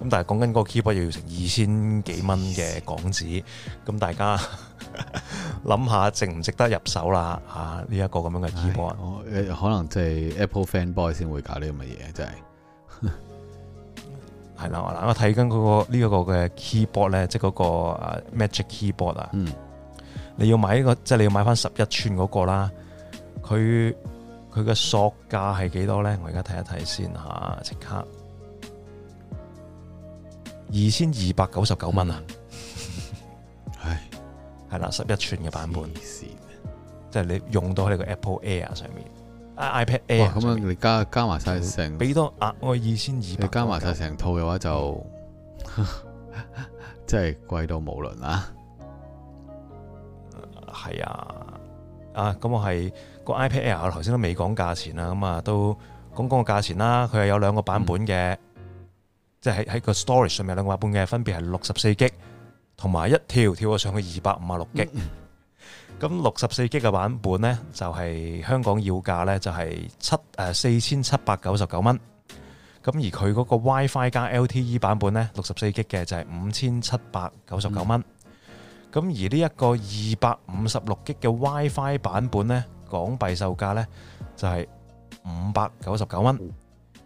咁但係講緊嗰個 keyboard 又要成二千幾蚊嘅港紙，咁思大家諗下值唔值得入手啦？吓、啊，呢、這、一個咁樣嘅 keyboard，可能即係 Apple fan boy 先會搞呢咁嘅嘢，真係。係 *laughs* 啦，我睇緊、那個、這個、呢一、就是、個嘅 keyboard 咧，即係嗰個 Magic Keyboard 啊。你要買呢個，即、就、係、是、你要買翻十一寸嗰、那個啦。佢佢嘅索價係幾多咧？我而家睇一睇先吓，即、啊、刻。二千二百九十九蚊啊！係，係啦 *laughs* 唉，十一寸嘅版本，即係你用到喺你個 Apple Air 上面、啊、，iPad Air 咁樣，你加加埋晒成，俾多額外二千二百，加埋晒成套嘅話就，即係貴到無倫啦！係啊，啊，咁我係、個 iPad Air，我頭先都未講價錢啊。咁啊都講講個價錢啦，佢係有兩個版本嘅。嗯即係喺個 storage 上面兩個版本嘅分別係六十四 G 同埋一跳跳咗上去二百五十六 G。咁六十四 G 嘅版本呢，就係、是、香港要價呢，就係七誒四千七百九十九蚊。咁而佢嗰個 WiFi 加 LTE 版本呢，六十四 G 嘅就係五千七百九十九蚊。咁、嗯、而呢一個二百五十六 G 嘅 WiFi 版本呢，港幣售價呢，就係五百九十九蚊。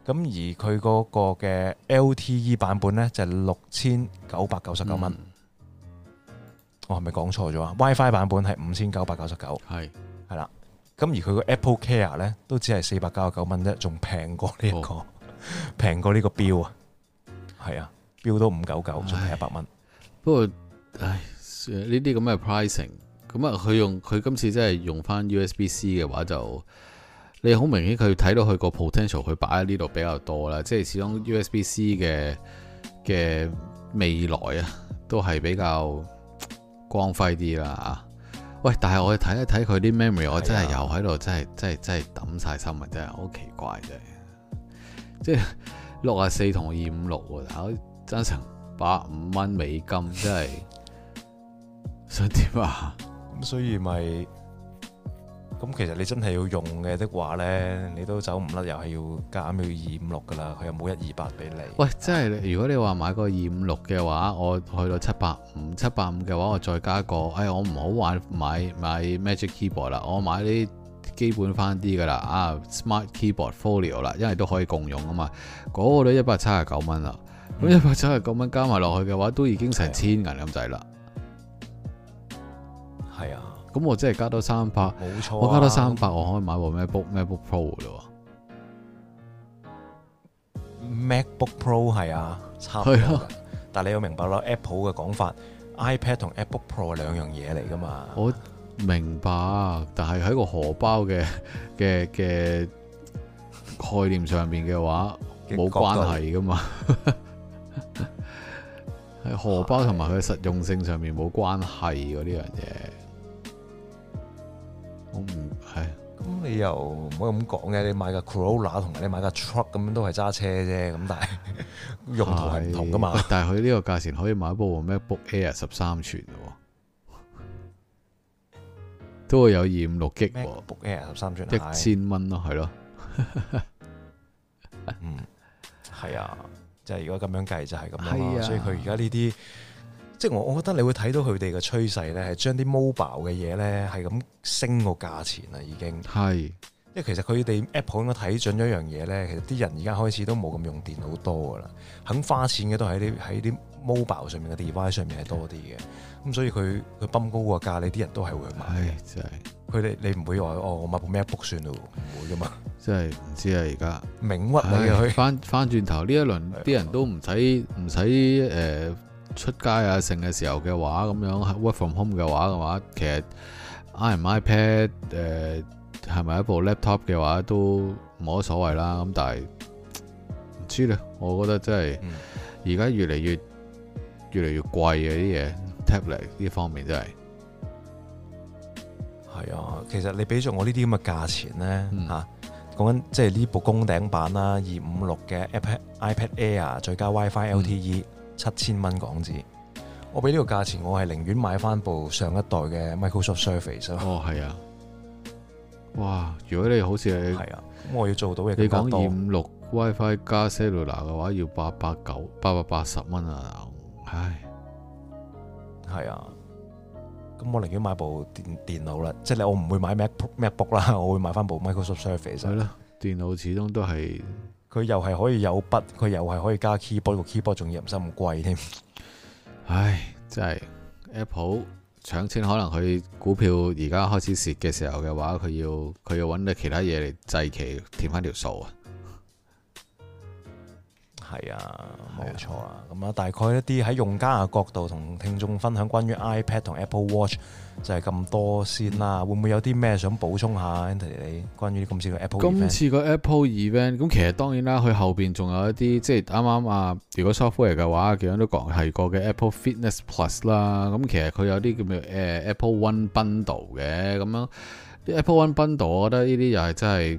咁而佢嗰個嘅 LTE 版本呢，就係六千九百九十九蚊，我係咪講錯咗啊？WiFi 版本係五千九百九十九，係係啦。咁而佢個 Apple Care 呢，都只係四百九十九蚊啫，仲平過呢、這、一個，平、哦、 *laughs* 過呢個錶啊。係啊 *laughs* 的，錶都五九九，仲平一百蚊。不過，唉，呢啲咁嘅 pricing，咁啊，佢用佢今次真係用翻 USB-C 嘅話就。你好明顯佢睇到佢個 potential，佢擺喺呢度比較多啦，即係始終 USB C 嘅嘅未來啊，都係比較光輝啲啦喂，但係我去睇一睇佢啲 memory，是、啊、我真係又喺度，真係真係真係抌晒心啊！真係好奇怪啫。即係六啊四同二五六啊，爭成百五蚊美金，真係想點啊？咁 *laughs* 所以咪？咁其實你真係要用嘅的話呢，你都走唔甩，又係要加啱要二五六噶啦，佢又冇一二八俾你。喂，真係如果你話買個二五六嘅話，我去到七百五，七百五嘅話，我再加個，哎，我唔好玩買買 Magic Keyboard 啦，我買啲基本翻啲噶啦，啊，Smart Keyboard Folio 啦，因為都可以共用啊嘛，嗰、那個都一百七十九蚊啦，咁一百七十九蚊加埋落去嘅話，嗯、都已經成千銀咁滯啦，係啊。1 1咁我即係加多三百，啊，冇錯，我加多三百，我可以買部 MacBook 那、MacBook Pro 噶啦。MacBook Pro 係啊，差唔多。啊、但你要明白咯。Apple 嘅講法，iPad 同 MacBook Pro 係兩樣嘢嚟噶嘛？我明白，但係喺個荷包嘅嘅嘅概念上面嘅話，冇 *laughs* 關係噶嘛？喺 *laughs* 荷包同埋佢實用性上面冇關係嗰呢樣嘢。我唔係，咁你又唔可以咁講嘅。你買架 Corolla 同埋你買架 truck 咁都係揸車啫，咁但係用途係唔同噶嘛。但係佢呢個價錢可以買一部 MacBook Air 十三寸嘅，都會有二五六 G MacBook Air 十三寸，一千蚊咯，係咯。嗯，係啊，即係如果咁樣計就係咁啦。啊，所以佢而家呢啲。即係我，我覺得你會睇到佢哋嘅趨勢咧，係將啲 mobile 嘅嘢咧，係咁升個價錢啦，已經係。因為其實佢哋 Apple 應該睇準咗一樣嘢咧，其實啲人而家開始都冇咁用電腦多噶啦，肯花錢嘅都喺啲喺啲 mobile 上面嘅 device 上面係多啲嘅。咁所以佢佢泵高個價，你啲人都係會買嘅。係，真係。佢哋你唔會話哦，我買部 MacBook 算啦喎，唔會噶嘛不。即係唔知啊，而家明屈啊！佢翻翻轉頭呢一輪，啲的人都唔使唔使誒。的出街啊，剩嘅時候嘅話，咁樣 work from home 嘅話嘅話，其實 i 唔 iPad，誒係咪一部 laptop 嘅話都冇乜所謂啦。咁但係唔知咧，我覺得真係而家越嚟越越嚟越貴嘅啲嘢，tablet 呢方面真係係啊。其實你俾咗我呢啲咁嘅價錢咧嚇，講緊、嗯啊、即係呢部工頂版啦，二五六嘅 iPad Air，再加 WiFi、LTE、嗯。七千蚊港紙，我俾呢個價錢，我係寧願買翻部上一代嘅 Microsoft Surface。哦，係啊！哇！如果你好似係，咁、啊、我要做到嘅。你講二五六 WiFi 加 Cellular 嘅話，要八百九、八百八十蚊啊！唉，係啊，咁我寧願買部電電腦啦，即係我唔會買 Mac MacBook 啦，我會買翻部 Microsoft Surface。係啦，電腦始終都係。佢又係可以有筆，佢又係可以加 keyboard，個 keyboard 仲唔收咁貴添？唉，真係 Apple 搶錢，可能佢股票而家開始蝕嘅時候嘅話，佢要佢要揾到其他嘢嚟制其填翻條數啊！係啊，冇錯啊。咁啊，大概一啲喺用家嘅角度同聽眾分享關於 iPad 同 Apple Watch 就係咁多先啦。嗯、會唔會有啲咩想補充下？Andy，你 *music* 關於咁少個 Apple 今次個 Apple Event，咁，其實當然啦，佢後邊仲有一啲即係啱啱啊。如果 software 嘅話，其實都講係過嘅 Apple Fitness Plus 啦。咁其實佢有啲叫咩誒、啊、Apple One Bundle 嘅咁樣啲、啊、Apple One Bundle，我覺得呢啲又係真係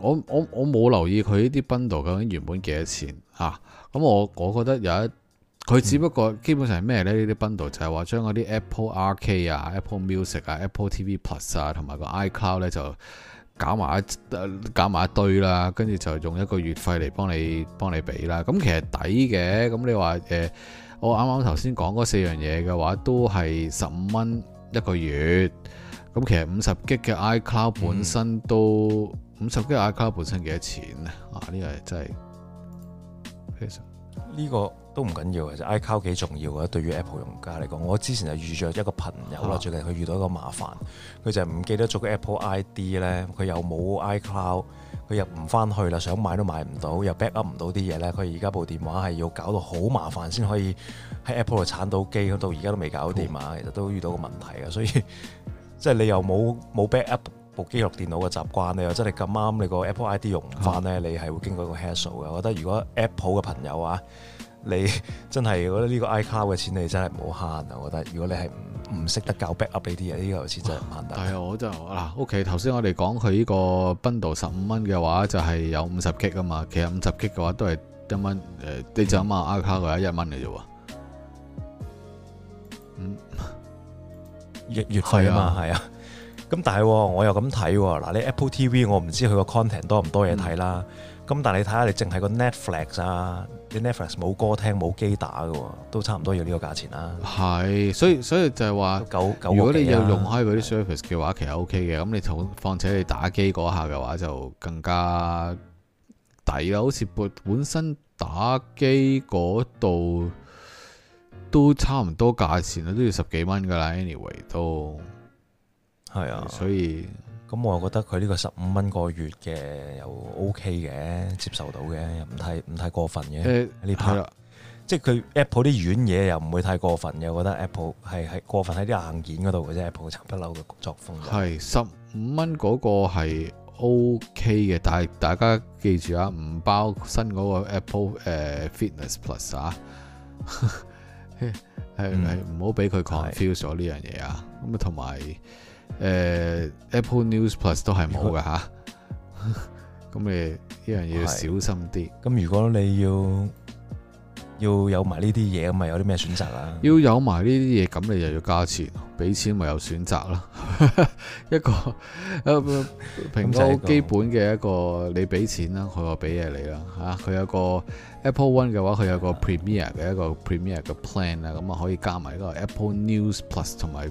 我我我冇留意佢呢啲 Bundle 究竟原本幾多錢。啊，咁我我覺得有一佢只不過基本上係咩呢？呢啲 bundle 就係話將嗰啲 Apple Arcade 啊、Apple Music 啊、Apple TV Plus 啊同埋個 iCloud 咧就搞埋一搞埋一堆啦，跟住就用一個月費嚟幫你幫你俾啦。咁、嗯嗯、其實抵嘅。咁你話、呃、我啱啱頭先講嗰四樣嘢嘅話都係十五蚊一個月。咁其實五十 G 嘅 iCloud 本身都五十、嗯、G 嘅 iCloud 本身幾多錢啊，呢、這個真係～呢個都唔緊要嘅，就 iCloud 幾重要嘅，對於 Apple 用家嚟講。我之前就遇著一個朋友啦，啊、最近佢遇到一個麻煩，佢就唔記得做 Apple ID 咧，佢又冇 iCloud，佢入唔翻去啦，想買都買唔到，又 backup 唔到啲嘢咧。佢而家部電話係要搞到好麻煩先可以喺 Apple 度鏟到機，到而家都未搞掂啊！其實都遇到個問題啊，所以即係你又冇冇 backup。部機落電腦嘅習慣你又真係咁啱你個 Apple ID 用唔翻咧，嗯、你係會經過一個 hassle 嘅。我覺得如果 Apple 嘅朋友啊，你真係我覺得呢個 iCloud 嘅錢你真係唔好慳啊！我覺得如果你係唔識得搞 backup 呢啲嘢，呢、這、嚿、個、錢真係唔慳得。但係我就嗱、啊、o、okay, k 頭先我哋講佢呢個 bundle 十五蚊嘅話，就係有五十 K 啊嘛。其實五十 K 嘅話都係一蚊誒，你、呃、就、嗯、啊 iCloud 嗰有一蚊嚟啫喎。嗯，一月係啊，係啊。咁但係我又咁睇喎，嗱你 Apple TV 我唔知佢個 content 多唔多嘢睇啦。咁、嗯、但係你睇下，你淨係個 Netflix 啊，啲 Netflix 冇歌聽冇機打嘅，都差唔多要呢個價錢啦。係，所以所以就係話，9, 9, 如果你有用開嗰啲 Surface 嘅話，是的 其實 OK 嘅。咁你同，況且你打機嗰下嘅話就更加抵啦。好似本身打機嗰度都差唔多價錢都要十幾蚊㗎啦，anyway 都。係啊，所以咁、嗯、我又覺得佢呢個十五蚊個月嘅又 O K 嘅，接受到嘅，唔太唔太過分嘅呢 part 即係佢 Apple 啲軟嘢又唔會太過分嘅，我覺得 Apple 係喺過分喺啲硬件嗰度嘅啫。Apple 不嬲嘅作風係十五蚊嗰個係 O K 嘅，但係大家記住啊，唔包新嗰個 Apple 誒、呃、Fitness Plus 啊，係係唔好俾佢 confuse 咗呢樣嘢啊。咁啊，同埋。是誒、uh,，Apple News Plus 都係冇噶吓，咁果、啊、你呢 *laughs* 樣嘢要小心啲。咁如果你要要有埋呢啲嘢，咁咪有啲咩選擇啊？要有埋呢啲嘢，咁你又要加錢，俾錢咪有選擇啦。 *laughs* 一個蘋果、啊啊、 *laughs* 基本嘅一個，你俾錢啦，佢就俾嘢你啦。吓、啊，佢有個 Apple One 嘅話，佢有個 Premier 嘅一個 Premier 嘅 prem plan 啊，咁啊可以加埋嗰個 Apple News Plus 同埋。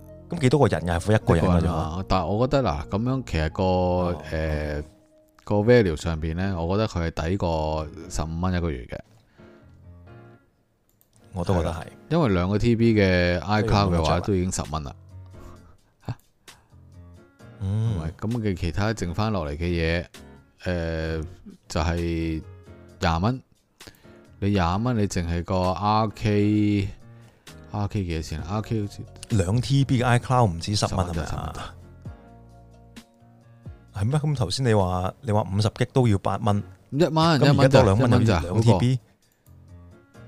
咁幾多個人又係付一個人啊？嘛，但係我覺得嗱，咁樣其實個誒、oh. 呃、個 value 上邊咧，我覺得佢係抵過十五蚊一個月嘅。我都覺得係，因為兩個 TB 嘅 iCloud 嘅話都已經十蚊啦。嗯，咁嘅其他剩翻落嚟嘅嘢，誒、呃，就係廿蚊。你廿蚊，你淨係個 RK。R K 幾多錢？R K 好似兩 T B 嘅 i Cloud 唔止十蚊係咪啊？係咩？咁頭先你話你話五十 G 都要八蚊，一蚊一蚊多兩蚊咋？兩 T B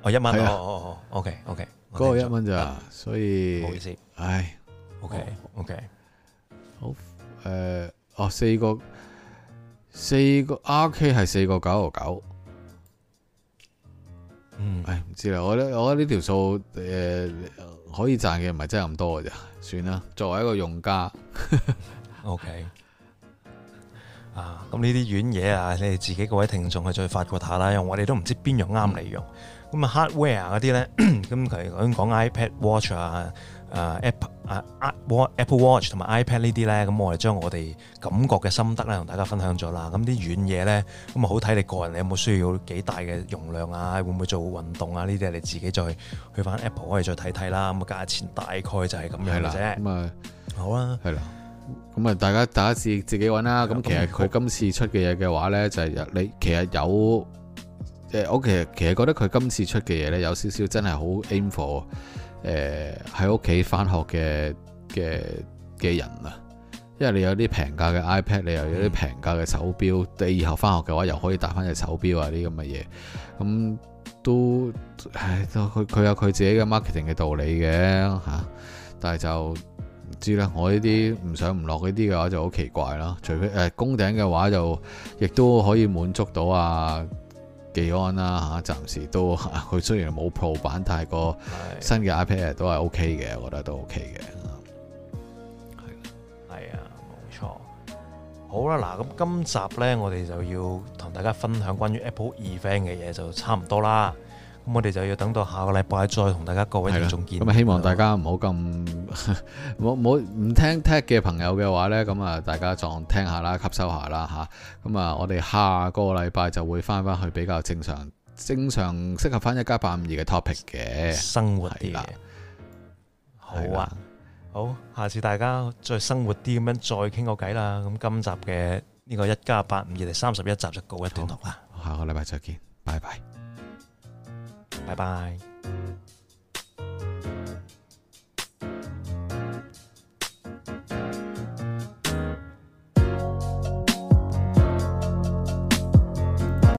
哦一蚊哦哦哦，O K O K，嗰個一蚊咋？所以唔好意思，唉，O K O K，好誒，哦四個四個 R K 係四個九毫九。嗯，誒，唔知啦，我咧，我覺得呢條數誒可以賺嘅唔係真係咁多嘅咋。算啦。作為一個用家 *laughs* ，OK，啊，咁呢啲軟嘢啊，你哋自己各位聽眾去再發掘下啦，因為我哋都唔知邊樣啱你用。咁啊，hardware 嗰啲咧，咁佢講 iPad Watch 啊，誒，Apple。啊，Apple Watch 同埋 iPad 呢啲咧，咁我哋將我哋感覺嘅心得咧，同大家分享咗啦。咁啲軟嘢咧，咁啊好睇你個人，你有冇需要幾大嘅容量啊？會唔會做運動啊？呢啲你自己再去翻 Apple 可以再睇睇啦。咁啊，價錢大概就係咁樣嘅啫。咁啊，好啊。係啦。咁啊，大家第一次自己揾啦。咁其實佢今次出嘅嘢嘅話咧，就係你其實有，誒，我其實其實覺得佢今次出嘅嘢咧，有少少真係好 aim for。誒喺屋企返學嘅嘅嘅人啊，因為你有啲平價嘅 iPad，你又有啲平價嘅手錶，嗯、你以後返學嘅話又可以戴返隻手錶啊啲咁嘅嘢，咁都唉，佢有佢自己嘅 marketing 嘅道理嘅嚇、啊，但係就唔知啦。我呢啲唔上唔落呢啲嘅話就好奇怪啦。除非誒攻、呃、頂嘅話就亦都可以滿足到啊。技安啦、啊、嚇，暫時都嚇，佢雖然冇 Pro 版，太過新嘅 iPad 都係 OK 嘅，我覺得都 OK 嘅。係，係啊，冇錯。好啦，嗱咁今集呢，我哋就要同大家分享關於 Apple event 嘅嘢，就差唔多啦。咁我哋就要等到下個禮拜再同大家各位聽眾見面。咁希望大家唔好咁，唔好唔聽 tech 嘅朋友嘅話呢，咁啊，大家仲聽下啦，吸收下啦吓。咁啊，我哋下個禮拜就會翻翻去比較正常、正常適合翻一加八五二嘅 topic 嘅生活啲嘢。的的好啊，好，下次大家再生活啲咁樣再傾個偈啦。咁今集嘅呢個一加八五二第三十一集就告一段落啦。下個禮拜再見，拜拜。拜拜。